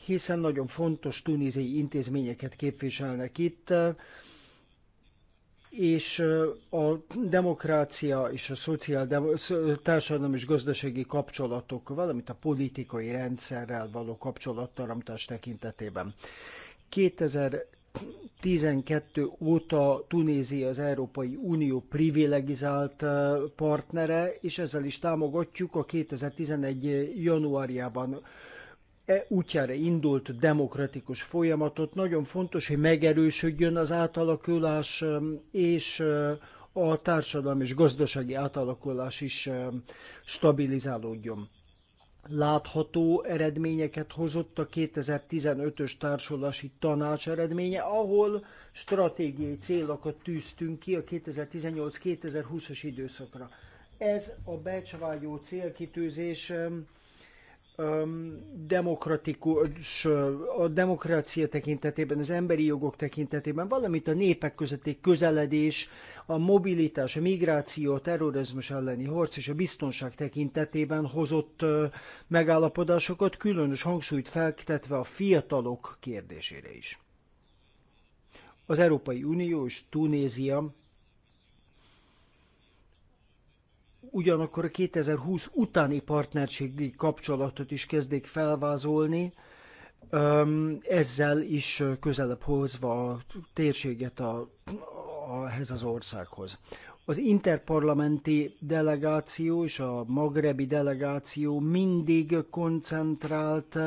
hiszen nagyon fontos tunéziai intézményeket képviselnek itt és a demokrácia és a szociál társadalom és gazdasági kapcsolatok, valamint a politikai rendszerrel való kapcsolattarantás tekintetében. 2012 óta Tunézia az Európai Unió privilegizált partnere, és ezzel is támogatjuk a 2011. januárjában E útjára indult demokratikus folyamatot. Nagyon fontos, hogy megerősödjön az átalakulás, e, és e, a társadalmi és gazdasági átalakulás is stabilizálódjon. Látható eredményeket hozott a 2015-ös társulási tanács eredménye, ahol stratégiai célokat tűztünk ki a 2018-2020-as időszakra. Ez a becsvágyó célkitűzés demokratikus, a demokrácia tekintetében, az emberi jogok tekintetében, valamint a népek közötti közeledés, a mobilitás, a migráció, a terrorizmus elleni harc és a biztonság tekintetében hozott megállapodásokat, különös hangsúlyt feltetve a fiatalok kérdésére is. Az Európai Unió és Tunézia ugyanakkor a 2020 utáni partnerségi kapcsolatot is kezdik felvázolni, ezzel is közelebb hozva a térséget a, a, ehhez az országhoz. Az interparlamenti delegáció és a magrebi delegáció mindig koncentrált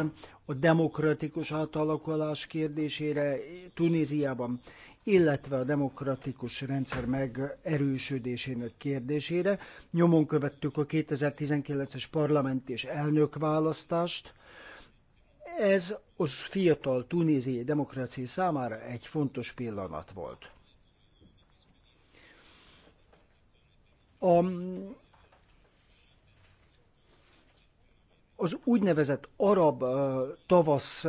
a demokratikus átalakulás kérdésére Tunéziában illetve a demokratikus rendszer megerősödésének kérdésére. Nyomon követtük a 2019-es parlament és elnökválasztást. Ez az fiatal tunéziai demokrácia számára egy fontos pillanat volt. A az úgynevezett arab tavasz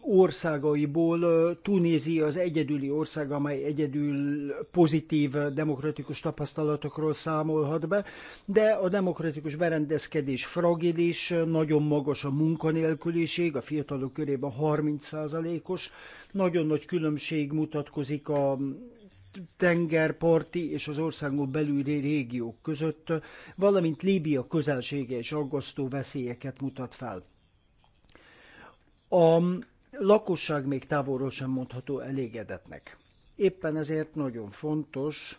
országaiból Tunézia az egyedüli ország, amely egyedül pozitív demokratikus tapasztalatokról számolhat be, de a demokratikus berendezkedés fragilis, nagyon magas a munkanélküliség, a fiatalok körében 30%-os, nagyon nagy különbség mutatkozik a tengerparti és az országon belüli régiók között, valamint Líbia közelsége és aggasztó veszélyeket mutat fel. A lakosság még távolról sem mondható elégedetnek. Éppen ezért nagyon fontos,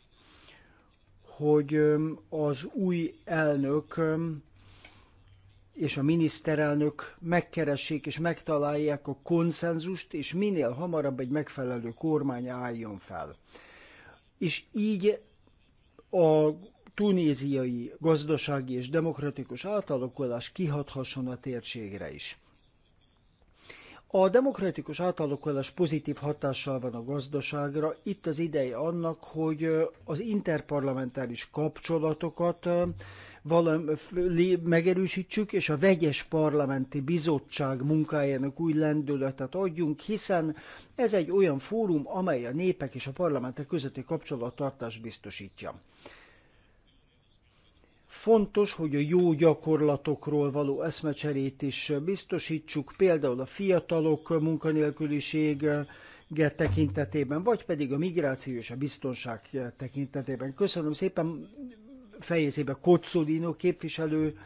hogy az új elnök és a miniszterelnök megkeressék és megtalálják a konszenzust, és minél hamarabb egy megfelelő kormány álljon fel és így a tunéziai gazdasági és demokratikus átalakulás kihathasson a térségre is. A demokratikus átalakulás pozitív hatással van a gazdaságra. Itt az ideje annak, hogy az interparlamentáris kapcsolatokat valam, megerősítsük, és a vegyes parlamenti bizottság munkájának új lendületet adjunk, hiszen ez egy olyan fórum, amely a népek és a parlamentek közötti kapcsolattartást biztosítja. Fontos, hogy a jó gyakorlatokról való eszmecserét is biztosítsuk, például a fiatalok munkanélküliség, tekintetében, vagy pedig a migráció és a biztonság tekintetében. Köszönöm szépen, fejezébe Kocsolino képviselő,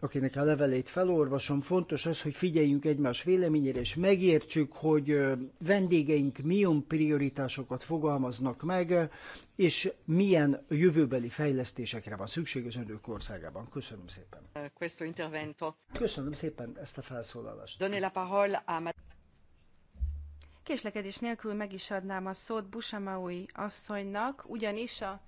akinek a levelét felolvasom, fontos az, hogy figyeljünk egymás véleményére, és megértsük, hogy vendégeink milyen prioritásokat fogalmaznak meg, és milyen jövőbeli fejlesztésekre van szükség az önök országában. Köszönöm szépen. Questo intervento. Köszönöm szépen ezt a felszólalást. la parole Késlekedés nélkül meg is adnám a szót Busamaui asszonynak, ugyanis a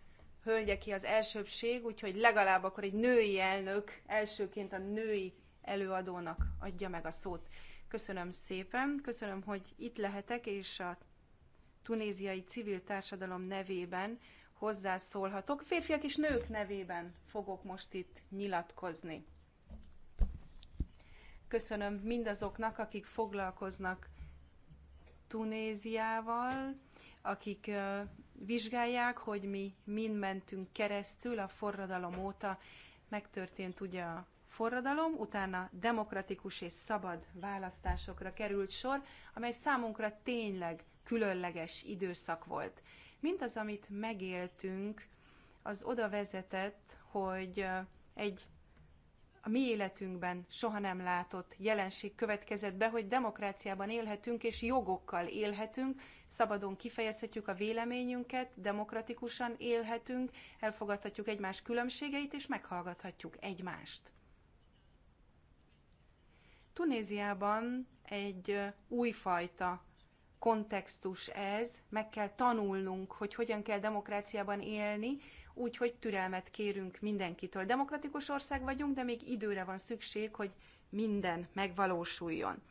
hölgyeké az elsőbség, úgyhogy legalább akkor egy női elnök elsőként a női előadónak adja meg a szót. Köszönöm szépen, köszönöm, hogy itt lehetek, és a tunéziai civil társadalom nevében hozzászólhatok. Férfiak és nők nevében fogok most itt nyilatkozni. Köszönöm mindazoknak, akik foglalkoznak Tunéziával, akik vizsgálják, hogy mi mind mentünk keresztül a forradalom óta. Megtörtént ugye a forradalom, utána demokratikus és szabad választásokra került sor, amely számunkra tényleg különleges időszak volt. Mindaz, amit megéltünk, az oda vezetett, hogy egy a mi életünkben soha nem látott jelenség következett be, hogy demokráciában élhetünk és jogokkal élhetünk, szabadon kifejezhetjük a véleményünket, demokratikusan élhetünk, elfogadhatjuk egymás különbségeit és meghallgathatjuk egymást. Tunéziában egy újfajta kontextus ez, meg kell tanulnunk, hogy hogyan kell demokráciában élni, úgyhogy türelmet kérünk mindenkitől. Demokratikus ország vagyunk, de még időre van szükség, hogy minden megvalósuljon.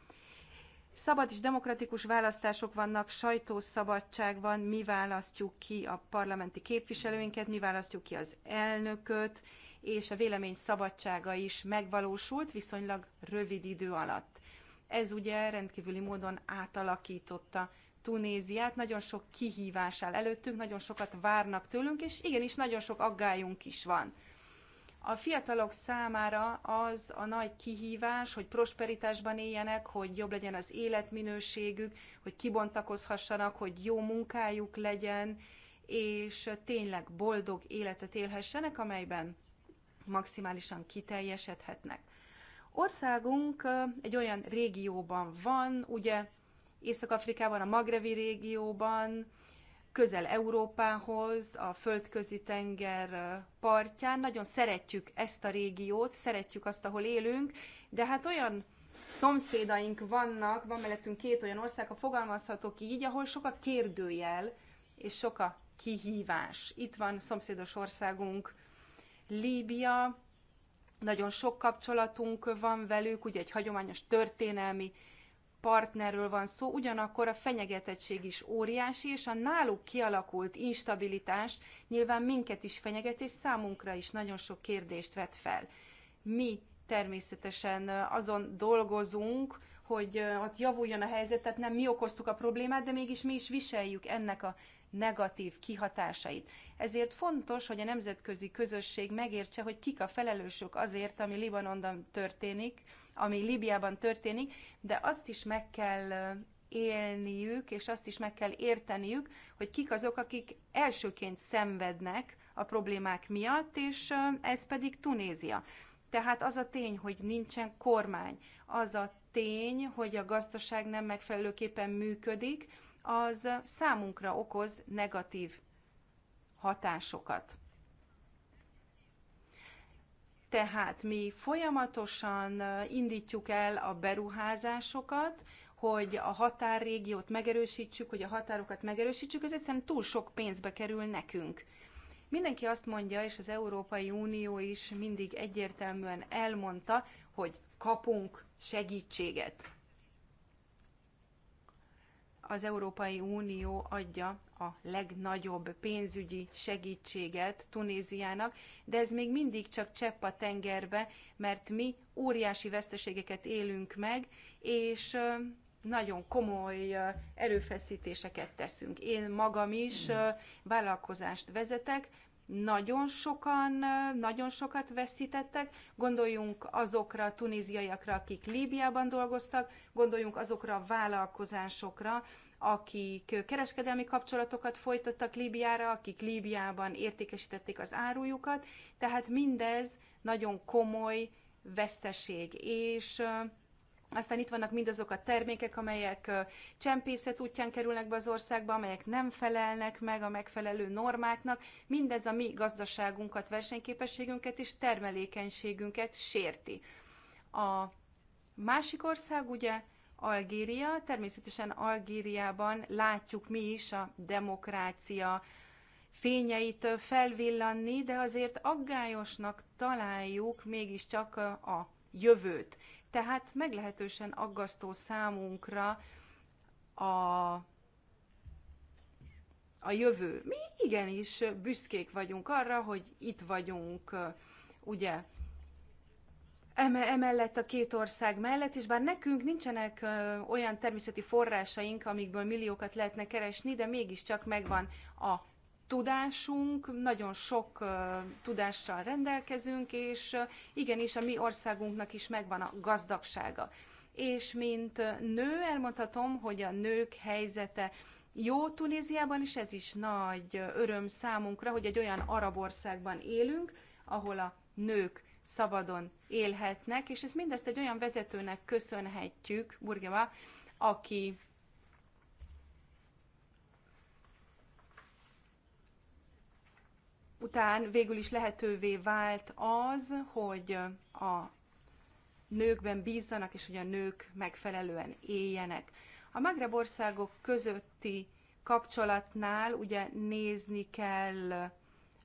Szabad és demokratikus választások vannak, sajtószabadság van, mi választjuk ki a parlamenti képviselőinket, mi választjuk ki az elnököt, és a vélemény szabadsága is megvalósult viszonylag rövid idő alatt. Ez ugye rendkívüli módon átalakította Tunéziát, nagyon sok kihívás áll előttünk, nagyon sokat várnak tőlünk, és igenis nagyon sok aggályunk is van. A fiatalok számára az a nagy kihívás, hogy prosperitásban éljenek, hogy jobb legyen az életminőségük, hogy kibontakozhassanak, hogy jó munkájuk legyen, és tényleg boldog életet élhessenek, amelyben maximálisan kiteljesedhetnek. Országunk egy olyan régióban van, ugye Észak-Afrikában, a Magrevi régióban, közel Európához, a földközi tenger partján. Nagyon szeretjük ezt a régiót, szeretjük azt, ahol élünk, de hát olyan szomszédaink vannak, van mellettünk két olyan ország, ha fogalmazhatok így, ahol sok a kérdőjel és sok a kihívás. Itt van szomszédos országunk Líbia, nagyon sok kapcsolatunk van velük, ugye egy hagyományos történelmi partnerről van szó, ugyanakkor a fenyegetettség is óriási, és a náluk kialakult instabilitás nyilván minket is fenyeget, és számunkra is nagyon sok kérdést vet fel. Mi természetesen azon dolgozunk, hogy ott javuljon a helyzet, tehát nem mi okoztuk a problémát, de mégis mi is viseljük ennek a negatív kihatásait. Ezért fontos, hogy a nemzetközi közösség megértse, hogy kik a felelősök azért, ami Libanonban történik, ami Líbiában történik, de azt is meg kell élniük, és azt is meg kell érteniük, hogy kik azok, akik elsőként szenvednek a problémák miatt, és ez pedig Tunézia. Tehát az a tény, hogy nincsen kormány, az a tény, hogy a gazdaság nem megfelelőképpen működik, az számunkra okoz negatív hatásokat. Tehát mi folyamatosan indítjuk el a beruházásokat, hogy a határrégiót megerősítsük, hogy a határokat megerősítsük, ez egyszerűen túl sok pénzbe kerül nekünk. Mindenki azt mondja, és az Európai Unió is mindig egyértelműen elmondta, hogy kapunk segítséget az Európai Unió adja a legnagyobb pénzügyi segítséget Tunéziának, de ez még mindig csak csepp a tengerbe, mert mi óriási veszteségeket élünk meg, és nagyon komoly erőfeszítéseket teszünk. Én magam is vállalkozást vezetek, nagyon sokan, nagyon sokat veszítettek. Gondoljunk azokra a tunéziaiakra, akik Líbiában dolgoztak, gondoljunk azokra a vállalkozásokra, akik kereskedelmi kapcsolatokat folytattak Líbiára, akik Líbiában értékesítették az árujukat, tehát mindez nagyon komoly veszteség, és aztán itt vannak mindazok a termékek, amelyek csempészet útján kerülnek be az országba, amelyek nem felelnek meg a megfelelő normáknak. Mindez a mi gazdaságunkat, versenyképességünket és termelékenységünket sérti. A másik ország ugye Algéria, természetesen Algériában látjuk mi is a demokrácia fényeit felvillanni, de azért aggályosnak találjuk mégiscsak a jövőt. Tehát meglehetősen aggasztó számunkra a, a jövő. Mi igenis büszkék vagyunk arra, hogy itt vagyunk, ugye, emellett a két ország mellett, és bár nekünk nincsenek olyan természeti forrásaink, amikből milliókat lehetne keresni, de mégiscsak megvan a tudásunk, nagyon sok tudással rendelkezünk, és igenis a mi országunknak is megvan a gazdagsága. És mint nő elmondhatom, hogy a nők helyzete jó Tunéziában, és ez is nagy öröm számunkra, hogy egy olyan arab országban élünk, ahol a nők szabadon élhetnek, és ezt mindezt egy olyan vezetőnek köszönhetjük, Burgeva, aki után végül is lehetővé vált az, hogy a nőkben bízzanak, és hogy a nők megfelelően éljenek. A Magreb országok közötti kapcsolatnál ugye nézni kell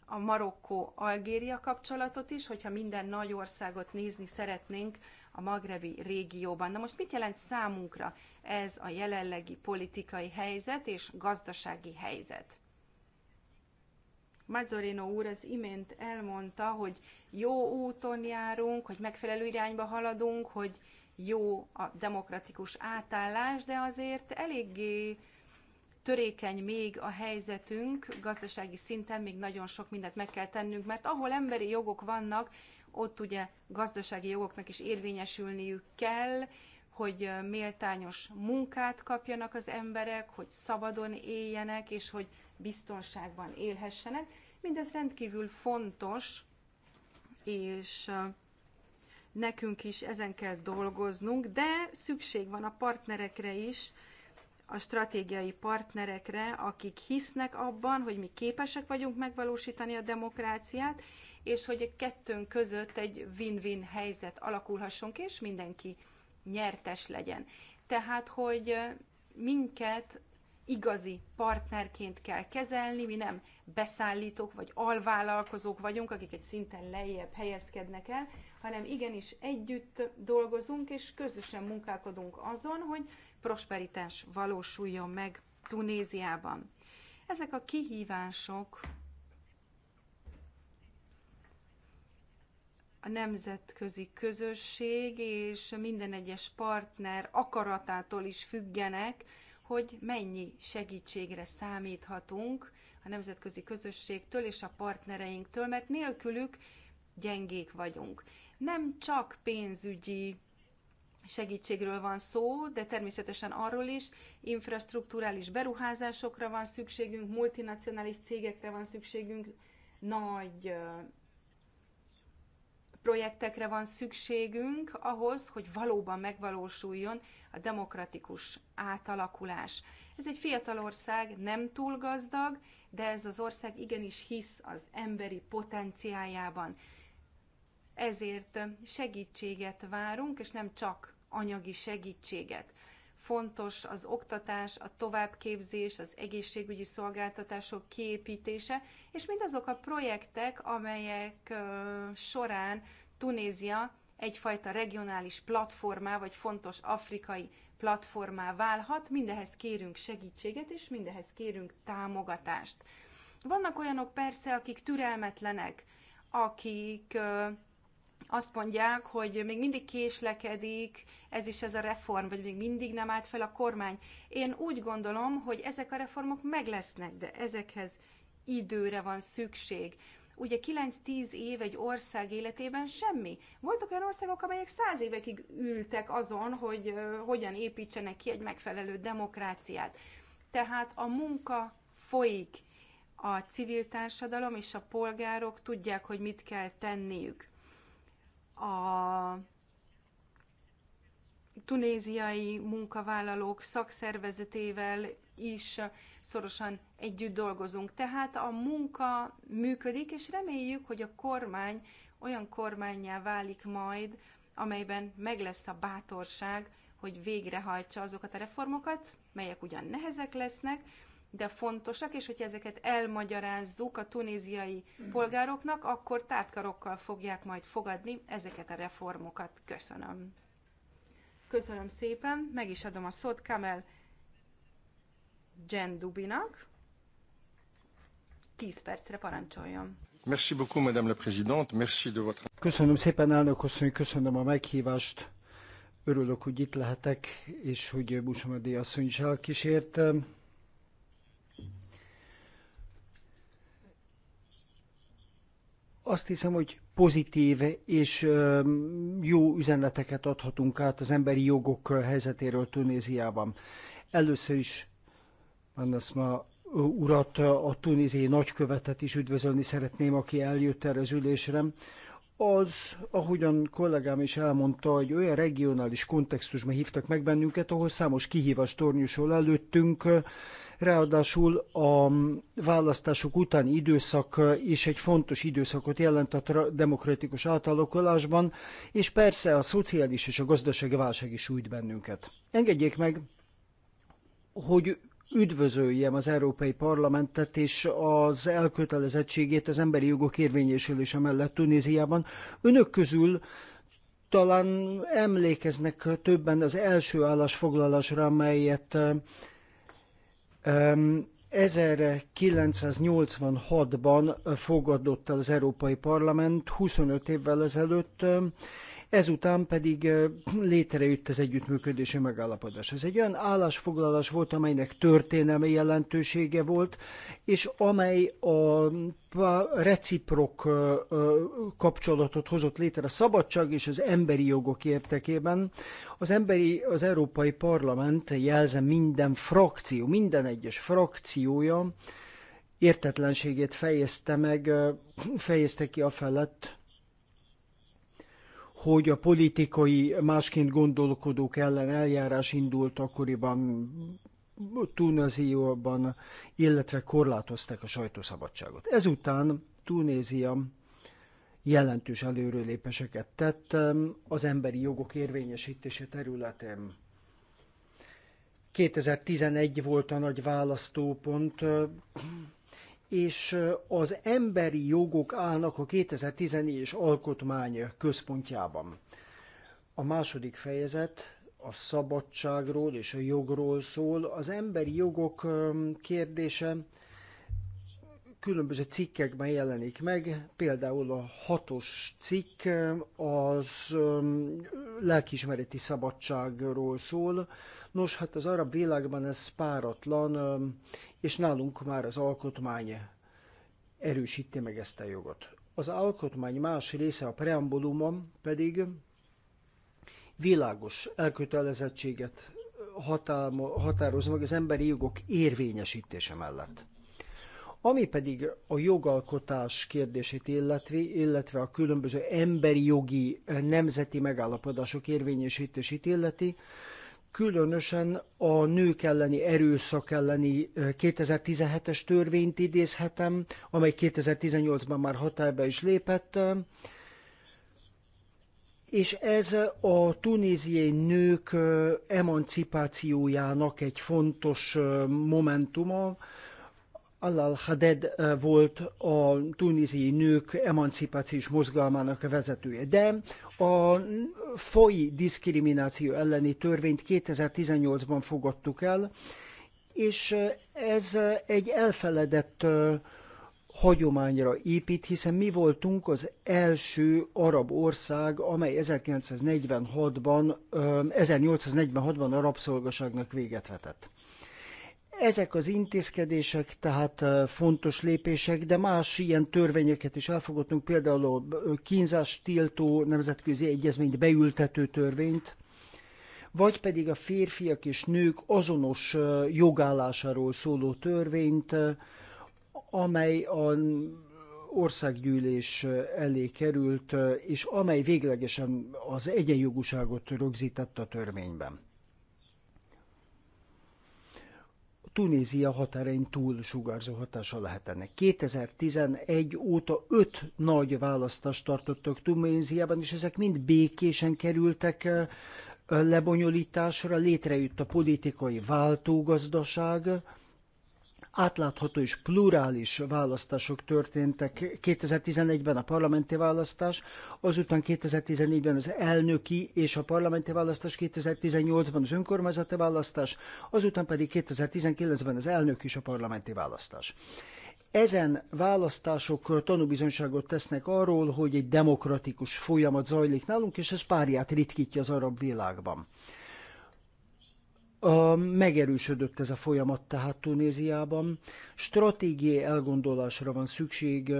a Marokkó-Algéria kapcsolatot is, hogyha minden nagy országot nézni szeretnénk a magrebi régióban. Na most mit jelent számunkra ez a jelenlegi politikai helyzet és gazdasági helyzet? Mazzorino úr az imént elmondta, hogy jó úton járunk, hogy megfelelő irányba haladunk, hogy jó a demokratikus átállás, de azért eléggé törékeny még a helyzetünk, gazdasági szinten még nagyon sok mindent meg kell tennünk, mert ahol emberi jogok vannak, ott ugye gazdasági jogoknak is érvényesülniük kell, hogy méltányos munkát kapjanak az emberek, hogy szabadon éljenek, és hogy biztonságban élhessenek. Mindez rendkívül fontos, és nekünk is ezen kell dolgoznunk, de szükség van a partnerekre is, a stratégiai partnerekre, akik hisznek abban, hogy mi képesek vagyunk megvalósítani a demokráciát, és hogy a kettőnk között egy win-win helyzet alakulhasson ki, és mindenki nyertes legyen. Tehát, hogy minket igazi partnerként kell kezelni, mi nem beszállítók vagy alvállalkozók vagyunk, akik egy szinten lejjebb helyezkednek el, hanem igenis együtt dolgozunk és közösen munkálkodunk azon, hogy prosperitás valósuljon meg Tunéziában. Ezek a kihívások a nemzetközi közösség és minden egyes partner akaratától is függenek, hogy mennyi segítségre számíthatunk a nemzetközi közösségtől és a partnereinktől, mert nélkülük gyengék vagyunk. Nem csak pénzügyi segítségről van szó, de természetesen arról is, infrastruktúrális beruházásokra van szükségünk, multinacionális cégekre van szükségünk, nagy projektekre van szükségünk ahhoz, hogy valóban megvalósuljon a demokratikus átalakulás. Ez egy fiatal ország, nem túl gazdag, de ez az ország igenis hisz az emberi potenciájában. Ezért segítséget várunk, és nem csak anyagi segítséget fontos az oktatás, a továbbképzés, az egészségügyi szolgáltatások kiépítése, és mindazok a projektek, amelyek során Tunézia egyfajta regionális platformá, vagy fontos afrikai platformá válhat, Mindehhez kérünk segítséget, és mindehhez kérünk támogatást. Vannak olyanok persze, akik türelmetlenek, akik azt mondják, hogy még mindig késlekedik, ez is ez a reform, vagy még mindig nem állt fel a kormány. Én úgy gondolom, hogy ezek a reformok meg lesznek, de ezekhez időre van szükség. Ugye 9-10 év egy ország életében semmi. Voltak olyan országok, amelyek száz évekig ültek azon, hogy hogyan építsenek ki egy megfelelő demokráciát. Tehát a munka folyik, a civil társadalom és a polgárok tudják, hogy mit kell tenniük a tunéziai munkavállalók szakszervezetével is szorosan együtt dolgozunk. Tehát a munka működik, és reméljük, hogy a kormány olyan kormányjá válik majd, amelyben meg lesz a bátorság, hogy végrehajtsa azokat a reformokat, melyek ugyan nehezek lesznek, de fontosak, és hogyha ezeket elmagyarázzuk a tunéziai polgároknak, akkor tártkarokkal fogják majd fogadni ezeket a reformokat. Köszönöm. Köszönöm szépen, meg is adom a szót Kamel Gendubinak. 10 percre parancsoljon. Merci beaucoup, Madame la Présidente. Merci de votre... Köszönöm szépen, elnök asszony, köszönöm a meghívást. Örülök, hogy itt lehetek, és hogy Busamadi asszony is elkísértem Azt hiszem, hogy pozitív és jó üzeneteket adhatunk át az emberi jogok helyzetéről Tunéziában. Először is Manasma urat, a tunéziai nagykövetet is üdvözölni szeretném, aki eljött erre az ülésre. Az, ahogyan kollégám is elmondta, egy olyan regionális kontextusban hívtak meg bennünket, ahol számos kihívás tornyosul előttünk, Ráadásul a választások utáni időszak is egy fontos időszakot jelent a demokratikus átalakulásban, és persze a szociális és a gazdasági válság is újt bennünket. Engedjék meg, hogy üdvözöljem az Európai Parlamentet és az elkötelezettségét az emberi jogok érvényesülése mellett Tunéziában. Önök közül talán emlékeznek többen az első állásfoglalásra, amelyet 1986-ban fogadott el az Európai Parlament 25 évvel ezelőtt Ezután pedig létrejött az együttműködési megállapodás. Ez egy olyan állásfoglalás volt, amelynek történelmi jelentősége volt, és amely a reciprok kapcsolatot hozott létre a szabadság és az emberi jogok értekében. Az, emberi, az Európai Parlament jelze minden frakció, minden egyes frakciója értetlenségét fejezte meg, fejezte ki a felett, hogy a politikai másként gondolkodók ellen eljárás indult akkoriban Tunézióban, illetve korlátozták a sajtószabadságot. Ezután Tunézia jelentős előrelépéseket tett az emberi jogok érvényesítése területén. 2011 volt a nagy választópont, és az emberi jogok állnak a 2014-es alkotmány központjában. A második fejezet a szabadságról és a jogról szól. Az emberi jogok kérdése különböző cikkekben jelenik meg, például a hatos cikk az lelkismereti szabadságról szól, Nos, hát az arab világban ez páratlan, és nálunk már az alkotmány erősíti meg ezt a jogot. Az alkotmány más része a preambulumon pedig világos elkötelezettséget határoz meg az emberi jogok érvényesítése mellett. Ami pedig a jogalkotás kérdését illetve illetve a különböző emberi jogi nemzeti megállapodások érvényesítését illeti, különösen a nők elleni erőszak elleni 2017-es törvényt idézhetem, amely 2018-ban már hatályba is lépett, és ez a tunéziai nők emancipációjának egy fontos momentuma. Alal Haded volt a tunéziai nők emancipációs mozgalmának a vezetője. De a faji diszkrimináció elleni törvényt 2018-ban fogadtuk el, és eh, ez eh, egy elfeledett eh, hagyományra épít, hiszen mi voltunk az első arab ország, amely 1946-ban, 1846-ban a rabszolgaságnak véget vetett. Ezek az intézkedések tehát fontos lépések, de más ilyen törvényeket is elfogadtunk, például a kínzás tiltó nemzetközi egyezményt beültető törvényt, vagy pedig a férfiak és nők azonos jogállásáról szóló törvényt, amely a országgyűlés elé került, és amely véglegesen az egyenjogúságot rögzítette a törvényben. Tunézia határain túl sugárzó hatása lehet ennek. 2011 óta öt nagy választást tartottak Tunéziában, és ezek mind békésen kerültek lebonyolításra, létrejött a politikai váltógazdaság, Átlátható és plurális választások történtek 2011-ben a parlamenti választás, azután 2014-ben az elnöki és a parlamenti választás, 2018-ban az önkormányzati választás, azután pedig 2019-ben az elnöki és a parlamenti választás. Ezen választások tanúbizonyságot tesznek arról, hogy egy demokratikus folyamat zajlik nálunk, és ez párját ritkítja az arab világban megerősödött ez a folyamat tehát Tunéziában. Stratégiai elgondolásra van szükség,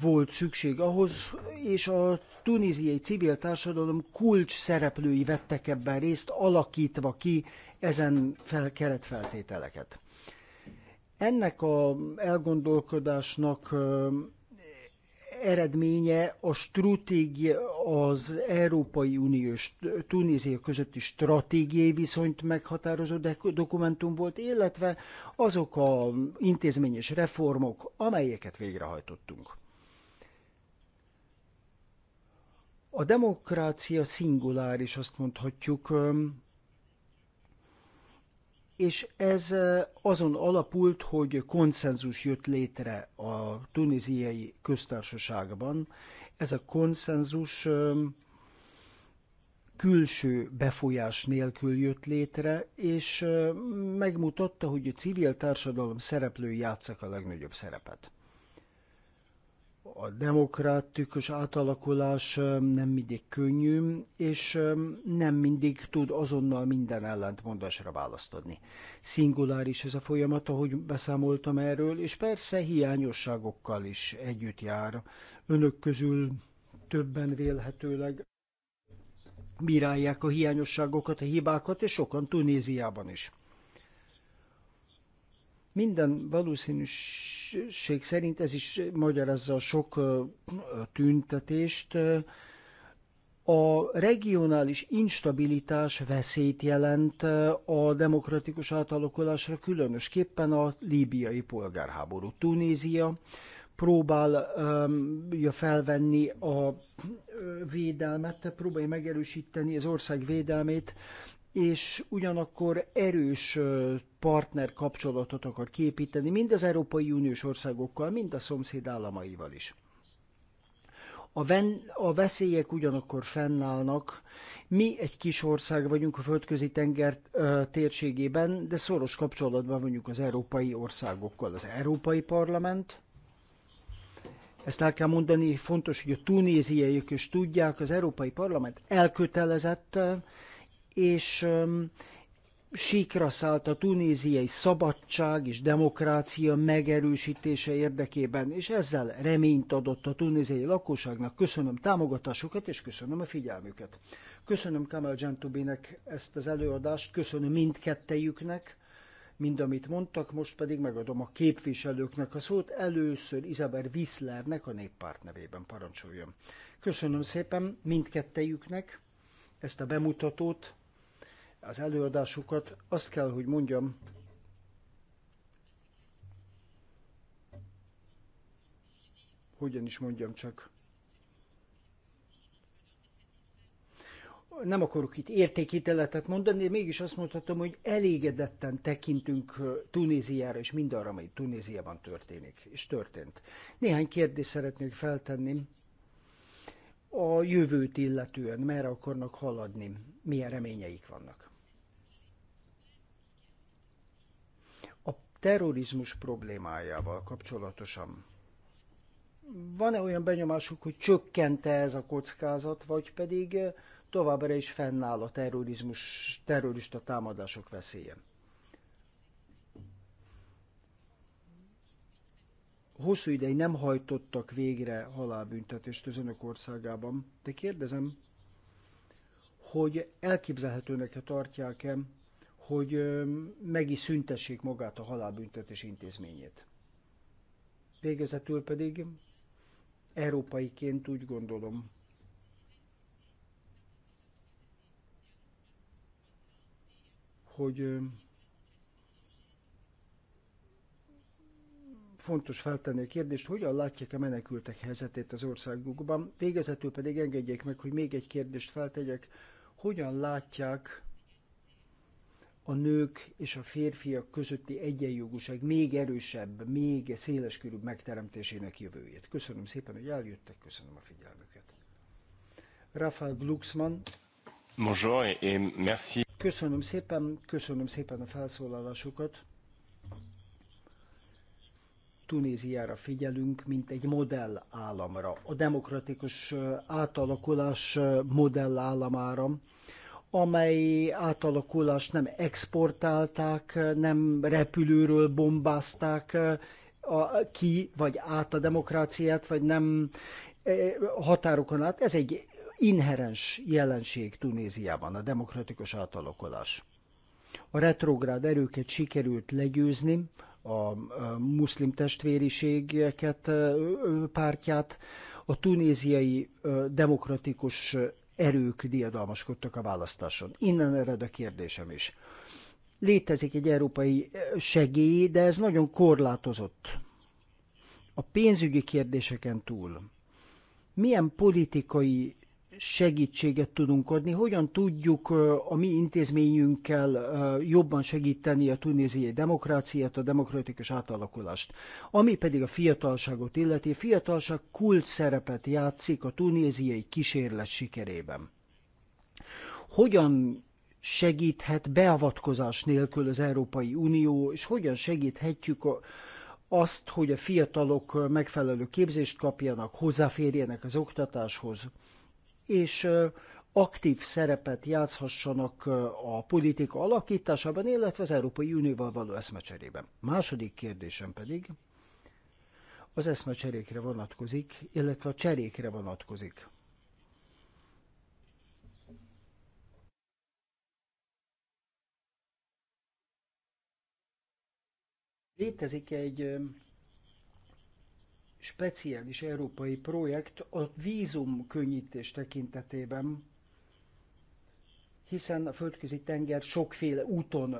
volt szükség ahhoz, és a tunéziai civil társadalom kulcs szereplői vettek ebben részt, alakítva ki ezen fel, keretfeltételeket. Ennek a elgondolkodásnak eredménye a stratégia, az Európai Unió és Tunézia közötti stratégiai viszonyt meghatározó dokumentum volt, illetve azok a intézményes reformok, amelyeket végrehajtottunk. A demokrácia szinguláris, azt mondhatjuk, és ez azon alapult, hogy konszenzus jött létre a tunéziai köztársaságban. Ez a konszenzus külső befolyás nélkül jött létre, és megmutatta, hogy a civil társadalom szereplői játszak a legnagyobb szerepet a demokratikus átalakulás nem mindig könnyű, és nem mindig tud azonnal minden ellentmondásra választ adni. Szinguláris ez a folyamat, ahogy beszámoltam erről, és persze hiányosságokkal is együtt jár. Önök közül többen vélhetőleg bírálják a hiányosságokat, a hibákat, és sokan Tunéziában is. Minden valószínűség szerint ez is magyarázza a sok tüntetést. A regionális instabilitás veszélyt jelent a demokratikus átalakulásra, különösképpen a líbiai polgárháború. Tunézia próbálja felvenni a védelmet, próbálja megerősíteni az ország védelmét, és ugyanakkor erős partner kapcsolatot akar képíteni, mind az Európai Uniós országokkal, mind a szomszéd államaival is. A, ven, a veszélyek ugyanakkor fennállnak. Mi egy kis ország vagyunk a földközi tenger térségében, de szoros kapcsolatban vagyunk az európai országokkal. Az Európai Parlament, ezt el kell mondani, fontos, hogy a tunéziaiak is tudják, az Európai Parlament elkötelezett és síkra szállt a tunéziai szabadság és demokrácia megerősítése érdekében, és ezzel reményt adott a tunéziai lakosságnak. Köszönöm támogatásukat, és köszönöm a figyelmüket. Köszönöm Kamel Gentubinek ezt az előadást, köszönöm mindkettejüknek, mind amit mondtak, most pedig megadom a képviselőknek a szót. Először Izabel Wisslernek a néppárt nevében parancsoljon. Köszönöm szépen mindkettejüknek ezt a bemutatót, az előadásukat. Azt kell, hogy mondjam, hogyan is mondjam csak, nem akarok itt értékíteletet mondani, de mégis azt mondhatom, hogy elégedetten tekintünk Tunéziára és mindarra, ami Tunéziában történik, és történt. Néhány kérdést szeretnék feltenni a jövőt illetően, merre akarnak haladni, milyen reményeik vannak. terrorizmus problémájával kapcsolatosan. Van-e olyan benyomásuk, hogy csökkente ez a kockázat, vagy pedig továbbra is fennáll a terrorizmus, terrorista támadások veszélye? Hosszú ideig nem hajtottak végre halálbüntetést az önök országában, de kérdezem, hogy elképzelhetőnek -e tartják-e, hogy meg is szüntessék magát a halálbüntetés intézményét. Végezetül pedig európaiként úgy gondolom, hogy fontos feltenni a kérdést, hogyan látják a menekültek helyzetét az országukban. Végezetül pedig engedjék meg, hogy még egy kérdést feltegyek. Hogyan látják a nők és a férfiak közötti egyenjogúság még erősebb, még széleskörűbb megteremtésének jövőjét. Köszönöm szépen, hogy eljöttek, köszönöm a figyelmüket. Rafael Glucksmann. Bonjour et merci. Köszönöm szépen, köszönöm szépen a felszólalásokat. Tunéziára figyelünk, mint egy modell államra, a demokratikus átalakulás modell államára amely átalakulást nem exportálták, nem repülőről bombázták eh, a, ki, vagy át a demokráciát, vagy nem eh, határokon át. Ez egy inherens jelenség Tunéziában, a demokratikus átalakulás. A retrográd erőket sikerült legyőzni, a muszlim testvériségeket, eh, pártját, a tunéziai demokratikus erők diadalmaskodtak a választáson. Innen ered a kérdésem is. Létezik egy európai eh, segély, de ez nagyon korlátozott. A pénzügyi kérdéseken túl milyen politikai segítséget tudunk adni, hogyan tudjuk a mi intézményünkkel jobban segíteni a tunéziai demokráciát, a demokratikus átalakulást. Ami pedig a fiatalságot illeti, a fiatalság kult szerepet játszik a tunéziai kísérlet sikerében. Hogyan segíthet beavatkozás nélkül az Európai Unió, és hogyan segíthetjük a, azt, hogy a fiatalok megfelelő képzést kapjanak, hozzáférjenek az oktatáshoz, és aktív szerepet játszhassanak a politika alakításában, illetve az Európai Unióval való eszmecserében. Második kérdésem pedig az eszmecserékre vonatkozik, illetve a cserékre vonatkozik. Létezik egy speciális európai projekt a vízum könnyítés tekintetében, hiszen a földközi tenger sokféle úton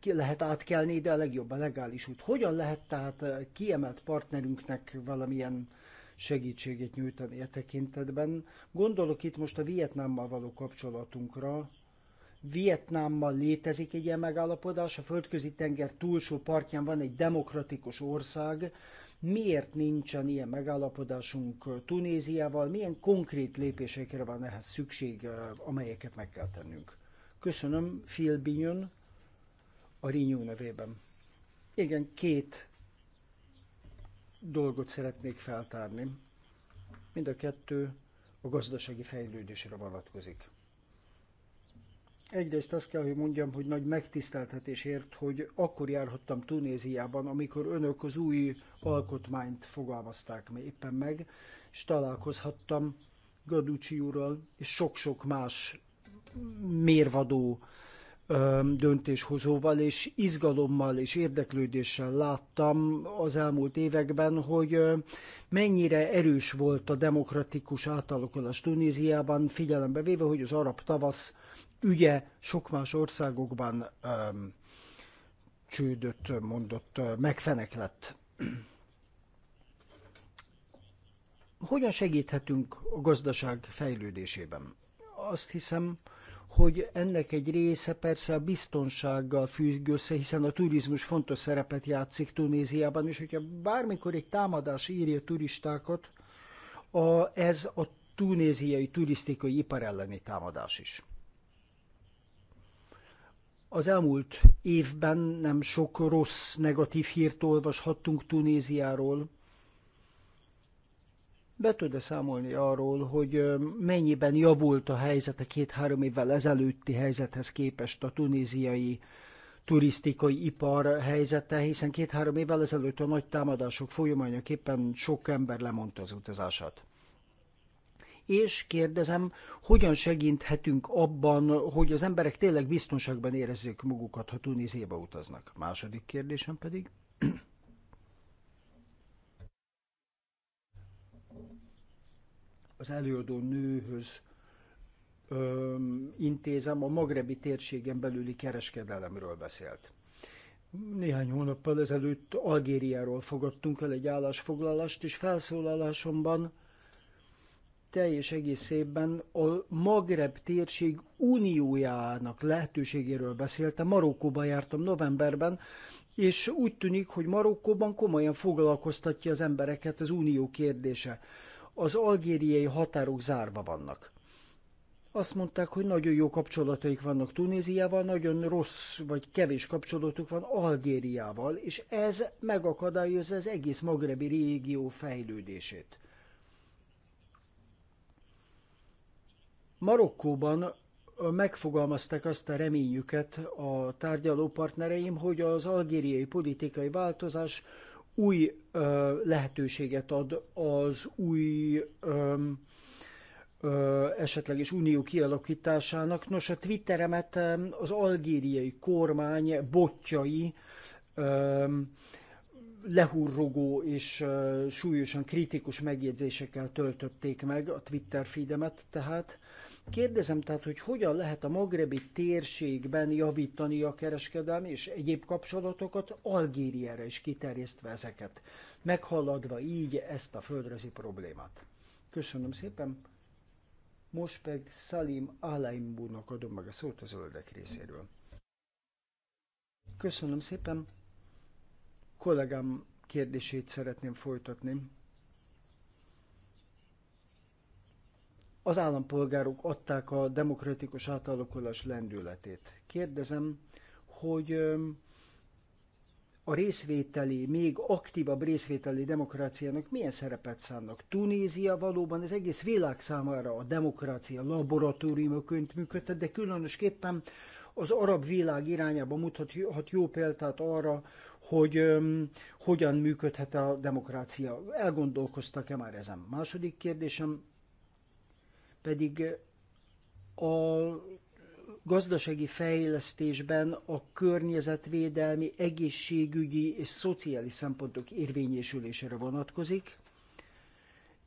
ki lehet átkelni, de a legjobb a legális út. Hogyan lehet tehát kiemelt partnerünknek valamilyen segítséget nyújtani a e tekintetben? Gondolok itt most a Vietnámmal való kapcsolatunkra, Vietnámmal létezik egy ilyen megállapodás, a földközi tenger túlsó partján van egy demokratikus ország, miért nincsen ilyen megállapodásunk Tunéziával, milyen konkrét lépésekre van ehhez szükség, eh, amelyeket meg kell tennünk. Köszönöm, Phil Binion, a Rinyú nevében. Igen, két dolgot szeretnék feltárni. Mind a kettő a gazdasági fejlődésre vonatkozik. Egyrészt azt kell, hogy mondjam, hogy nagy megtiszteltetésért, hogy akkor járhattam Tunéziában, amikor önök az új alkotmányt fogalmazták még éppen meg, és találkozhattam Gaducsi úrral, és sok-sok más mérvadó döntéshozóval, és izgalommal és érdeklődéssel láttam az elmúlt években, hogy mennyire erős volt a demokratikus átalakulás Tunéziában, figyelembe véve, hogy az arab tavasz ügye sok más országokban um, csődött, mondott, uh, megfeneklett. Hogyan segíthetünk a gazdaság fejlődésében? Azt hiszem, hogy ennek egy része persze a biztonsággal függ össze, hiszen a turizmus fontos szerepet játszik Tunéziában, és hogyha bármikor egy támadás írja turistákat, a, ez a tunéziai turisztikai ipar elleni támadás is. Az elmúlt évben nem sok rossz, negatív hírt olvashattunk Tunéziáról. Be tud-e számolni arról, hogy mennyiben javult a helyzet a két-három évvel ezelőtti helyzethez képest a tunéziai turisztikai ipar helyzete, hiszen két-három évvel ezelőtt a nagy támadások folyamányaképpen sok ember lemondta az utazását és kérdezem, hogyan segíthetünk abban, hogy az emberek tényleg biztonságban érezzék magukat, ha Tunéziába utaznak? Második kérdésem pedig. Az előadó nőhöz öm, intézem, a magrebi térségen belüli kereskedelemről beszélt. Néhány hónappal ezelőtt Algériáról fogadtunk el egy állásfoglalást, és felszólalásomban teljes egészében a Magreb térség uniójának lehetőségéről beszéltem. Marokkóban jártam novemberben, és úgy tűnik, hogy Marokkóban komolyan foglalkoztatja az embereket az unió kérdése. Az algériai határok zárva vannak. Azt mondták, hogy nagyon jó kapcsolataik vannak Tunéziával, nagyon rossz vagy kevés kapcsolatuk van Algériával, és ez megakadályozza az egész magrebi régió fejlődését. Marokkóban megfogalmazták azt a reményüket a tárgyaló partnereim, hogy az algériai politikai változás új ö, lehetőséget ad az új ö, ö, esetleges unió kialakításának. Nos, a Twitteremet az algériai kormány botjai ö, lehurrogó és ö, súlyosan kritikus megjegyzésekkel töltötték meg a Twitter feedemet, tehát Kérdezem tehát, hogy hogyan lehet a magrebi térségben javítani a kereskedelmi és egyéb kapcsolatokat, Algériára is kiterjesztve ezeket, meghaladva így ezt a földrezi problémát. Köszönöm szépen. Most pedig Salim Alaimbúnak adom meg a szót a zöldek részéről. Köszönöm szépen. Kollégám kérdését szeretném folytatni. az állampolgárok adták a demokratikus átalakulás lendületét. Kérdezem, hogy a részvételi, még aktívabb részvételi demokráciának milyen szerepet szánnak? Tunézia valóban az egész világ számára a demokrácia laboratóriumaként működtet, de különösképpen az arab világ irányába mutathat jó példát arra, hogy öm, hogyan működhet a demokrácia. Elgondolkoztak-e már ezen? Második kérdésem, pedig a gazdasági fejlesztésben a környezetvédelmi, egészségügyi és szociális szempontok érvényesülésére vonatkozik.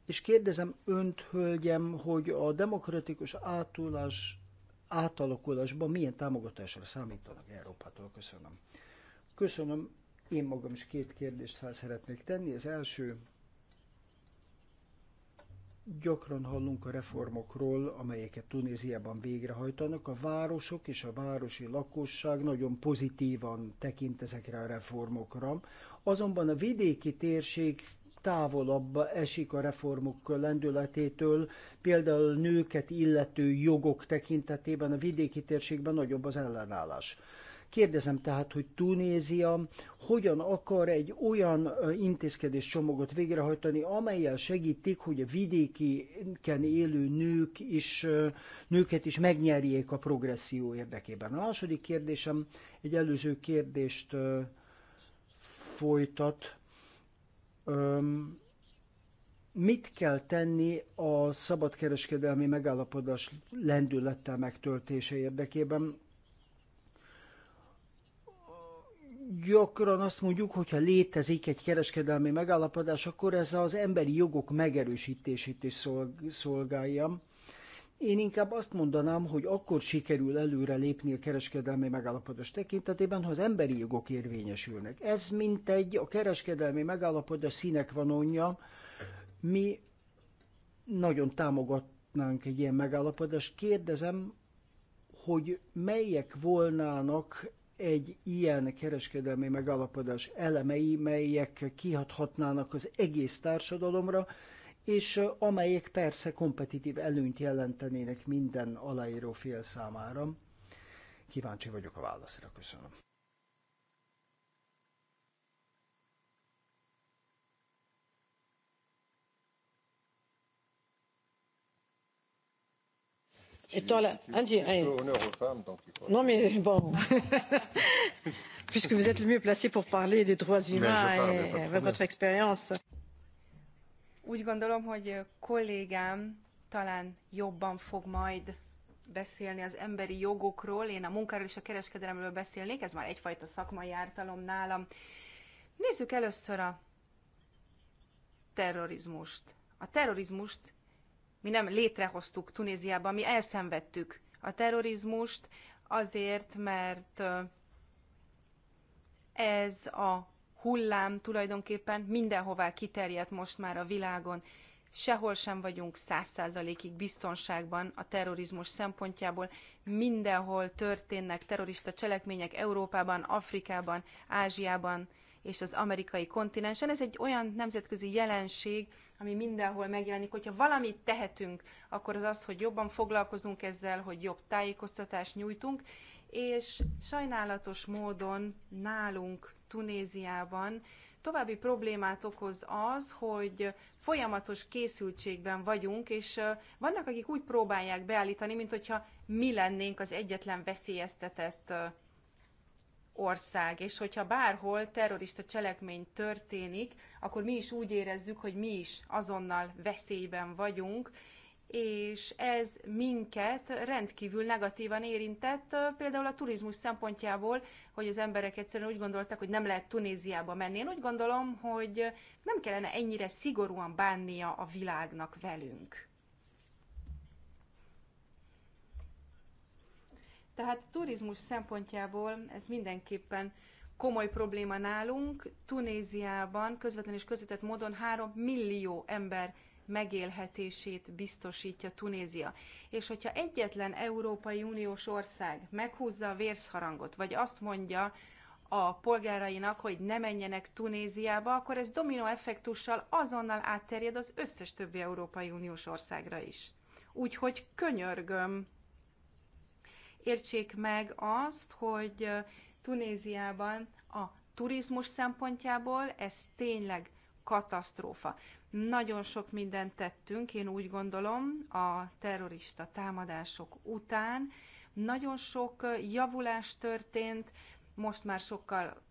És kérdezem önt, hölgyem, hogy a demokratikus átulás, átalakulásban milyen támogatásra számítanak Európától? Köszönöm. Köszönöm. Én magam is két kérdést fel szeretnék tenni. Az első, Gyakran hallunk a reformokról, amelyeket Tunéziában végrehajtanak. A városok és a városi lakosság nagyon pozitívan tekint ezekre a reformokra. Azonban a vidéki térség távolabb esik a reformok lendületétől, például nőket illető jogok tekintetében a vidéki térségben nagyobb az ellenállás. Kérdezem tehát, hogy Tunézia hogyan akar egy olyan intézkedés csomagot végrehajtani, amelyel segítik, hogy a vidékiken élő nők is, nőket is megnyerjék a progresszió érdekében. A második kérdésem egy előző kérdést folytat. Mit kell tenni a szabadkereskedelmi megállapodás lendülettel megtöltése érdekében? gyakran azt mondjuk, hogyha létezik egy kereskedelmi megállapodás, akkor ez az emberi jogok megerősítését is szolgálja. Én inkább azt mondanám, hogy akkor sikerül előre lépni a kereskedelmi megállapodás tekintetében, ha az emberi jogok érvényesülnek. Ez mint egy a kereskedelmi megállapodás színek van onja. Mi nagyon támogatnánk egy ilyen megállapodást. Kérdezem, hogy melyek volnának egy ilyen kereskedelmi megállapodás elemei, melyek kihathatnának az egész társadalomra, és amelyek persze kompetitív előnyt jelentenének minden aláíró fél számára. Kíváncsi vagyok a válaszra, köszönöm. Et toi, là, indien. honneur aux femmes, donc il faut... Non, mais bon. Puisque vous êtes le mieux placé pour parler des droits humains parle, et avec votre expérience. Úgy gondolom, hogy euh, kollégám talán jobban fog majd beszélni az emberi jogokról. Én a munkáról és a kereskedelemről beszélnék, ez már egyfajta szakmai ártalom nálam. Nézzük először a terrorizmust. A terrorizmust mi nem létrehoztuk Tunéziában, mi elszenvedtük a terrorizmust azért, mert ez a hullám tulajdonképpen mindenhová kiterjedt most már a világon. Sehol sem vagyunk száz százalékig biztonságban a terrorizmus szempontjából. Mindenhol történnek terrorista cselekmények Európában, Afrikában, Ázsiában, és az amerikai kontinensen. Ez egy olyan nemzetközi jelenség, ami mindenhol megjelenik. Hogyha valamit tehetünk, akkor az az, hogy jobban foglalkozunk ezzel, hogy jobb tájékoztatást nyújtunk, és sajnálatos módon nálunk Tunéziában további problémát okoz az, hogy folyamatos készültségben vagyunk, és vannak, akik úgy próbálják beállítani, mint hogyha mi lennénk az egyetlen veszélyeztetett ország, és hogyha bárhol terrorista cselekmény történik, akkor mi is úgy érezzük, hogy mi is azonnal veszélyben vagyunk, és ez minket rendkívül negatívan érintett, például a turizmus szempontjából, hogy az emberek egyszerűen úgy gondoltak, hogy nem lehet Tunéziába menni. Én úgy gondolom, hogy nem kellene ennyire szigorúan bánnia a világnak velünk. Tehát turizmus szempontjából ez mindenképpen komoly probléma nálunk. Tunéziában közvetlen és közvetett módon 3 millió ember megélhetését biztosítja Tunézia. És hogyha egyetlen Európai Uniós ország meghúzza a vérszharangot, vagy azt mondja a polgárainak, hogy ne menjenek Tunéziába, akkor ez dominó effektussal azonnal átterjed az összes többi Európai Uniós országra is. Úgyhogy könyörgöm, értsék meg azt, hogy Tunéziában a turizmus szempontjából ez tényleg katasztrófa. Nagyon sok mindent tettünk, én úgy gondolom, a terrorista támadások után. Nagyon sok javulás történt, most már sokkal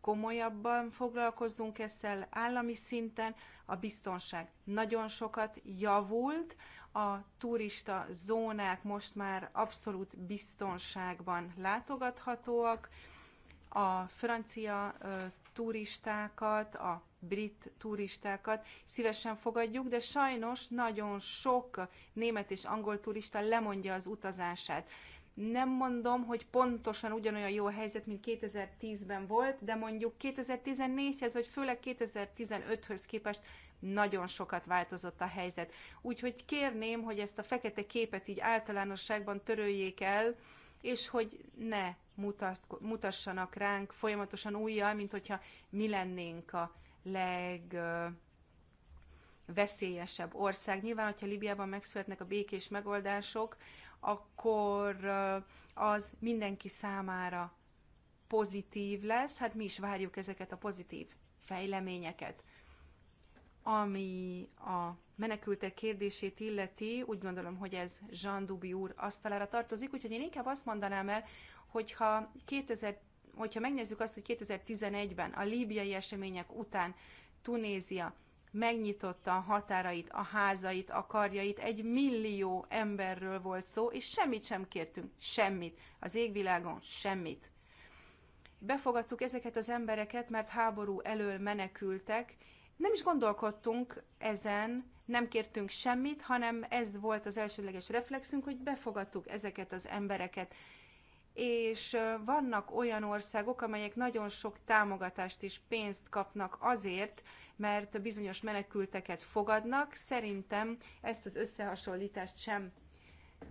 komolyabban foglalkozzunk ezzel állami szinten, a biztonság nagyon sokat javult, a turista zónák most már abszolút biztonságban látogathatóak. A francia turistákat, a brit turistákat szívesen fogadjuk, de sajnos nagyon sok német és angol turista lemondja az utazását. Nem mondom, hogy pontosan ugyanolyan jó a helyzet, mint 2010-ben volt, de mondjuk 2014-hez, vagy főleg 2015-höz képest nagyon sokat változott a helyzet. Úgyhogy kérném, hogy ezt a fekete képet így általánosságban töröljék el, és hogy ne mutassanak ránk folyamatosan újjal, mint hogyha mi lennénk a leg veszélyesebb ország. Nyilván, hogyha Libiában megszületnek a békés megoldások, akkor az mindenki számára pozitív lesz, hát mi is várjuk ezeket a pozitív fejleményeket. Ami a menekültek kérdését illeti, úgy gondolom, hogy ez Jean Dubi úr asztalára tartozik, úgyhogy én inkább azt mondanám el, hogyha 2000 hogyha megnézzük azt, hogy 2011-ben a líbiai események után Tunézia megnyitotta a határait, a házait, a karjait, egy millió emberről volt szó, és semmit sem kértünk, semmit, az égvilágon semmit. Befogadtuk ezeket az embereket, mert háború elől menekültek, nem is gondolkodtunk ezen, nem kértünk semmit, hanem ez volt az elsődleges reflexünk, hogy befogadtuk ezeket az embereket. És vannak olyan országok, amelyek nagyon sok támogatást és pénzt kapnak azért, mert bizonyos menekülteket fogadnak. Szerintem ezt az összehasonlítást sem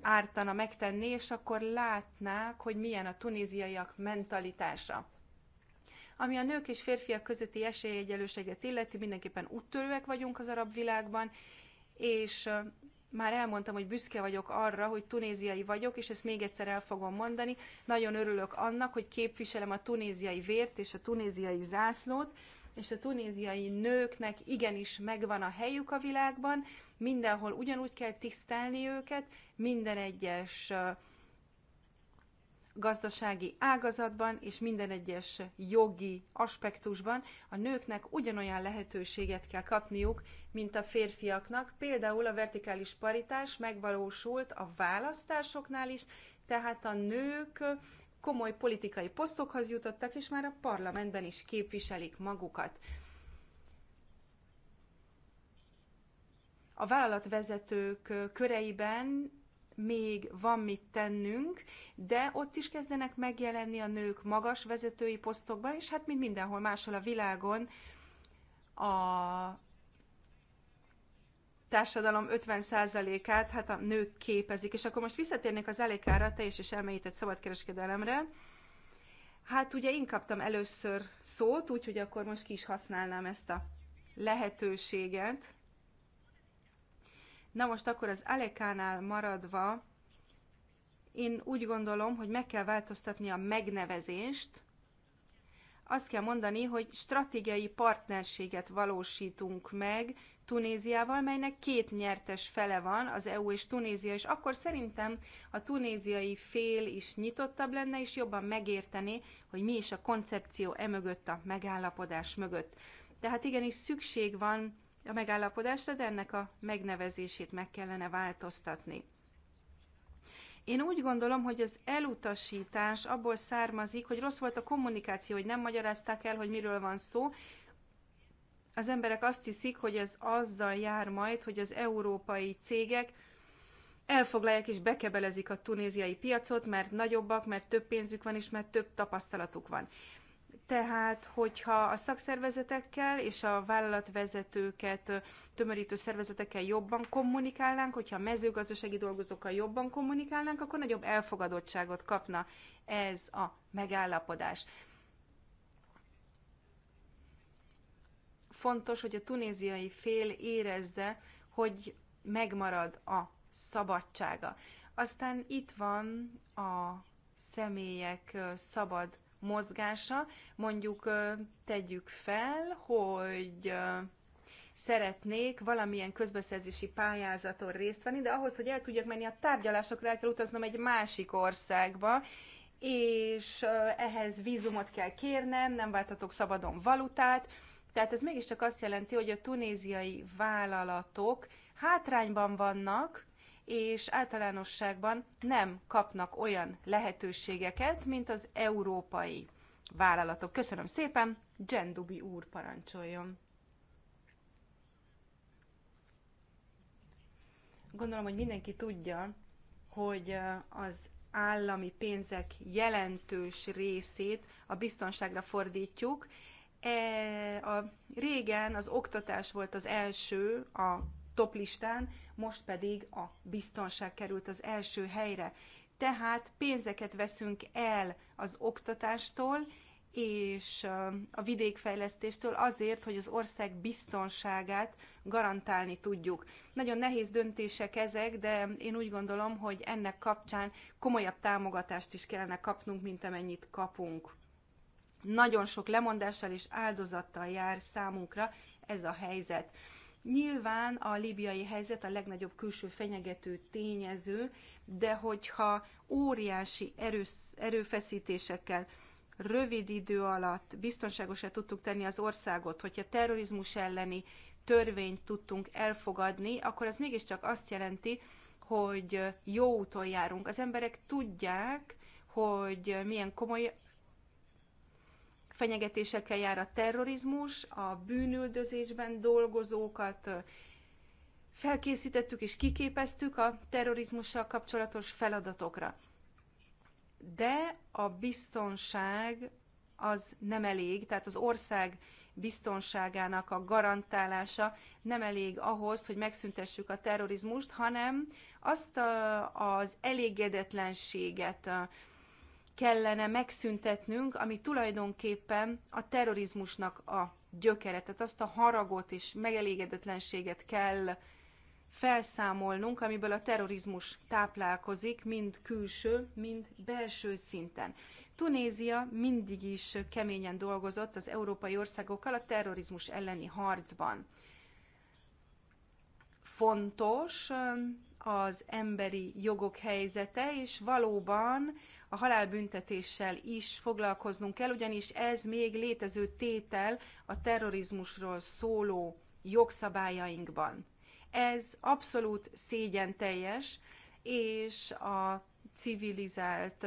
ártana megtenni, és akkor látnák, hogy milyen a tunéziaiak mentalitása. Ami a nők és férfiak közötti esélyegyelőséget illeti, mindenképpen úttörőek vagyunk az arab világban, és már elmondtam, hogy büszke vagyok arra, hogy tunéziai vagyok, és ezt még egyszer el fogom mondani. Nagyon örülök annak, hogy képviselem a tunéziai vért és a tunéziai zászlót, és a tunéziai nőknek igenis megvan a helyük a világban, mindenhol ugyanúgy kell tisztelni őket, minden egyes uh, gazdasági ágazatban és minden egyes jogi aspektusban a nőknek ugyanolyan lehetőséget kell kapniuk, mint a férfiaknak. Például a vertikális paritás megvalósult a választásoknál is, tehát a nők komoly politikai posztokhoz jutottak, és már a parlamentben is képviselik magukat. A vállalatvezetők köreiben még van mit tennünk, de ott is kezdenek megjelenni a nők magas vezetői posztokban, és hát mint mindenhol máshol a világon a társadalom 50%-át hát a nők képezik. És akkor most visszatérnék az elékára, teljes és elmélyített szabadkereskedelemre. Hát ugye én kaptam először szót, úgyhogy akkor most ki is használnám ezt a lehetőséget. Na most akkor az Alekánál maradva, én úgy gondolom, hogy meg kell változtatni a megnevezést, azt kell mondani, hogy stratégiai partnerséget valósítunk meg Tunéziával, melynek két nyertes fele van, az EU és Tunézia, és akkor szerintem a tunéziai fél is nyitottabb lenne, és jobban megértené, hogy mi is a koncepció emögött, a megállapodás mögött. Tehát igenis szükség van a megállapodásra, de ennek a megnevezését meg kellene változtatni. Én úgy gondolom, hogy az elutasítás abból származik, hogy rossz volt a kommunikáció, hogy nem magyarázták el, hogy miről van szó. Az emberek azt hiszik, hogy ez azzal jár majd, hogy az európai cégek elfoglalják és bekebelezik a tunéziai piacot, mert nagyobbak, mert több pénzük van, és mert több tapasztalatuk van. Tehát, hogyha a szakszervezetekkel és a vállalatvezetőket tömörítő szervezetekkel jobban kommunikálnánk, hogyha a mezőgazdasági dolgozókkal jobban kommunikálnánk, akkor nagyobb elfogadottságot kapna ez a megállapodás. Fontos, hogy a tunéziai fél érezze, hogy megmarad a szabadsága. Aztán itt van a személyek szabad mozgása. Mondjuk tegyük fel, hogy szeretnék valamilyen közbeszerzési pályázaton részt venni, de ahhoz, hogy el tudjak menni a tárgyalásokra, el kell utaznom egy másik országba, és ehhez vízumot kell kérnem, nem váltatok szabadon valutát, tehát ez mégiscsak azt jelenti, hogy a tunéziai vállalatok hátrányban vannak, és általánosságban nem kapnak olyan lehetőségeket, mint az európai vállalatok. Köszönöm szépen, Gendubi úr parancsoljon. Gondolom, hogy mindenki tudja, hogy az állami pénzek jelentős részét a biztonságra fordítjuk. E, a, régen az oktatás volt az első a toplistán, most pedig a biztonság került az első helyre. Tehát pénzeket veszünk el az oktatástól, és a vidékfejlesztéstől azért, hogy az ország biztonságát garantálni tudjuk. Nagyon nehéz döntések ezek, de én úgy gondolom, hogy ennek kapcsán komolyabb támogatást is kellene kapnunk, mint amennyit kapunk. Nagyon sok lemondással és áldozattal jár számunkra ez a helyzet. Nyilván a líbiai helyzet a legnagyobb külső fenyegető tényező, de hogyha óriási erős, erőfeszítésekkel rövid idő alatt biztonságosra tudtuk tenni az országot, hogyha terrorizmus elleni törvényt tudtunk elfogadni, akkor ez mégiscsak azt jelenti, hogy jó úton járunk. Az emberek tudják, hogy milyen komoly fenyegetésekkel jár a terrorizmus, a bűnüldözésben dolgozókat felkészítettük és kiképeztük a terrorizmussal kapcsolatos feladatokra. De a biztonság az nem elég, tehát az ország biztonságának a garantálása nem elég ahhoz, hogy megszüntessük a terrorizmust, hanem azt az elégedetlenséget, kellene megszüntetnünk, ami tulajdonképpen a terrorizmusnak a gyökere, tehát azt a haragot és megelégedetlenséget kell felszámolnunk, amiből a terrorizmus táplálkozik, mind külső, mind belső szinten. Tunézia mindig is keményen dolgozott az európai országokkal a terrorizmus elleni harcban. Fontos az emberi jogok helyzete, és valóban a halálbüntetéssel is foglalkoznunk kell, ugyanis ez még létező tétel a terrorizmusról szóló jogszabályainkban. Ez abszolút szégyen teljes, és a civilizált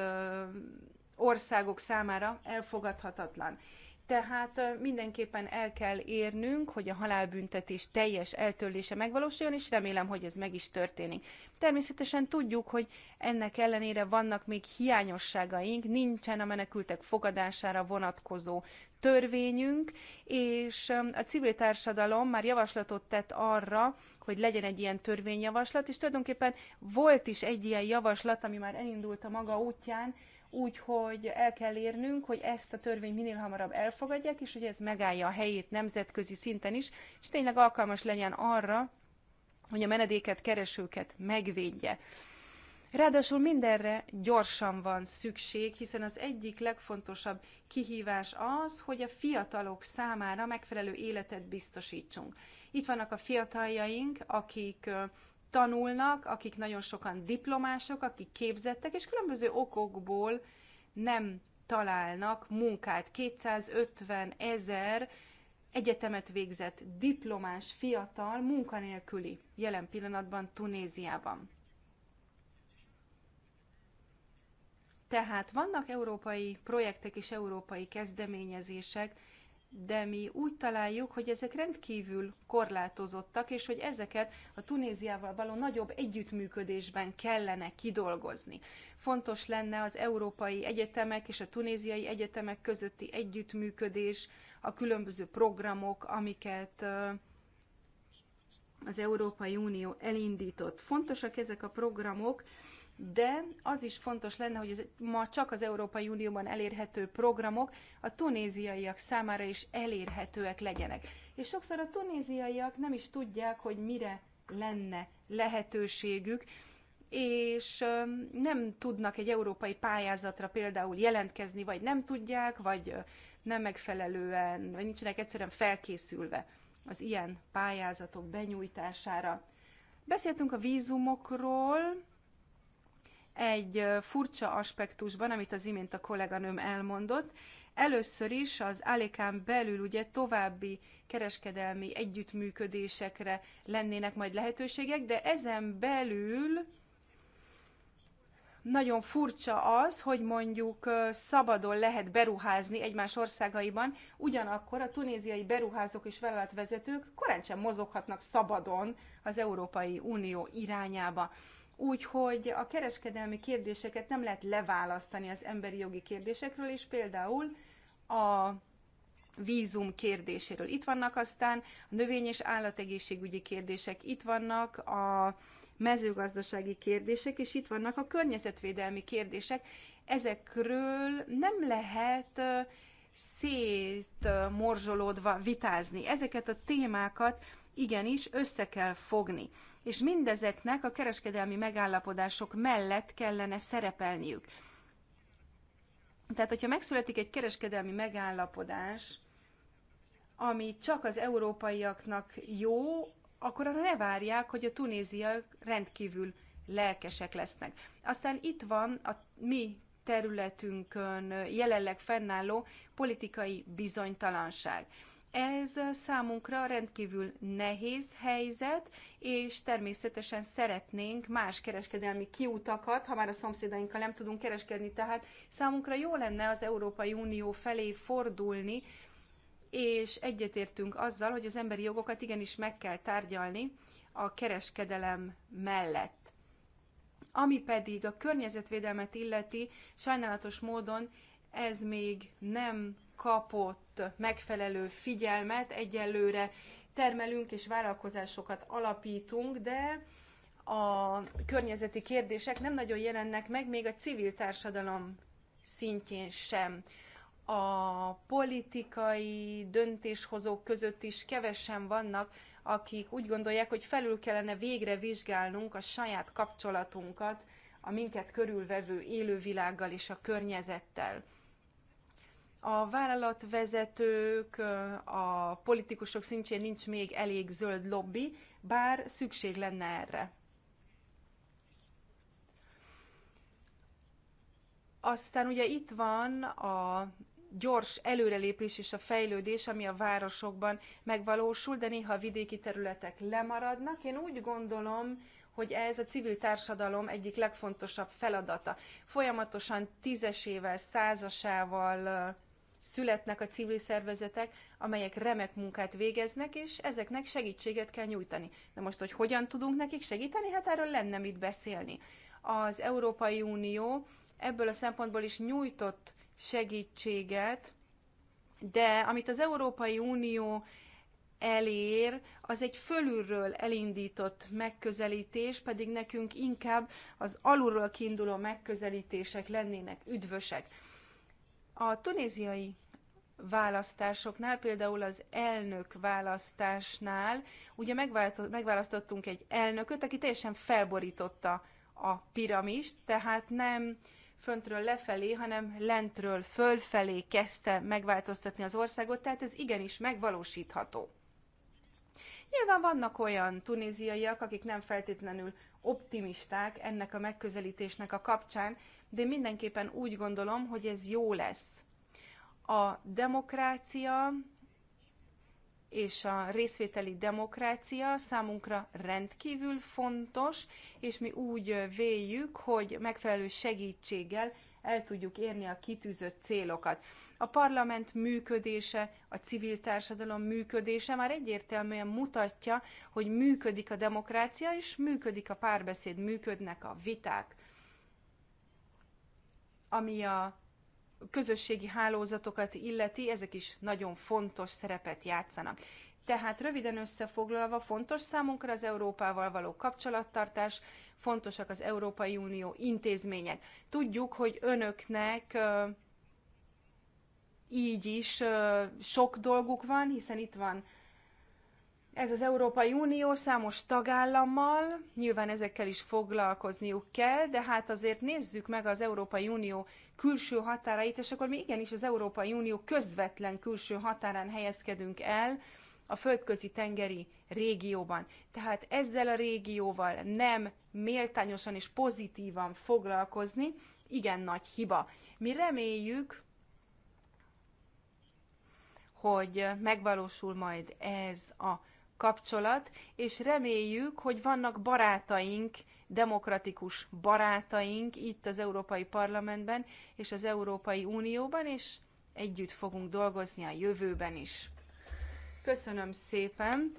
országok számára elfogadhatatlan. Tehát mindenképpen el kell érnünk, hogy a halálbüntetés teljes eltörlése megvalósuljon, és remélem, hogy ez meg is történik. Természetesen tudjuk, hogy ennek ellenére vannak még hiányosságaink, nincsen a menekültek fogadására vonatkozó törvényünk, és a civil társadalom már javaslatot tett arra, hogy legyen egy ilyen törvényjavaslat, és tulajdonképpen volt is egy ilyen javaslat, ami már elindult a maga útján, Úgyhogy el kell érnünk, hogy ezt a törvényt minél hamarabb elfogadják, és hogy ez megállja a helyét nemzetközi szinten is, és tényleg alkalmas legyen arra, hogy a menedéket, keresőket megvédje. Ráadásul mindenre gyorsan van szükség, hiszen az egyik legfontosabb kihívás az, hogy a fiatalok számára megfelelő életet biztosítsunk. Itt vannak a fiataljaink, akik tanulnak, akik nagyon sokan diplomások, akik képzettek, és különböző okokból nem találnak munkát. 250 ezer egyetemet végzett diplomás fiatal munkanélküli jelen pillanatban Tunéziában. Tehát vannak európai projektek és európai kezdeményezések, de mi úgy találjuk, hogy ezek rendkívül korlátozottak, és hogy ezeket a Tunéziával való nagyobb együttműködésben kellene kidolgozni. Fontos lenne az európai egyetemek és a tunéziai egyetemek közötti együttműködés, a különböző programok, amiket az Európai Unió elindított. Fontosak ezek a programok, de az is fontos lenne, hogy ez ma csak az Európai Unióban elérhető programok a tunéziaiak számára is elérhetőek legyenek. És sokszor a tunéziaiak nem is tudják, hogy mire lenne lehetőségük, és nem tudnak egy európai pályázatra például jelentkezni, vagy nem tudják, vagy nem megfelelően, vagy nincsenek egyszerűen felkészülve az ilyen pályázatok benyújtására. Beszéltünk a vízumokról, egy furcsa aspektusban, amit az imént a kolléganőm elmondott. Először is az Alékán belül ugye további kereskedelmi együttműködésekre lennének majd lehetőségek, de ezen belül nagyon furcsa az, hogy mondjuk szabadon lehet beruházni egymás országaiban, ugyanakkor a tunéziai beruházók és vállalatvezetők korán sem mozoghatnak szabadon az Európai Unió irányába. Úgyhogy a kereskedelmi kérdéseket nem lehet leválasztani az emberi jogi kérdésekről, is, például a vízum kérdéséről. Itt vannak aztán a növény- és állategészségügyi kérdések, itt vannak a mezőgazdasági kérdések, és itt vannak a környezetvédelmi kérdések. Ezekről nem lehet szétmorzsolódva vitázni. Ezeket a témákat igenis össze kell fogni és mindezeknek a kereskedelmi megállapodások mellett kellene szerepelniük. Tehát, hogyha megszületik egy kereskedelmi megállapodás, ami csak az európaiaknak jó, akkor arra ne várják, hogy a tunéziak rendkívül lelkesek lesznek. Aztán itt van a mi területünkön jelenleg fennálló politikai bizonytalanság. Ez számunkra rendkívül nehéz helyzet, és természetesen szeretnénk más kereskedelmi kiutakat, ha már a szomszédainkkal nem tudunk kereskedni, tehát számunkra jó lenne az Európai Unió felé fordulni, és egyetértünk azzal, hogy az emberi jogokat igenis meg kell tárgyalni a kereskedelem mellett. Ami pedig a környezetvédelmet illeti, sajnálatos módon ez még nem kapott megfelelő figyelmet egyelőre termelünk és vállalkozásokat alapítunk, de a környezeti kérdések nem nagyon jelennek meg, még a civil társadalom szintjén sem. A politikai döntéshozók között is kevesen vannak, akik úgy gondolják, hogy felül kellene végre vizsgálnunk a saját kapcsolatunkat a minket körülvevő élővilággal és a környezettel a vállalatvezetők, a politikusok szintjén nincs még elég zöld lobby, bár szükség lenne erre. Aztán ugye itt van a gyors előrelépés és a fejlődés, ami a városokban megvalósul, de néha a vidéki területek lemaradnak. Én úgy gondolom, hogy ez a civil társadalom egyik legfontosabb feladata. Folyamatosan tízesével, százasával születnek a civil szervezetek, amelyek remek munkát végeznek, és ezeknek segítséget kell nyújtani. De most, hogy hogyan tudunk nekik segíteni, hát erről lenne mit beszélni. Az Európai Unió ebből a szempontból is nyújtott segítséget, de amit az Európai Unió elér, az egy fölülről elindított megközelítés, pedig nekünk inkább az alulról kiinduló megközelítések lennének üdvösek. A tunéziai választásoknál, például az elnök választásnál, ugye megválasztottunk egy elnököt, aki teljesen felborította a piramist, tehát nem föntről lefelé, hanem lentről fölfelé kezdte megváltoztatni az országot, tehát ez igenis megvalósítható. Nyilván vannak olyan tunéziaiak, akik nem feltétlenül optimisták ennek a megközelítésnek a kapcsán, de mindenképpen úgy gondolom, hogy ez jó lesz. A demokrácia és a részvételi demokrácia számunkra rendkívül fontos, és mi úgy véljük, hogy megfelelő segítséggel el tudjuk érni a kitűzött célokat. A parlament működése, a civil társadalom működése már egyértelműen mutatja, hogy működik a demokrácia, és működik a párbeszéd, működnek a viták. Ami a közösségi hálózatokat illeti, ezek is nagyon fontos szerepet játszanak. Tehát röviden összefoglalva, fontos számunkra az Európával való kapcsolattartás, fontosak az Európai Unió intézmények. Tudjuk, hogy önöknek így is sok dolguk van, hiszen itt van ez az Európai Unió számos tagállammal, nyilván ezekkel is foglalkozniuk kell, de hát azért nézzük meg az Európai Unió külső határait, és akkor mi igenis az Európai Unió közvetlen külső határán helyezkedünk el, a földközi tengeri régióban. Tehát ezzel a régióval nem méltányosan és pozitívan foglalkozni, igen nagy hiba. Mi reméljük, hogy megvalósul majd ez a kapcsolat, és reméljük, hogy vannak barátaink, demokratikus barátaink itt az Európai Parlamentben és az Európai Unióban, és együtt fogunk dolgozni a jövőben is. Köszönöm szépen!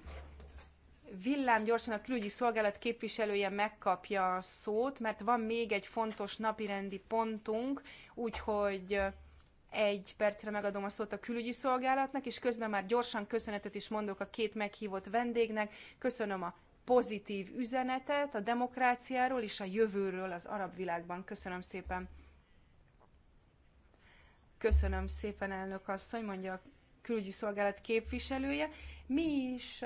Villám gyorsan a külügyi szolgálat képviselője megkapja a szót, mert van még egy fontos napirendi pontunk, úgyhogy egy percre megadom a szót a külügyi szolgálatnak, és közben már gyorsan köszönetet is mondok a két meghívott vendégnek. Köszönöm a pozitív üzenetet a demokráciáról és a jövőről az arab világban. Köszönöm szépen. Köszönöm szépen, elnök asszony, mondja a külügyi szolgálat képviselője. Mi is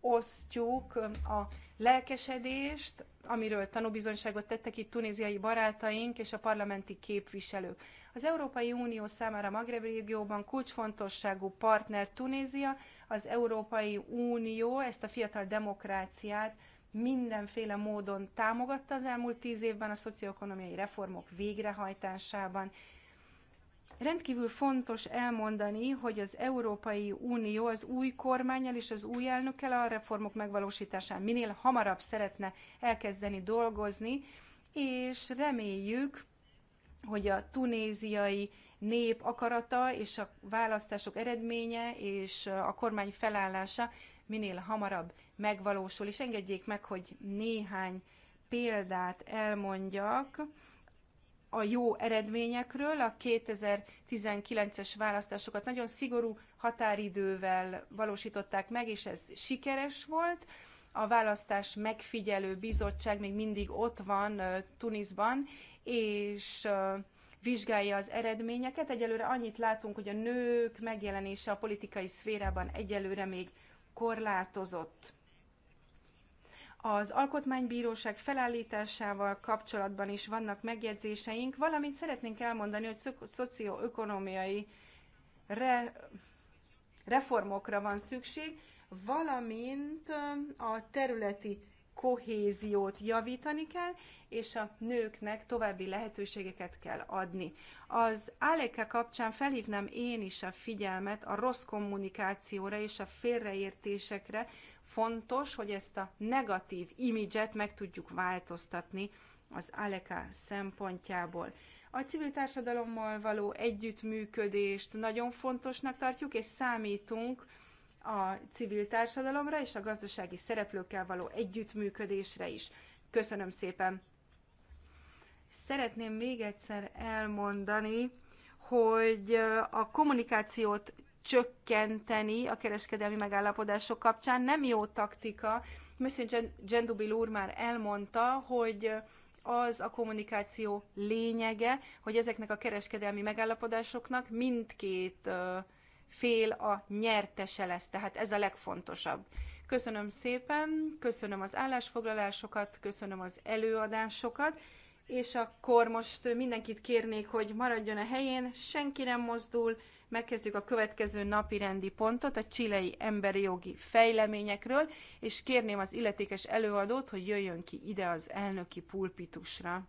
osztjuk a lelkesedést, amiről tanúbizonyságot tettek itt tunéziai barátaink és a parlamenti képviselők. Az Európai Unió számára a Magreb régióban kulcsfontosságú partner Tunézia, az Európai Unió ezt a fiatal demokráciát mindenféle módon támogatta az elmúlt tíz évben a szocioekonomiai reformok végrehajtásában, Rendkívül fontos elmondani, hogy az Európai Unió az új kormányjal és az új elnökkel a reformok megvalósításán minél hamarabb szeretne elkezdeni dolgozni, és reméljük, hogy a tunéziai nép akarata és a választások eredménye és a kormány felállása minél hamarabb megvalósul. És engedjék meg, hogy néhány példát elmondjak a jó eredményekről, a 2019-es választásokat nagyon szigorú határidővel valósították meg, és ez sikeres volt. A választás megfigyelő bizottság még mindig ott van Tunisban, és vizsgálja az eredményeket. Egyelőre annyit látunk, hogy a nők megjelenése a politikai szférában egyelőre még korlátozott. Az alkotmánybíróság felállításával kapcsolatban is vannak megjegyzéseink, valamint szeretnénk elmondani, hogy szo szocioökonomiai re reformokra van szükség, valamint a területi kohéziót javítani kell, és a nőknek további lehetőségeket kell adni. Az álléka e kapcsán felhívnám én is a figyelmet a rossz kommunikációra és a félreértésekre, Fontos, hogy ezt a negatív imidzset meg tudjuk változtatni az Aleka szempontjából. A civil társadalommal való együttműködést nagyon fontosnak tartjuk, és számítunk a civil társadalomra és a gazdasági szereplőkkel való együttműködésre is. Köszönöm szépen! Szeretném még egyszer elmondani, hogy a kommunikációt csökkenteni a kereskedelmi megállapodások kapcsán. Nem jó taktika. Messenger Gendubil úr már elmondta, hogy az a kommunikáció lényege, hogy ezeknek a kereskedelmi megállapodásoknak mindkét fél a nyertese lesz. Tehát ez a legfontosabb. Köszönöm szépen, köszönöm az állásfoglalásokat, köszönöm az előadásokat, és akkor most mindenkit kérnék, hogy maradjon a helyén, senki nem mozdul, Megkezdjük a következő napi rendi pontot a csilei emberi jogi fejleményekről, és kérném az illetékes előadót, hogy jöjjön ki ide az elnöki pulpitusra.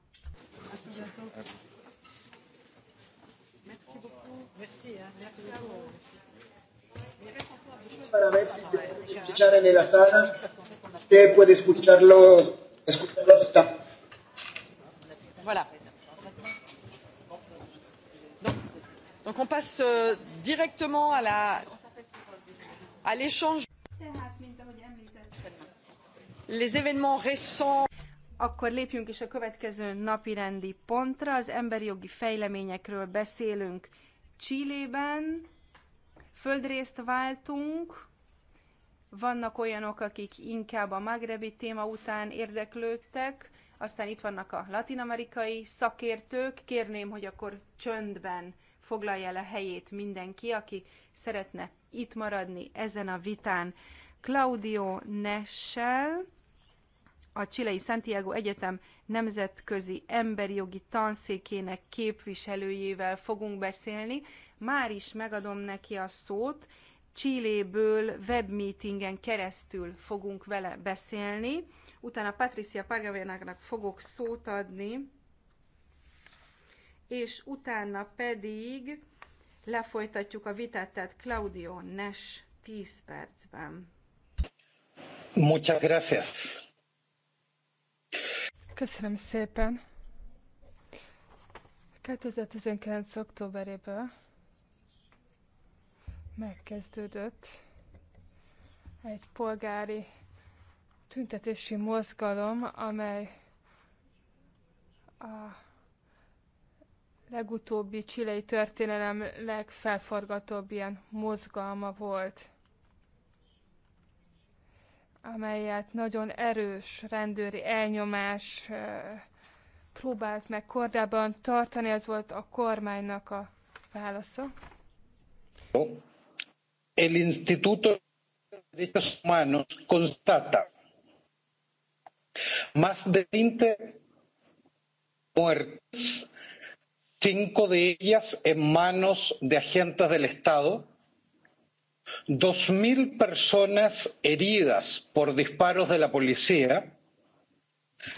Para ver si te escuchar en la sala, puede escucharlo, escucharlo Donc on passe euh, directement à la à l'échange les événements récents. Akkor lépjünk is a következő napi rendi pontra. Az emberi jogi fejleményekről beszélünk Csillében. Földrészt váltunk. Vannak olyanok, akik inkább a magrebi téma után érdeklődtek. Aztán itt vannak a latinamerikai szakértők. Kérném, hogy akkor csöndben foglalja el a helyét mindenki, aki szeretne itt maradni ezen a vitán. Claudio Nessel, a Csilei Santiago Egyetem nemzetközi emberi jogi tanszékének képviselőjével fogunk beszélni. Már is megadom neki a szót, Csilléből webmeetingen keresztül fogunk vele beszélni. Utána Patricia Pagavénáknak fogok szót adni, és utána pedig lefolytatjuk a vitát, tehát Claudio Nes 10 percben. Muchas gracias. Köszönöm szépen. 2019. októberéből megkezdődött egy polgári tüntetési mozgalom, amely a legutóbbi csilei történelem legfelforgatóbb ilyen mozgalma volt, amelyet nagyon erős rendőri elnyomás próbált meg kordában tartani, ez volt a kormánynak a válasza. El Instituto de Derechos Humanos constata más de 20 muertes cinco de ellas en manos de agentes del Estado, dos mil personas heridas por disparos de la policía,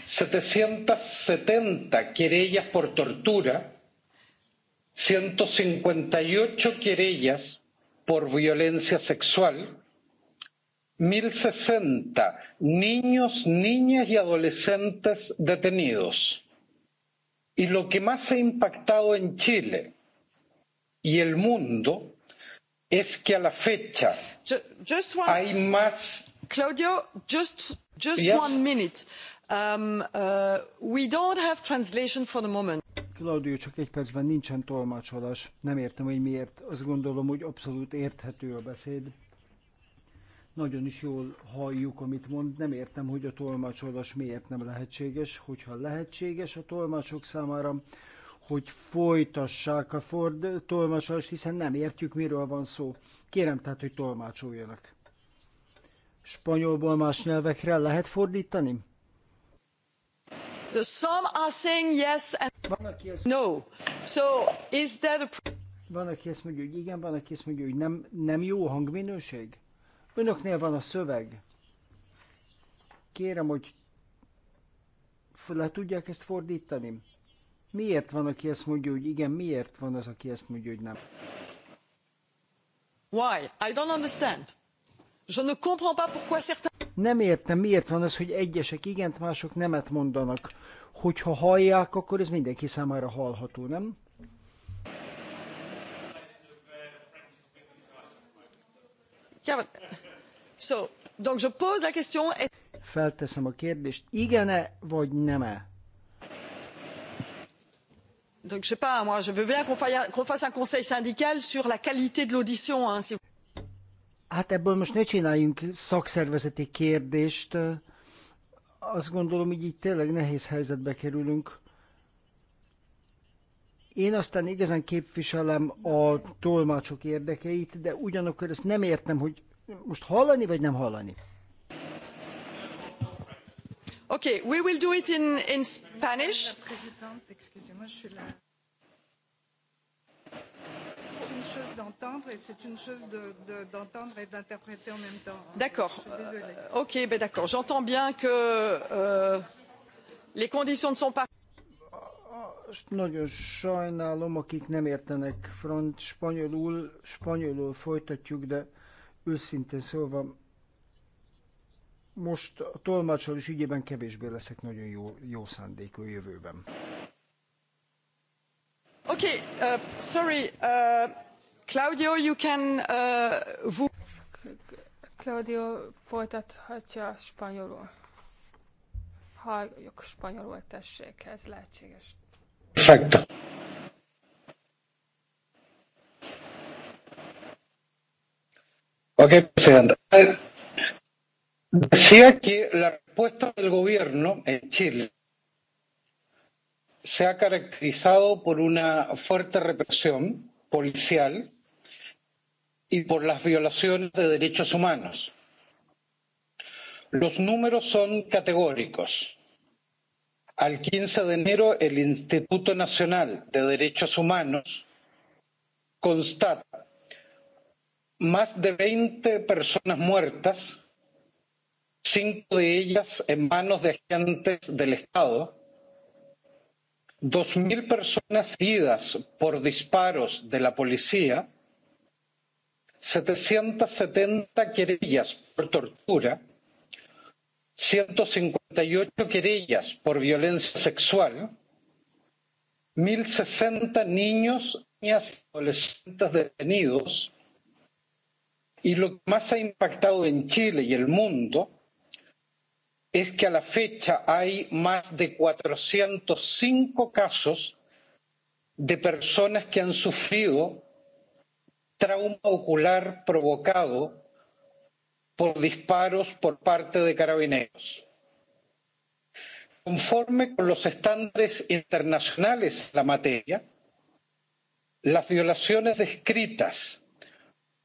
770 querellas por tortura, 158 querellas por violencia sexual, 1.060 niños, niñas y adolescentes detenidos. Y lo que más ha impactado en Chile y el mundo es que a la fecha just, just one, hay más. Claudio, just, just yes? one minute. Um, uh, we don't have translation for the moment. Claudio, csak egy percben nincsen tolmácsolás. Nem értem, hogy miért. Azt gondolom, hogy abszolút érthető a beszéd. Nagyon is jól halljuk, amit mond. Nem értem, hogy a tolmácsolás miért nem lehetséges, hogyha lehetséges a tolmácsok számára, hogy folytassák a Ford tolmácsolást, hiszen nem értjük, miről van szó. Kérem tehát, hogy tolmácsoljanak. Spanyolból más nyelvekre lehet fordítani? Some are saying yes and no. So is that a... Van, aki ezt mondja, hogy igen, van, aki ezt mondja, hogy nem, nem jó hangminőség? Önöknél van a szöveg. Kérem, hogy le tudják ezt fordítani? Miért van, aki ezt mondja, hogy igen, miért van az, aki ezt mondja, hogy nem? Why? I don't understand. Je ne comprends pas pourquoi certains... Nem értem, miért van az, hogy egyesek igent, mások nemet mondanak. Hogyha hallják, akkor ez mindenki számára hallható, nem? Yeah, but So, donc je pose la question... Felteszem a kérdést, igen-e vagy nem-e? Donc je sais pas, moi je veux bien qu'on fasse un conseil syndical sur la qualité de l'audition. Hein, si... Hát ebből most ne csináljunk szakszervezeti kérdést. Azt gondolom, hogy így tényleg nehéz helyzetbe kerülünk. Én aztán igazán képviselem a tolmácsok érdekeit, de ugyanakkor ezt nem értem, hogy most hallani, vagy nem hallani? Okay, we will do it in, in Spanish. D'accord. Euh, ok, ben d'accord. J'entends bien que euh, les conditions ne sont pas. Nagyon sajnálom, akik nem értenek front spanyolul, spanyolul folytatjuk, de Őszintén szólva, most a tolmácsolás ügyében kevésbé leszek nagyon jó, jó szándékú jövőben. Okay, uh, sorry, uh, Claudio, you can... Uh, Claudio folytathatja spanyolul. Halljuk spanyolul, tessék, ez lehetséges. Perfecto. Ok, presidente. Decía que la respuesta del gobierno en Chile se ha caracterizado por una fuerte represión policial y por las violaciones de derechos humanos. Los números son categóricos. Al 15 de enero, el Instituto Nacional de Derechos Humanos constata más de 20 personas muertas, cinco de ellas en manos de agentes del Estado, 2.000 personas heridas por disparos de la policía, 770 querellas por tortura, 158 querellas por violencia sexual, 1.060 niños, niñas y adolescentes detenidos, Y lo que más ha impactado en Chile y el mundo es que a la fecha hay más de 405 casos de personas que han sufrido trauma ocular provocado por disparos por parte de carabineros. Conforme con los estándares internacionales en la materia, las violaciones descritas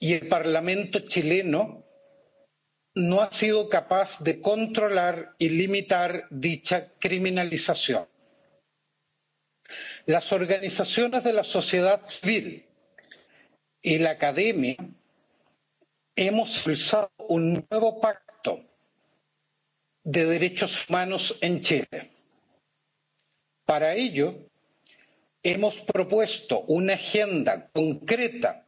y el Parlamento chileno no ha sido capaz de controlar y limitar dicha criminalización. Las organizaciones de la sociedad civil y la academia hemos impulsado un nuevo pacto de derechos humanos en Chile. Para ello, hemos propuesto una agenda concreta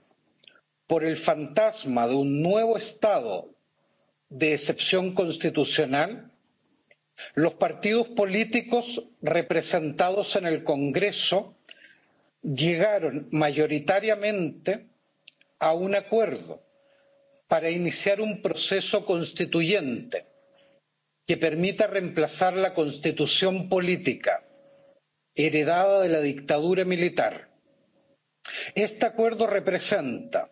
por el fantasma de un nuevo estado de excepción constitucional, los partidos políticos representados en el Congreso llegaron mayoritariamente a un acuerdo para iniciar un proceso constituyente que permita reemplazar la constitución política heredada de la dictadura militar. Este acuerdo representa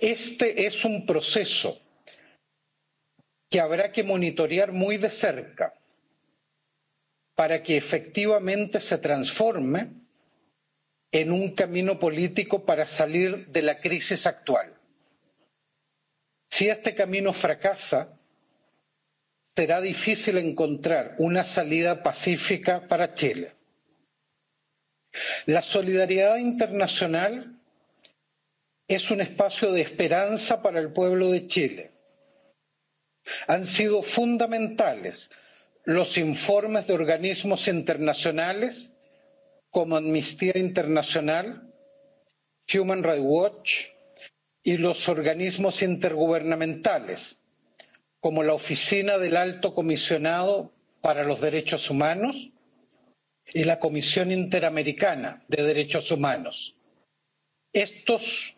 Este es un proceso que habrá que monitorear muy de cerca para que efectivamente se transforme en un camino político para salir de la crisis actual. Si este camino fracasa, será difícil encontrar una salida pacífica para Chile. La solidaridad internacional es un espacio de esperanza para el pueblo de Chile. Han sido fundamentales los informes de organismos internacionales como Amnistía Internacional, Human Rights Watch y los organismos intergubernamentales como la Oficina del Alto Comisionado para los Derechos Humanos y la Comisión Interamericana de Derechos Humanos. Estos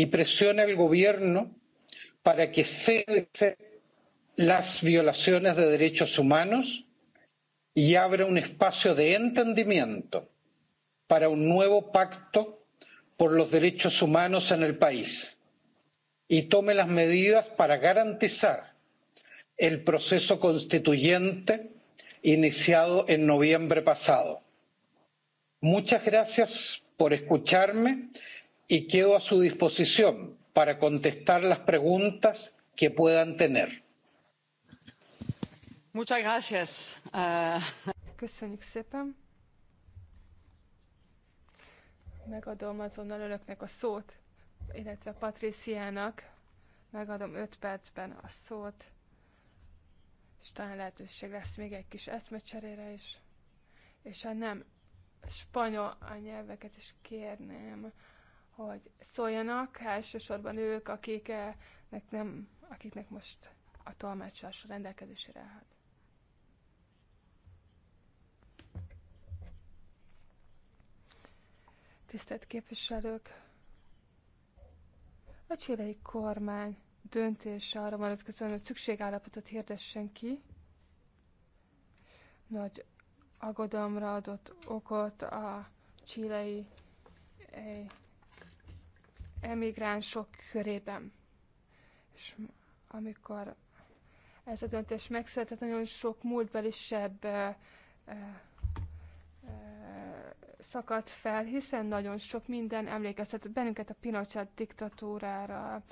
y presione al gobierno para que cese las violaciones de derechos humanos y abra un espacio de entendimiento para un nuevo pacto por los derechos humanos en el país y tome las medidas para garantizar el proceso constituyente iniciado en noviembre pasado. Muchas gracias por escucharme y quedo a su disposición para contestar las preguntas que puedan tener. Muchas gracias. Ah, Köszönjük szépen. Megadom azonnal önöknek a szót, illetve Patriciának. Megadom öt percben a szót. És talán lehetőség lesz még egy kis eszmecserére is. És ha nem, spanyol a nyelveket is kérném hogy szóljanak, elsősorban ők, akiknek, nem, akiknek most a tolmácsás rendelkezésére állhat. Tisztelt képviselők! A csilei kormány döntése arra van, hogy szükségállapotot hirdessen ki. Nagy aggodalomra adott okot a csilei eh, emigránsok körében. És amikor ez a döntés megszületett, nagyon sok múltbelisebb szakadt fel, hiszen nagyon sok minden emlékeztet bennünket a Pinochet diktatúrára.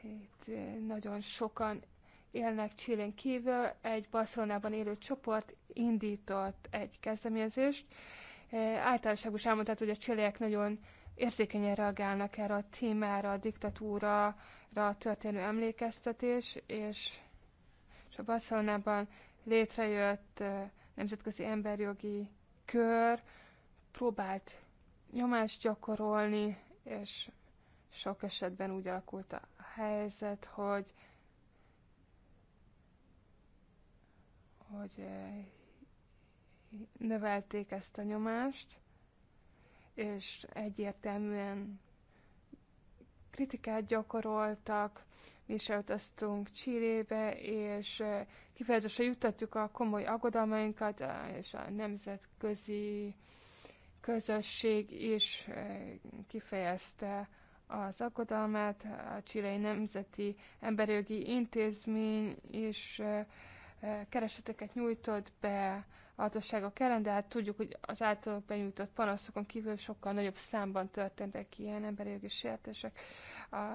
Itt nagyon sokan élnek Csillén kívül. Egy Barcelonában élő csoport indított egy kezdeményezést. E, általánosságban is elmondható, hogy a csilliek nagyon érzékenyen reagálnak erre a témára, a diktatúra, a történő emlékeztetés, és, és a Barcelonában létrejött nemzetközi emberjogi kör próbált nyomást gyakorolni, és sok esetben úgy alakult a helyzet, hogy hogy növelték ezt a nyomást, és egyértelműen kritikát gyakoroltak, mi is elutaztunk Csillébe, és kifejezetten juttatjuk a komoly aggodalmainkat, és a nemzetközi közösség is kifejezte az aggodalmát, a Csillai Nemzeti Emberjogi Intézmény is kereseteket nyújtott be hatóságok kellene, de hát tudjuk, hogy az általuk benyújtott panaszokon kívül sokkal nagyobb számban történtek ilyen emberi jogi sértések.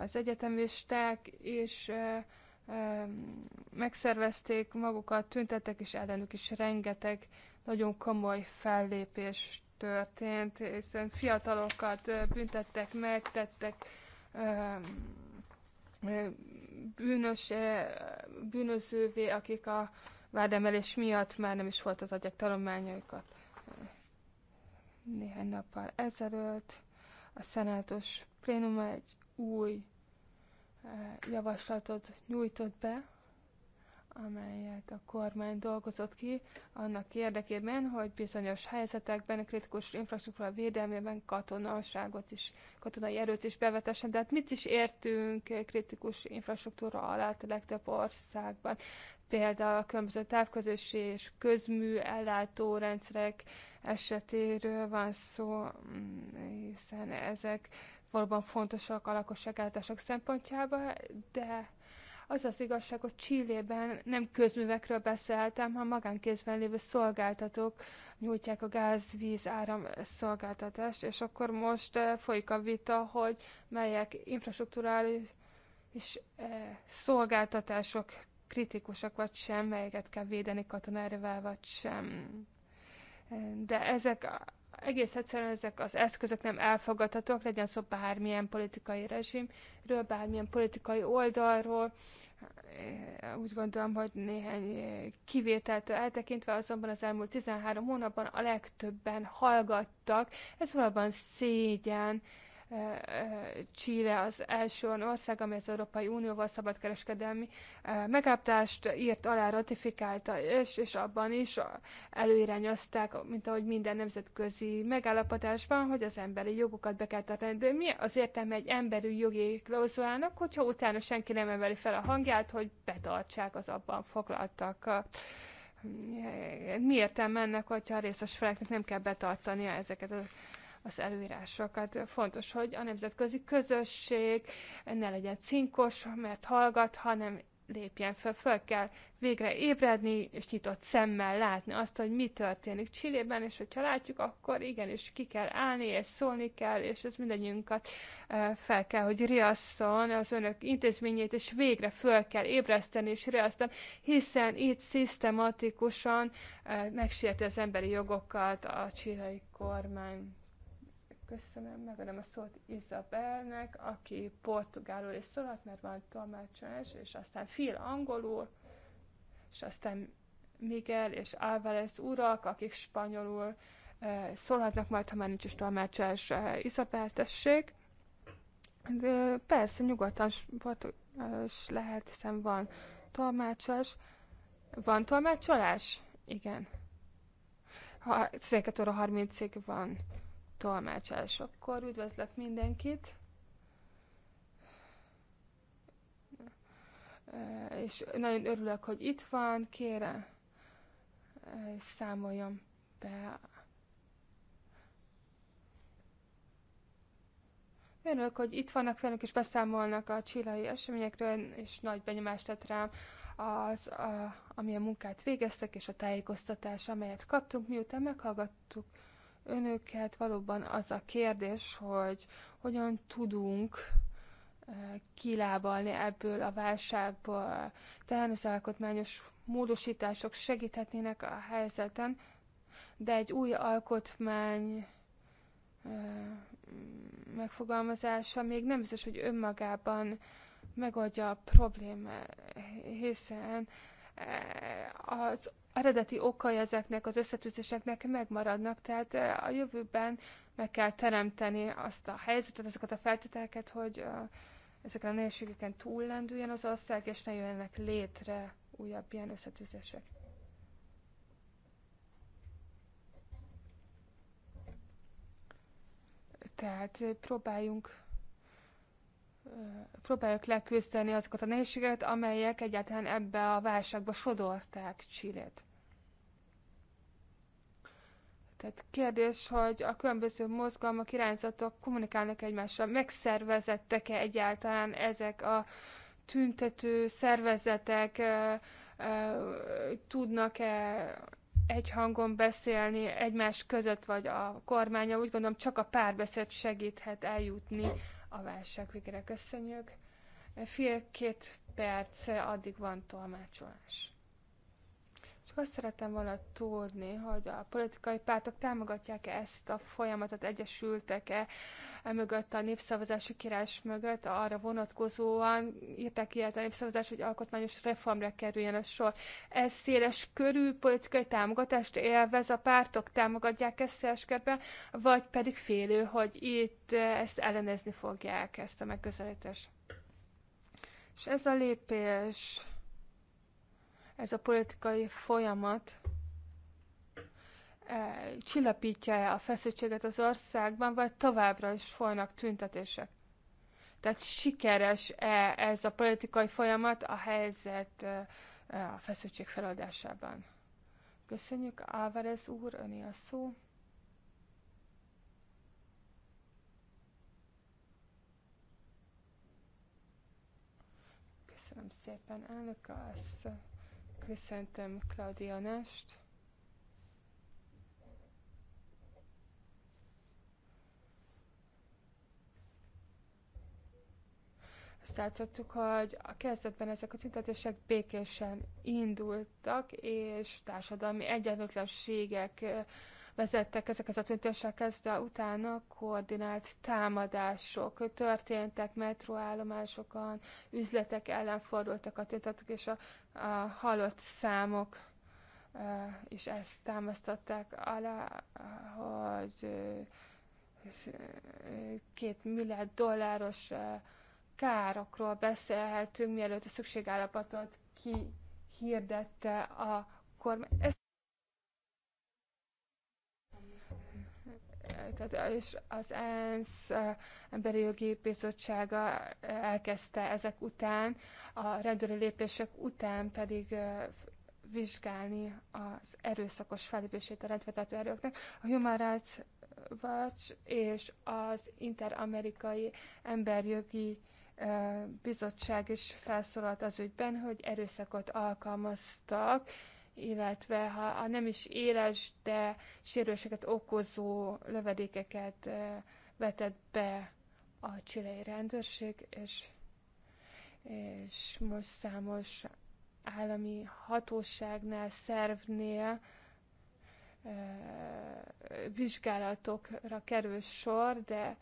Az egyetemisták és megszervezték magukat, tüntettek, és ellenük is rengeteg nagyon komoly fellépés történt, hiszen fiatalokat büntettek, megtettek bűnös, bűnözővé, akik a vádemelés miatt már nem is folytathatják tanulmányaikat. Eh, néhány nappal ezelőtt a szenátus plénum egy új eh, javaslatot nyújtott be, amelyet a kormány dolgozott ki annak érdekében, hogy bizonyos helyzetekben, kritikus infrastruktúra védelmében katonaságot is, katonai erőt is bevetessen. Tehát mit is értünk eh, kritikus infrastruktúra alatt a legtöbb országban? például a különböző távközési és közmű ellátó rendszerek esetéről van szó, mm, hiszen ezek valóban fontosak a lakosság szempontjában, de az az igazság, hogy Csillében nem közművekről beszéltem, hanem magánkézben lévő szolgáltatók nyújtják a gáz, víz, áram szolgáltatást, és akkor most eh, folyik a vita, hogy melyek infrastruktúrális és eh, szolgáltatások kritikusak vagy sem, melyeket kell védeni katonárvá vagy sem. De ezek egész egyszerűen ezek az eszközök nem elfogadhatók, legyen szó bármilyen politikai rezsimről, bármilyen politikai oldalról. Úgy gondolom, hogy néhány kivételtől eltekintve azonban az elmúlt 13 hónapban a legtöbben hallgattak. Ez valóban szégyen, Chile az első olyan ország, ami az Európai Unióval szabadkereskedelmi megállapodást írt alá, ratifikálta, és, és abban is előirányozták, mint ahogy minden nemzetközi megállapodásban, hogy az emberi jogokat be kell tartani. De mi az értelme egy emberi jogi klauzulának, hogyha utána senki nem emeli fel a hangját, hogy betartsák az abban foglaltak miért nem ennek, hogyha a részes feleknek nem kell betartania ezeket a az előírásokat. Fontos, hogy a nemzetközi közösség ne legyen cinkos, mert hallgat, hanem lépjen fel, fel kell végre ébredni, és nyitott szemmel látni azt, hogy mi történik Csillében, és hogyha látjuk, akkor igenis ki kell állni, és szólni kell, és ez mindannyiunkat fel kell, hogy riasszon az önök intézményét, és végre fel kell ébreszteni, és riasztani, hiszen itt szisztematikusan megsérti az emberi jogokat a csillai kormány. Köszönöm, megadom a szót Izabelnek, aki portugálul is szólhat, mert van tolmácsolás, és aztán fél angolul, és aztán Miguel és Álvarez urak, akik spanyolul eh, szólhatnak majd, ha már nincs is tolmácsolás, eh, Izabel, tessék. De persze, nyugodtan portugálos lehet, hiszen van tolmácsolás. Van tolmácsolás? Igen. Ha, 12 óra 30-ig van tolmácsás. Akkor üdvözlök mindenkit. Eh, és nagyon örülök, hogy itt van. Kérem, eh, számoljam be. Örülök, hogy itt vannak velünk és beszámolnak a csillai eseményekről, és nagy benyomást tett rám az, a, amilyen munkát végeztek, és a tájékoztatás, amelyet kaptunk, miután meghallgattuk önöket valóban az a kérdés, hogy hogyan tudunk eh, kilábalni ebből a válságból. Tehát az alkotmányos módosítások segíthetnének a helyzeten, de egy új alkotmány eh, megfogalmazása még nem biztos, hogy önmagában megoldja a problémát, hiszen eh, az eredeti okai ezeknek az összetűzéseknek megmaradnak, tehát eh, a jövőben meg kell teremteni azt a helyzetet, azokat a feltételeket, hogy eh, ezeken a nehézségeken túllendüljön az ország, és ne jöjjenek létre újabb ilyen összetűzések. Tehát eh, próbáljunk próbáljuk leküzdeni azokat a nehézségeket, amelyek egyáltalán ebbe a válságba sodorták Csillét. Tehát kérdés, hogy a különböző mozgalmak, irányzatok kommunikálnak egymással, megszervezettek-e egyáltalán ezek a tüntető szervezetek, tudnak-e egy hangon beszélni egymás között, vagy a kormánya, úgy gondolom csak a párbeszéd segíthet eljutni a válság végére. Köszönjük. Fél két perc, addig van tolmácsolás. Csak azt szeretem volna tudni, hogy a politikai pártok támogatják-e ezt a folyamatot, egyesültek-e mögött a népszavazási kirás mögött, arra vonatkozóan írták ilyet a népszavazás, hogy alkotmányos reformra kerüljen a sor. Ez széles körű politikai támogatást élvez, a pártok támogatják ezt széles körben, vagy pedig félő, hogy itt ezt ellenezni fogják, ezt a megközelítést. És ez a lépés ez a politikai folyamat eh, csillapítja-e a feszültséget az országban, vagy továbbra is folynak tüntetések. Tehát sikeres-e ez a politikai folyamat a helyzet eh, a feszültség feladásában? Köszönjük, Álvarez úr, öné a szó. Köszönöm szépen, elnök asszony. Köszöntöm Claudia Nest. Azt láthattuk, hogy a kezdetben ezek a tüntetések békésen indultak, és társadalmi egyenlőtlenségek vezettek ezek az tüntetésekhez, de utána koordinált támadások történtek, metroállomásokon, üzletek ellen fordultak a tüntetők, és a, a halott számok is ezt támasztották alá, hogy két milliárd dolláros károkról beszélhetünk, mielőtt a szükségállapotot hirdette a kormány. Ez tehát, és az ENSZ Emberi Jogi Bizottsága elkezdte ezek után, a rendőri lépések után pedig vizsgálni az erőszakos felépését a rendvetető erőknek. A Human Rights Watch és az Interamerikai Emberjogi Bizottság is felszólalt az ügyben, hogy erőszakot alkalmaztak, illetve ha, ha nem is éles, de sérüléseket okozó lövedékeket vetett be a csilei rendőrség, és, és most számos állami hatóságnál, szervnél vizsgálatokra kerül sor, de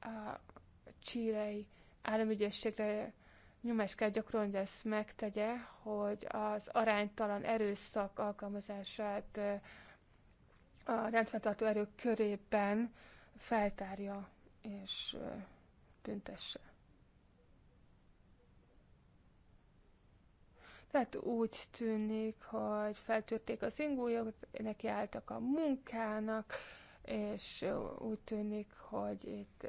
a csilei államügyességre nyomást kell gyakorolni, hogy ezt megtegye, hogy az aránytalan erőszak alkalmazását a rendfenntartó erők körében feltárja és büntesse. Tehát úgy tűnik, hogy feltörték az ingújok, nekiálltak a munkának, és úgy tűnik, hogy itt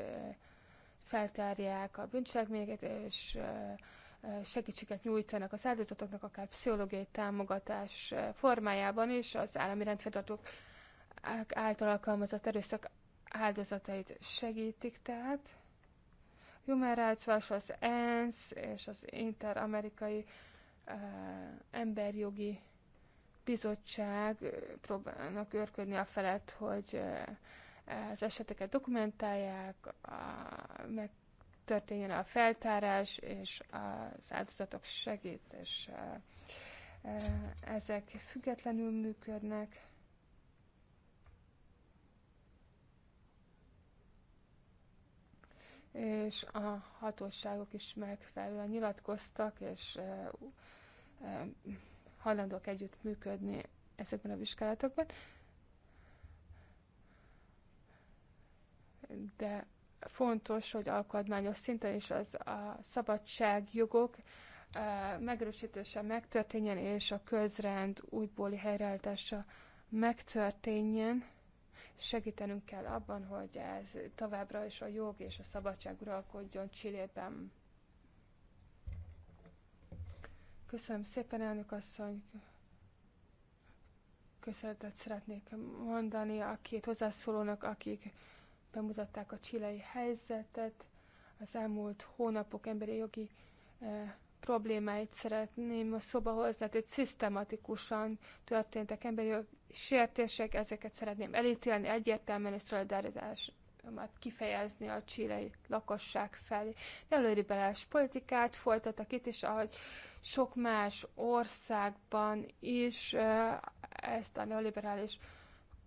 feltárják a bűncselekményeket, és segítséget nyújtanak az áldozatoknak, akár pszichológiai támogatás formájában is, az állami rendfenntartók által alkalmazott erőszak áldozatait segítik tehát. Human Rights Watch, az ENSZ és az Interamerikai uh, Emberjogi Bizottság próbálnak őrködni a felett, hogy uh, az eseteket dokumentálják, a, meg történjen a feltárás és az áldozatok segítés. E, ezek függetlenül működnek. és a hatóságok is megfelelően nyilatkoztak, és e, e, hajlandók együtt működni ezekben a vizsgálatokban. de fontos, hogy alkotmányos szinten is az a szabadságjogok eh, megerősítése megtörténjen, és a közrend újbóli helyreállítása megtörténjen. Segítenünk kell abban, hogy ez továbbra is a jog és a szabadság uralkodjon Csillében. Köszönöm szépen, elnök asszony! Köszönetet szeretnék mondani a két hozzászólónak, akik bemutatták a csilei helyzetet, az elmúlt hónapok emberi jogi e, problémáit szeretném a szoba hozni, tehát itt szisztematikusan történtek emberi jogi sértések, ezeket szeretném elítélni, egyértelműen és szolidaritásomat kifejezni a csilei lakosság felé. Előribeles politikát folytattak itt, és ahogy sok más országban is eh, ezt a neoliberális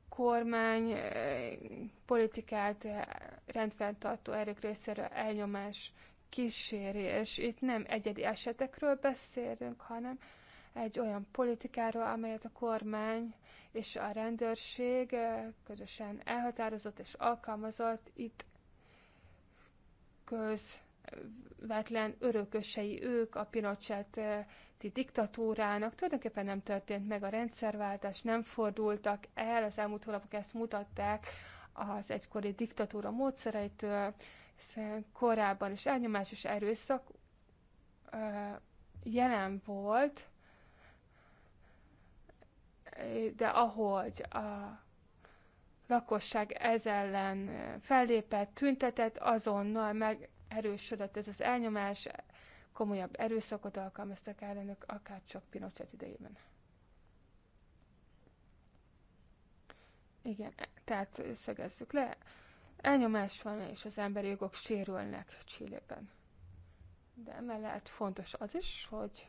kormány eh, politikát eh, rendfenntartó erők részéről elnyomás kíséri, és itt nem egyedi esetekről beszélünk, hanem egy olyan politikáról, amelyet a kormány és a rendőrség eh, közösen elhatározott és alkalmazott, itt közvetlen örökösei ők a Pinochet diktatúrának tulajdonképpen nem történt meg a rendszerváltás, nem fordultak el, az elmúlt hónapok ezt mutatták az egykori diktatúra módszereitől, korábban is elnyomás és erőszak jelen volt, de ahogy a lakosság ez ellen fellépett, tüntetett, azonnal megerősödött ez az elnyomás, komolyabb erőszakot alkalmaztak ellenük, akár csak Pinochet idejében. Igen, tehát szegezzük le, elnyomás van, és az emberi jogok sérülnek Csillében. De emellett fontos az is, hogy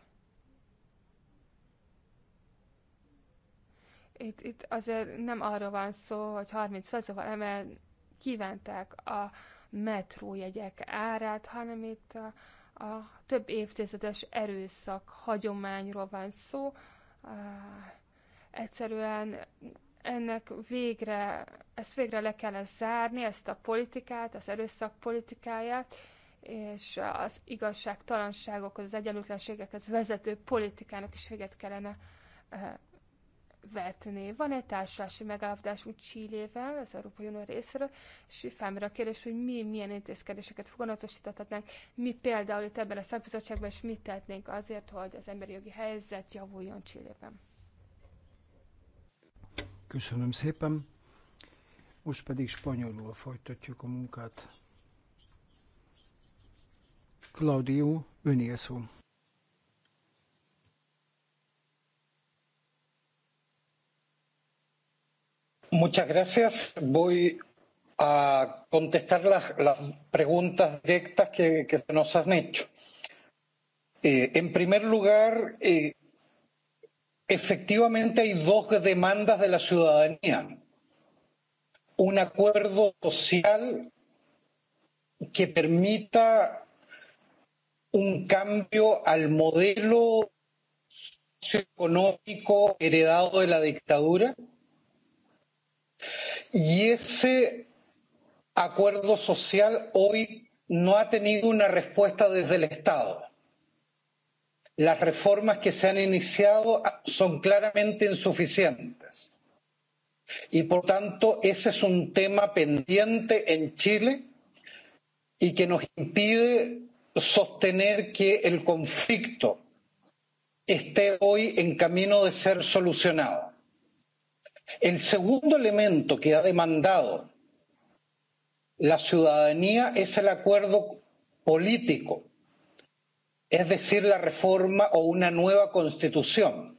itt, itt azért nem arra van szó, hogy 30 fazóval emel kívánták a metrójegyek árát, hanem itt a, a több évtizedes erőszak hagyományról van szó. Egyszerűen ennek végre, ezt végre le kell zárni, ezt a politikát, az erőszak politikáját, és az igazságtalanságokhoz, az egyenlőtlenségekhez vezető politikának is véget kellene vetni. Van egy társulási megállapodásunk Csillével, az Európai Unió részéről, és felmerül a kérdés, hogy mi milyen intézkedéseket foganatosíthatnánk, mi például itt ebben a szakbizottságban, és mit tehetnénk azért, hogy az emberi jogi helyzet javuljon Csillében. Köszönöm szépen. Most pedig spanyolul folytatjuk a munkát. Claudio, önél szó. Muchas gracias. Voy a contestar las, las preguntas directas que, que se nos han hecho. Eh, en primer lugar, eh, efectivamente hay dos demandas de la ciudadanía. Un acuerdo social que permita un cambio al modelo socioeconómico heredado de la dictadura Y ese acuerdo social hoy no ha tenido una respuesta desde el Estado. Las reformas que se han iniciado son claramente insuficientes. Y por tanto, ese es un tema pendiente en Chile y que nos impide sostener que el conflicto esté hoy en camino de ser solucionado. El segundo elemento que ha demandado la ciudadanía es el acuerdo político, es decir, la reforma o una nueva constitución.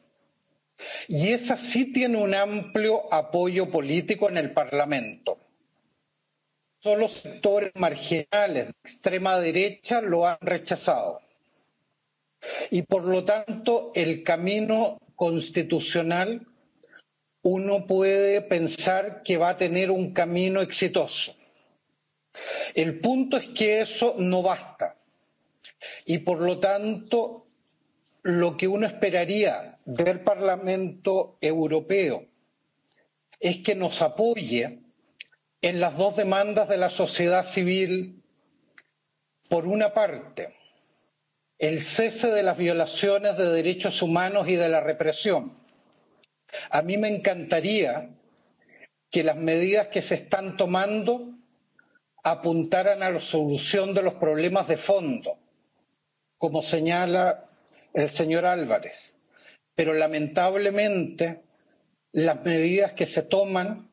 Y esa sí tiene un amplio apoyo político en el Parlamento. Solo sectores marginales de extrema derecha lo han rechazado. Y por lo tanto, el camino constitucional uno puede pensar que va a tener un camino exitoso. El punto es que eso no basta. Y por lo tanto, lo que uno esperaría del Parlamento Europeo es que nos apoye en las dos demandas de la sociedad civil. Por una parte, el cese de las violaciones de derechos humanos y de la represión a mí me encantaría que las medidas que se están tomando apuntaran a la solución de los problemas de fondo, como señala el señor Álvarez. Pero lamentablemente las medidas que se toman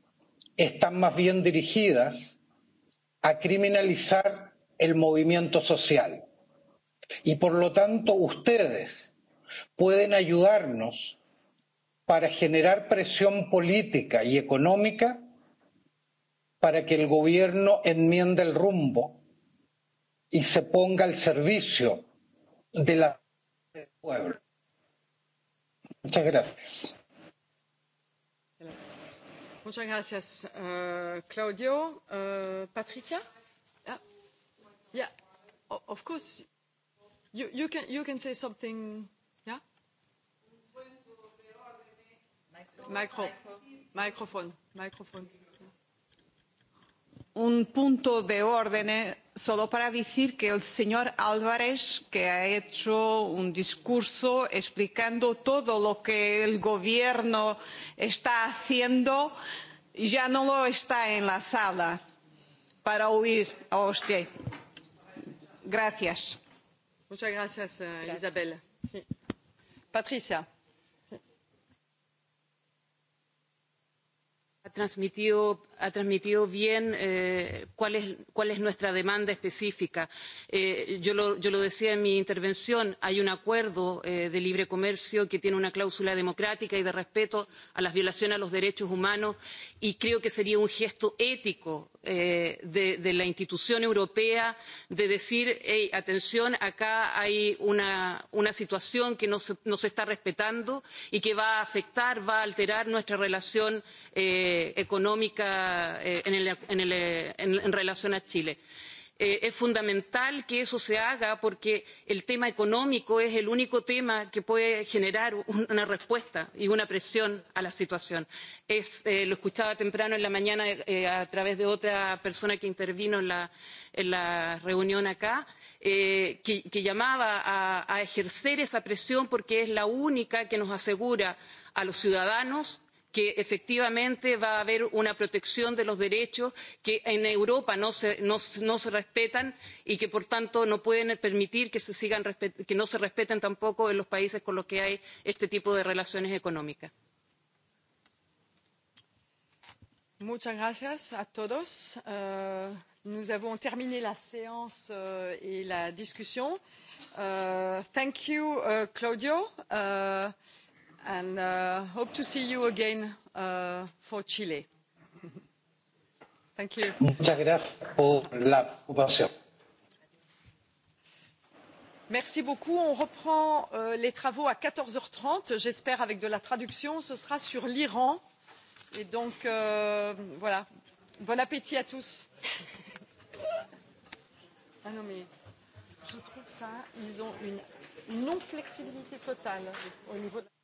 están más bien dirigidas a criminalizar el movimiento social. Y por lo tanto ustedes pueden ayudarnos para generar presión política y económica para que el gobierno enmiende el rumbo y se ponga al servicio de la del pueblo. Muchas gracias. Muchas gracias, uh, Claudio. Uh, Patricia? Ah, yeah. yeah, of course. You, you, can, you can say something Micro, microfon, microfon. Un punto de orden solo para decir que el señor Álvarez, que ha hecho un discurso explicando todo lo que el gobierno está haciendo, ya no lo está en la sala para oír a usted. Gracias. Muchas gracias, eh, gracias. Isabel. Sí. Patricia. transmitió ha transmitido bien eh, cuál, es, cuál es nuestra demanda específica. Eh, yo, lo, yo lo decía en mi intervención, hay un acuerdo eh, de libre comercio que tiene una cláusula democrática y de respeto a las violaciones a los derechos humanos y creo que sería un gesto ético eh, de, de la institución europea de decir, hey, atención, acá hay una, una situación que no se, no se está respetando y que va a afectar, va a alterar nuestra relación eh, económica eh, en, el, en, el, en, en relación a Chile. Eh, es fundamental que eso se haga porque el tema económico es el único tema que puede generar una respuesta y una presión a la situación. Es, eh, lo escuchaba temprano en la mañana eh, a través de otra persona que intervino en la, en la reunión acá. Eh, que, que llamaba a, a ejercer esa presión porque es la única que nos asegura a los ciudadanos que efectivamente va a haber una protección de los derechos que en Europa no se, no, no se respetan y que por tanto no pueden permitir que, se sigan, que no se respeten tampoco en los países con los que hay este tipo de relaciones económicas. Muchas gracias a todos. Uh, nous avons terminé la séance uh, et la discussion. Uh, thank you, uh, Claudio. Uh, and uh, hope to see you again uh, for Chile. Thank you. Muchas gracias por la ocupación. Merci beaucoup. On reprend euh, les travaux à 14h30, j'espère avec de la traduction. Ce sera sur l'Iran. Et donc, euh, voilà. Bon appétit à tous. ah non, mais je trouve ça, ils ont une non-flexibilité totale au niveau de...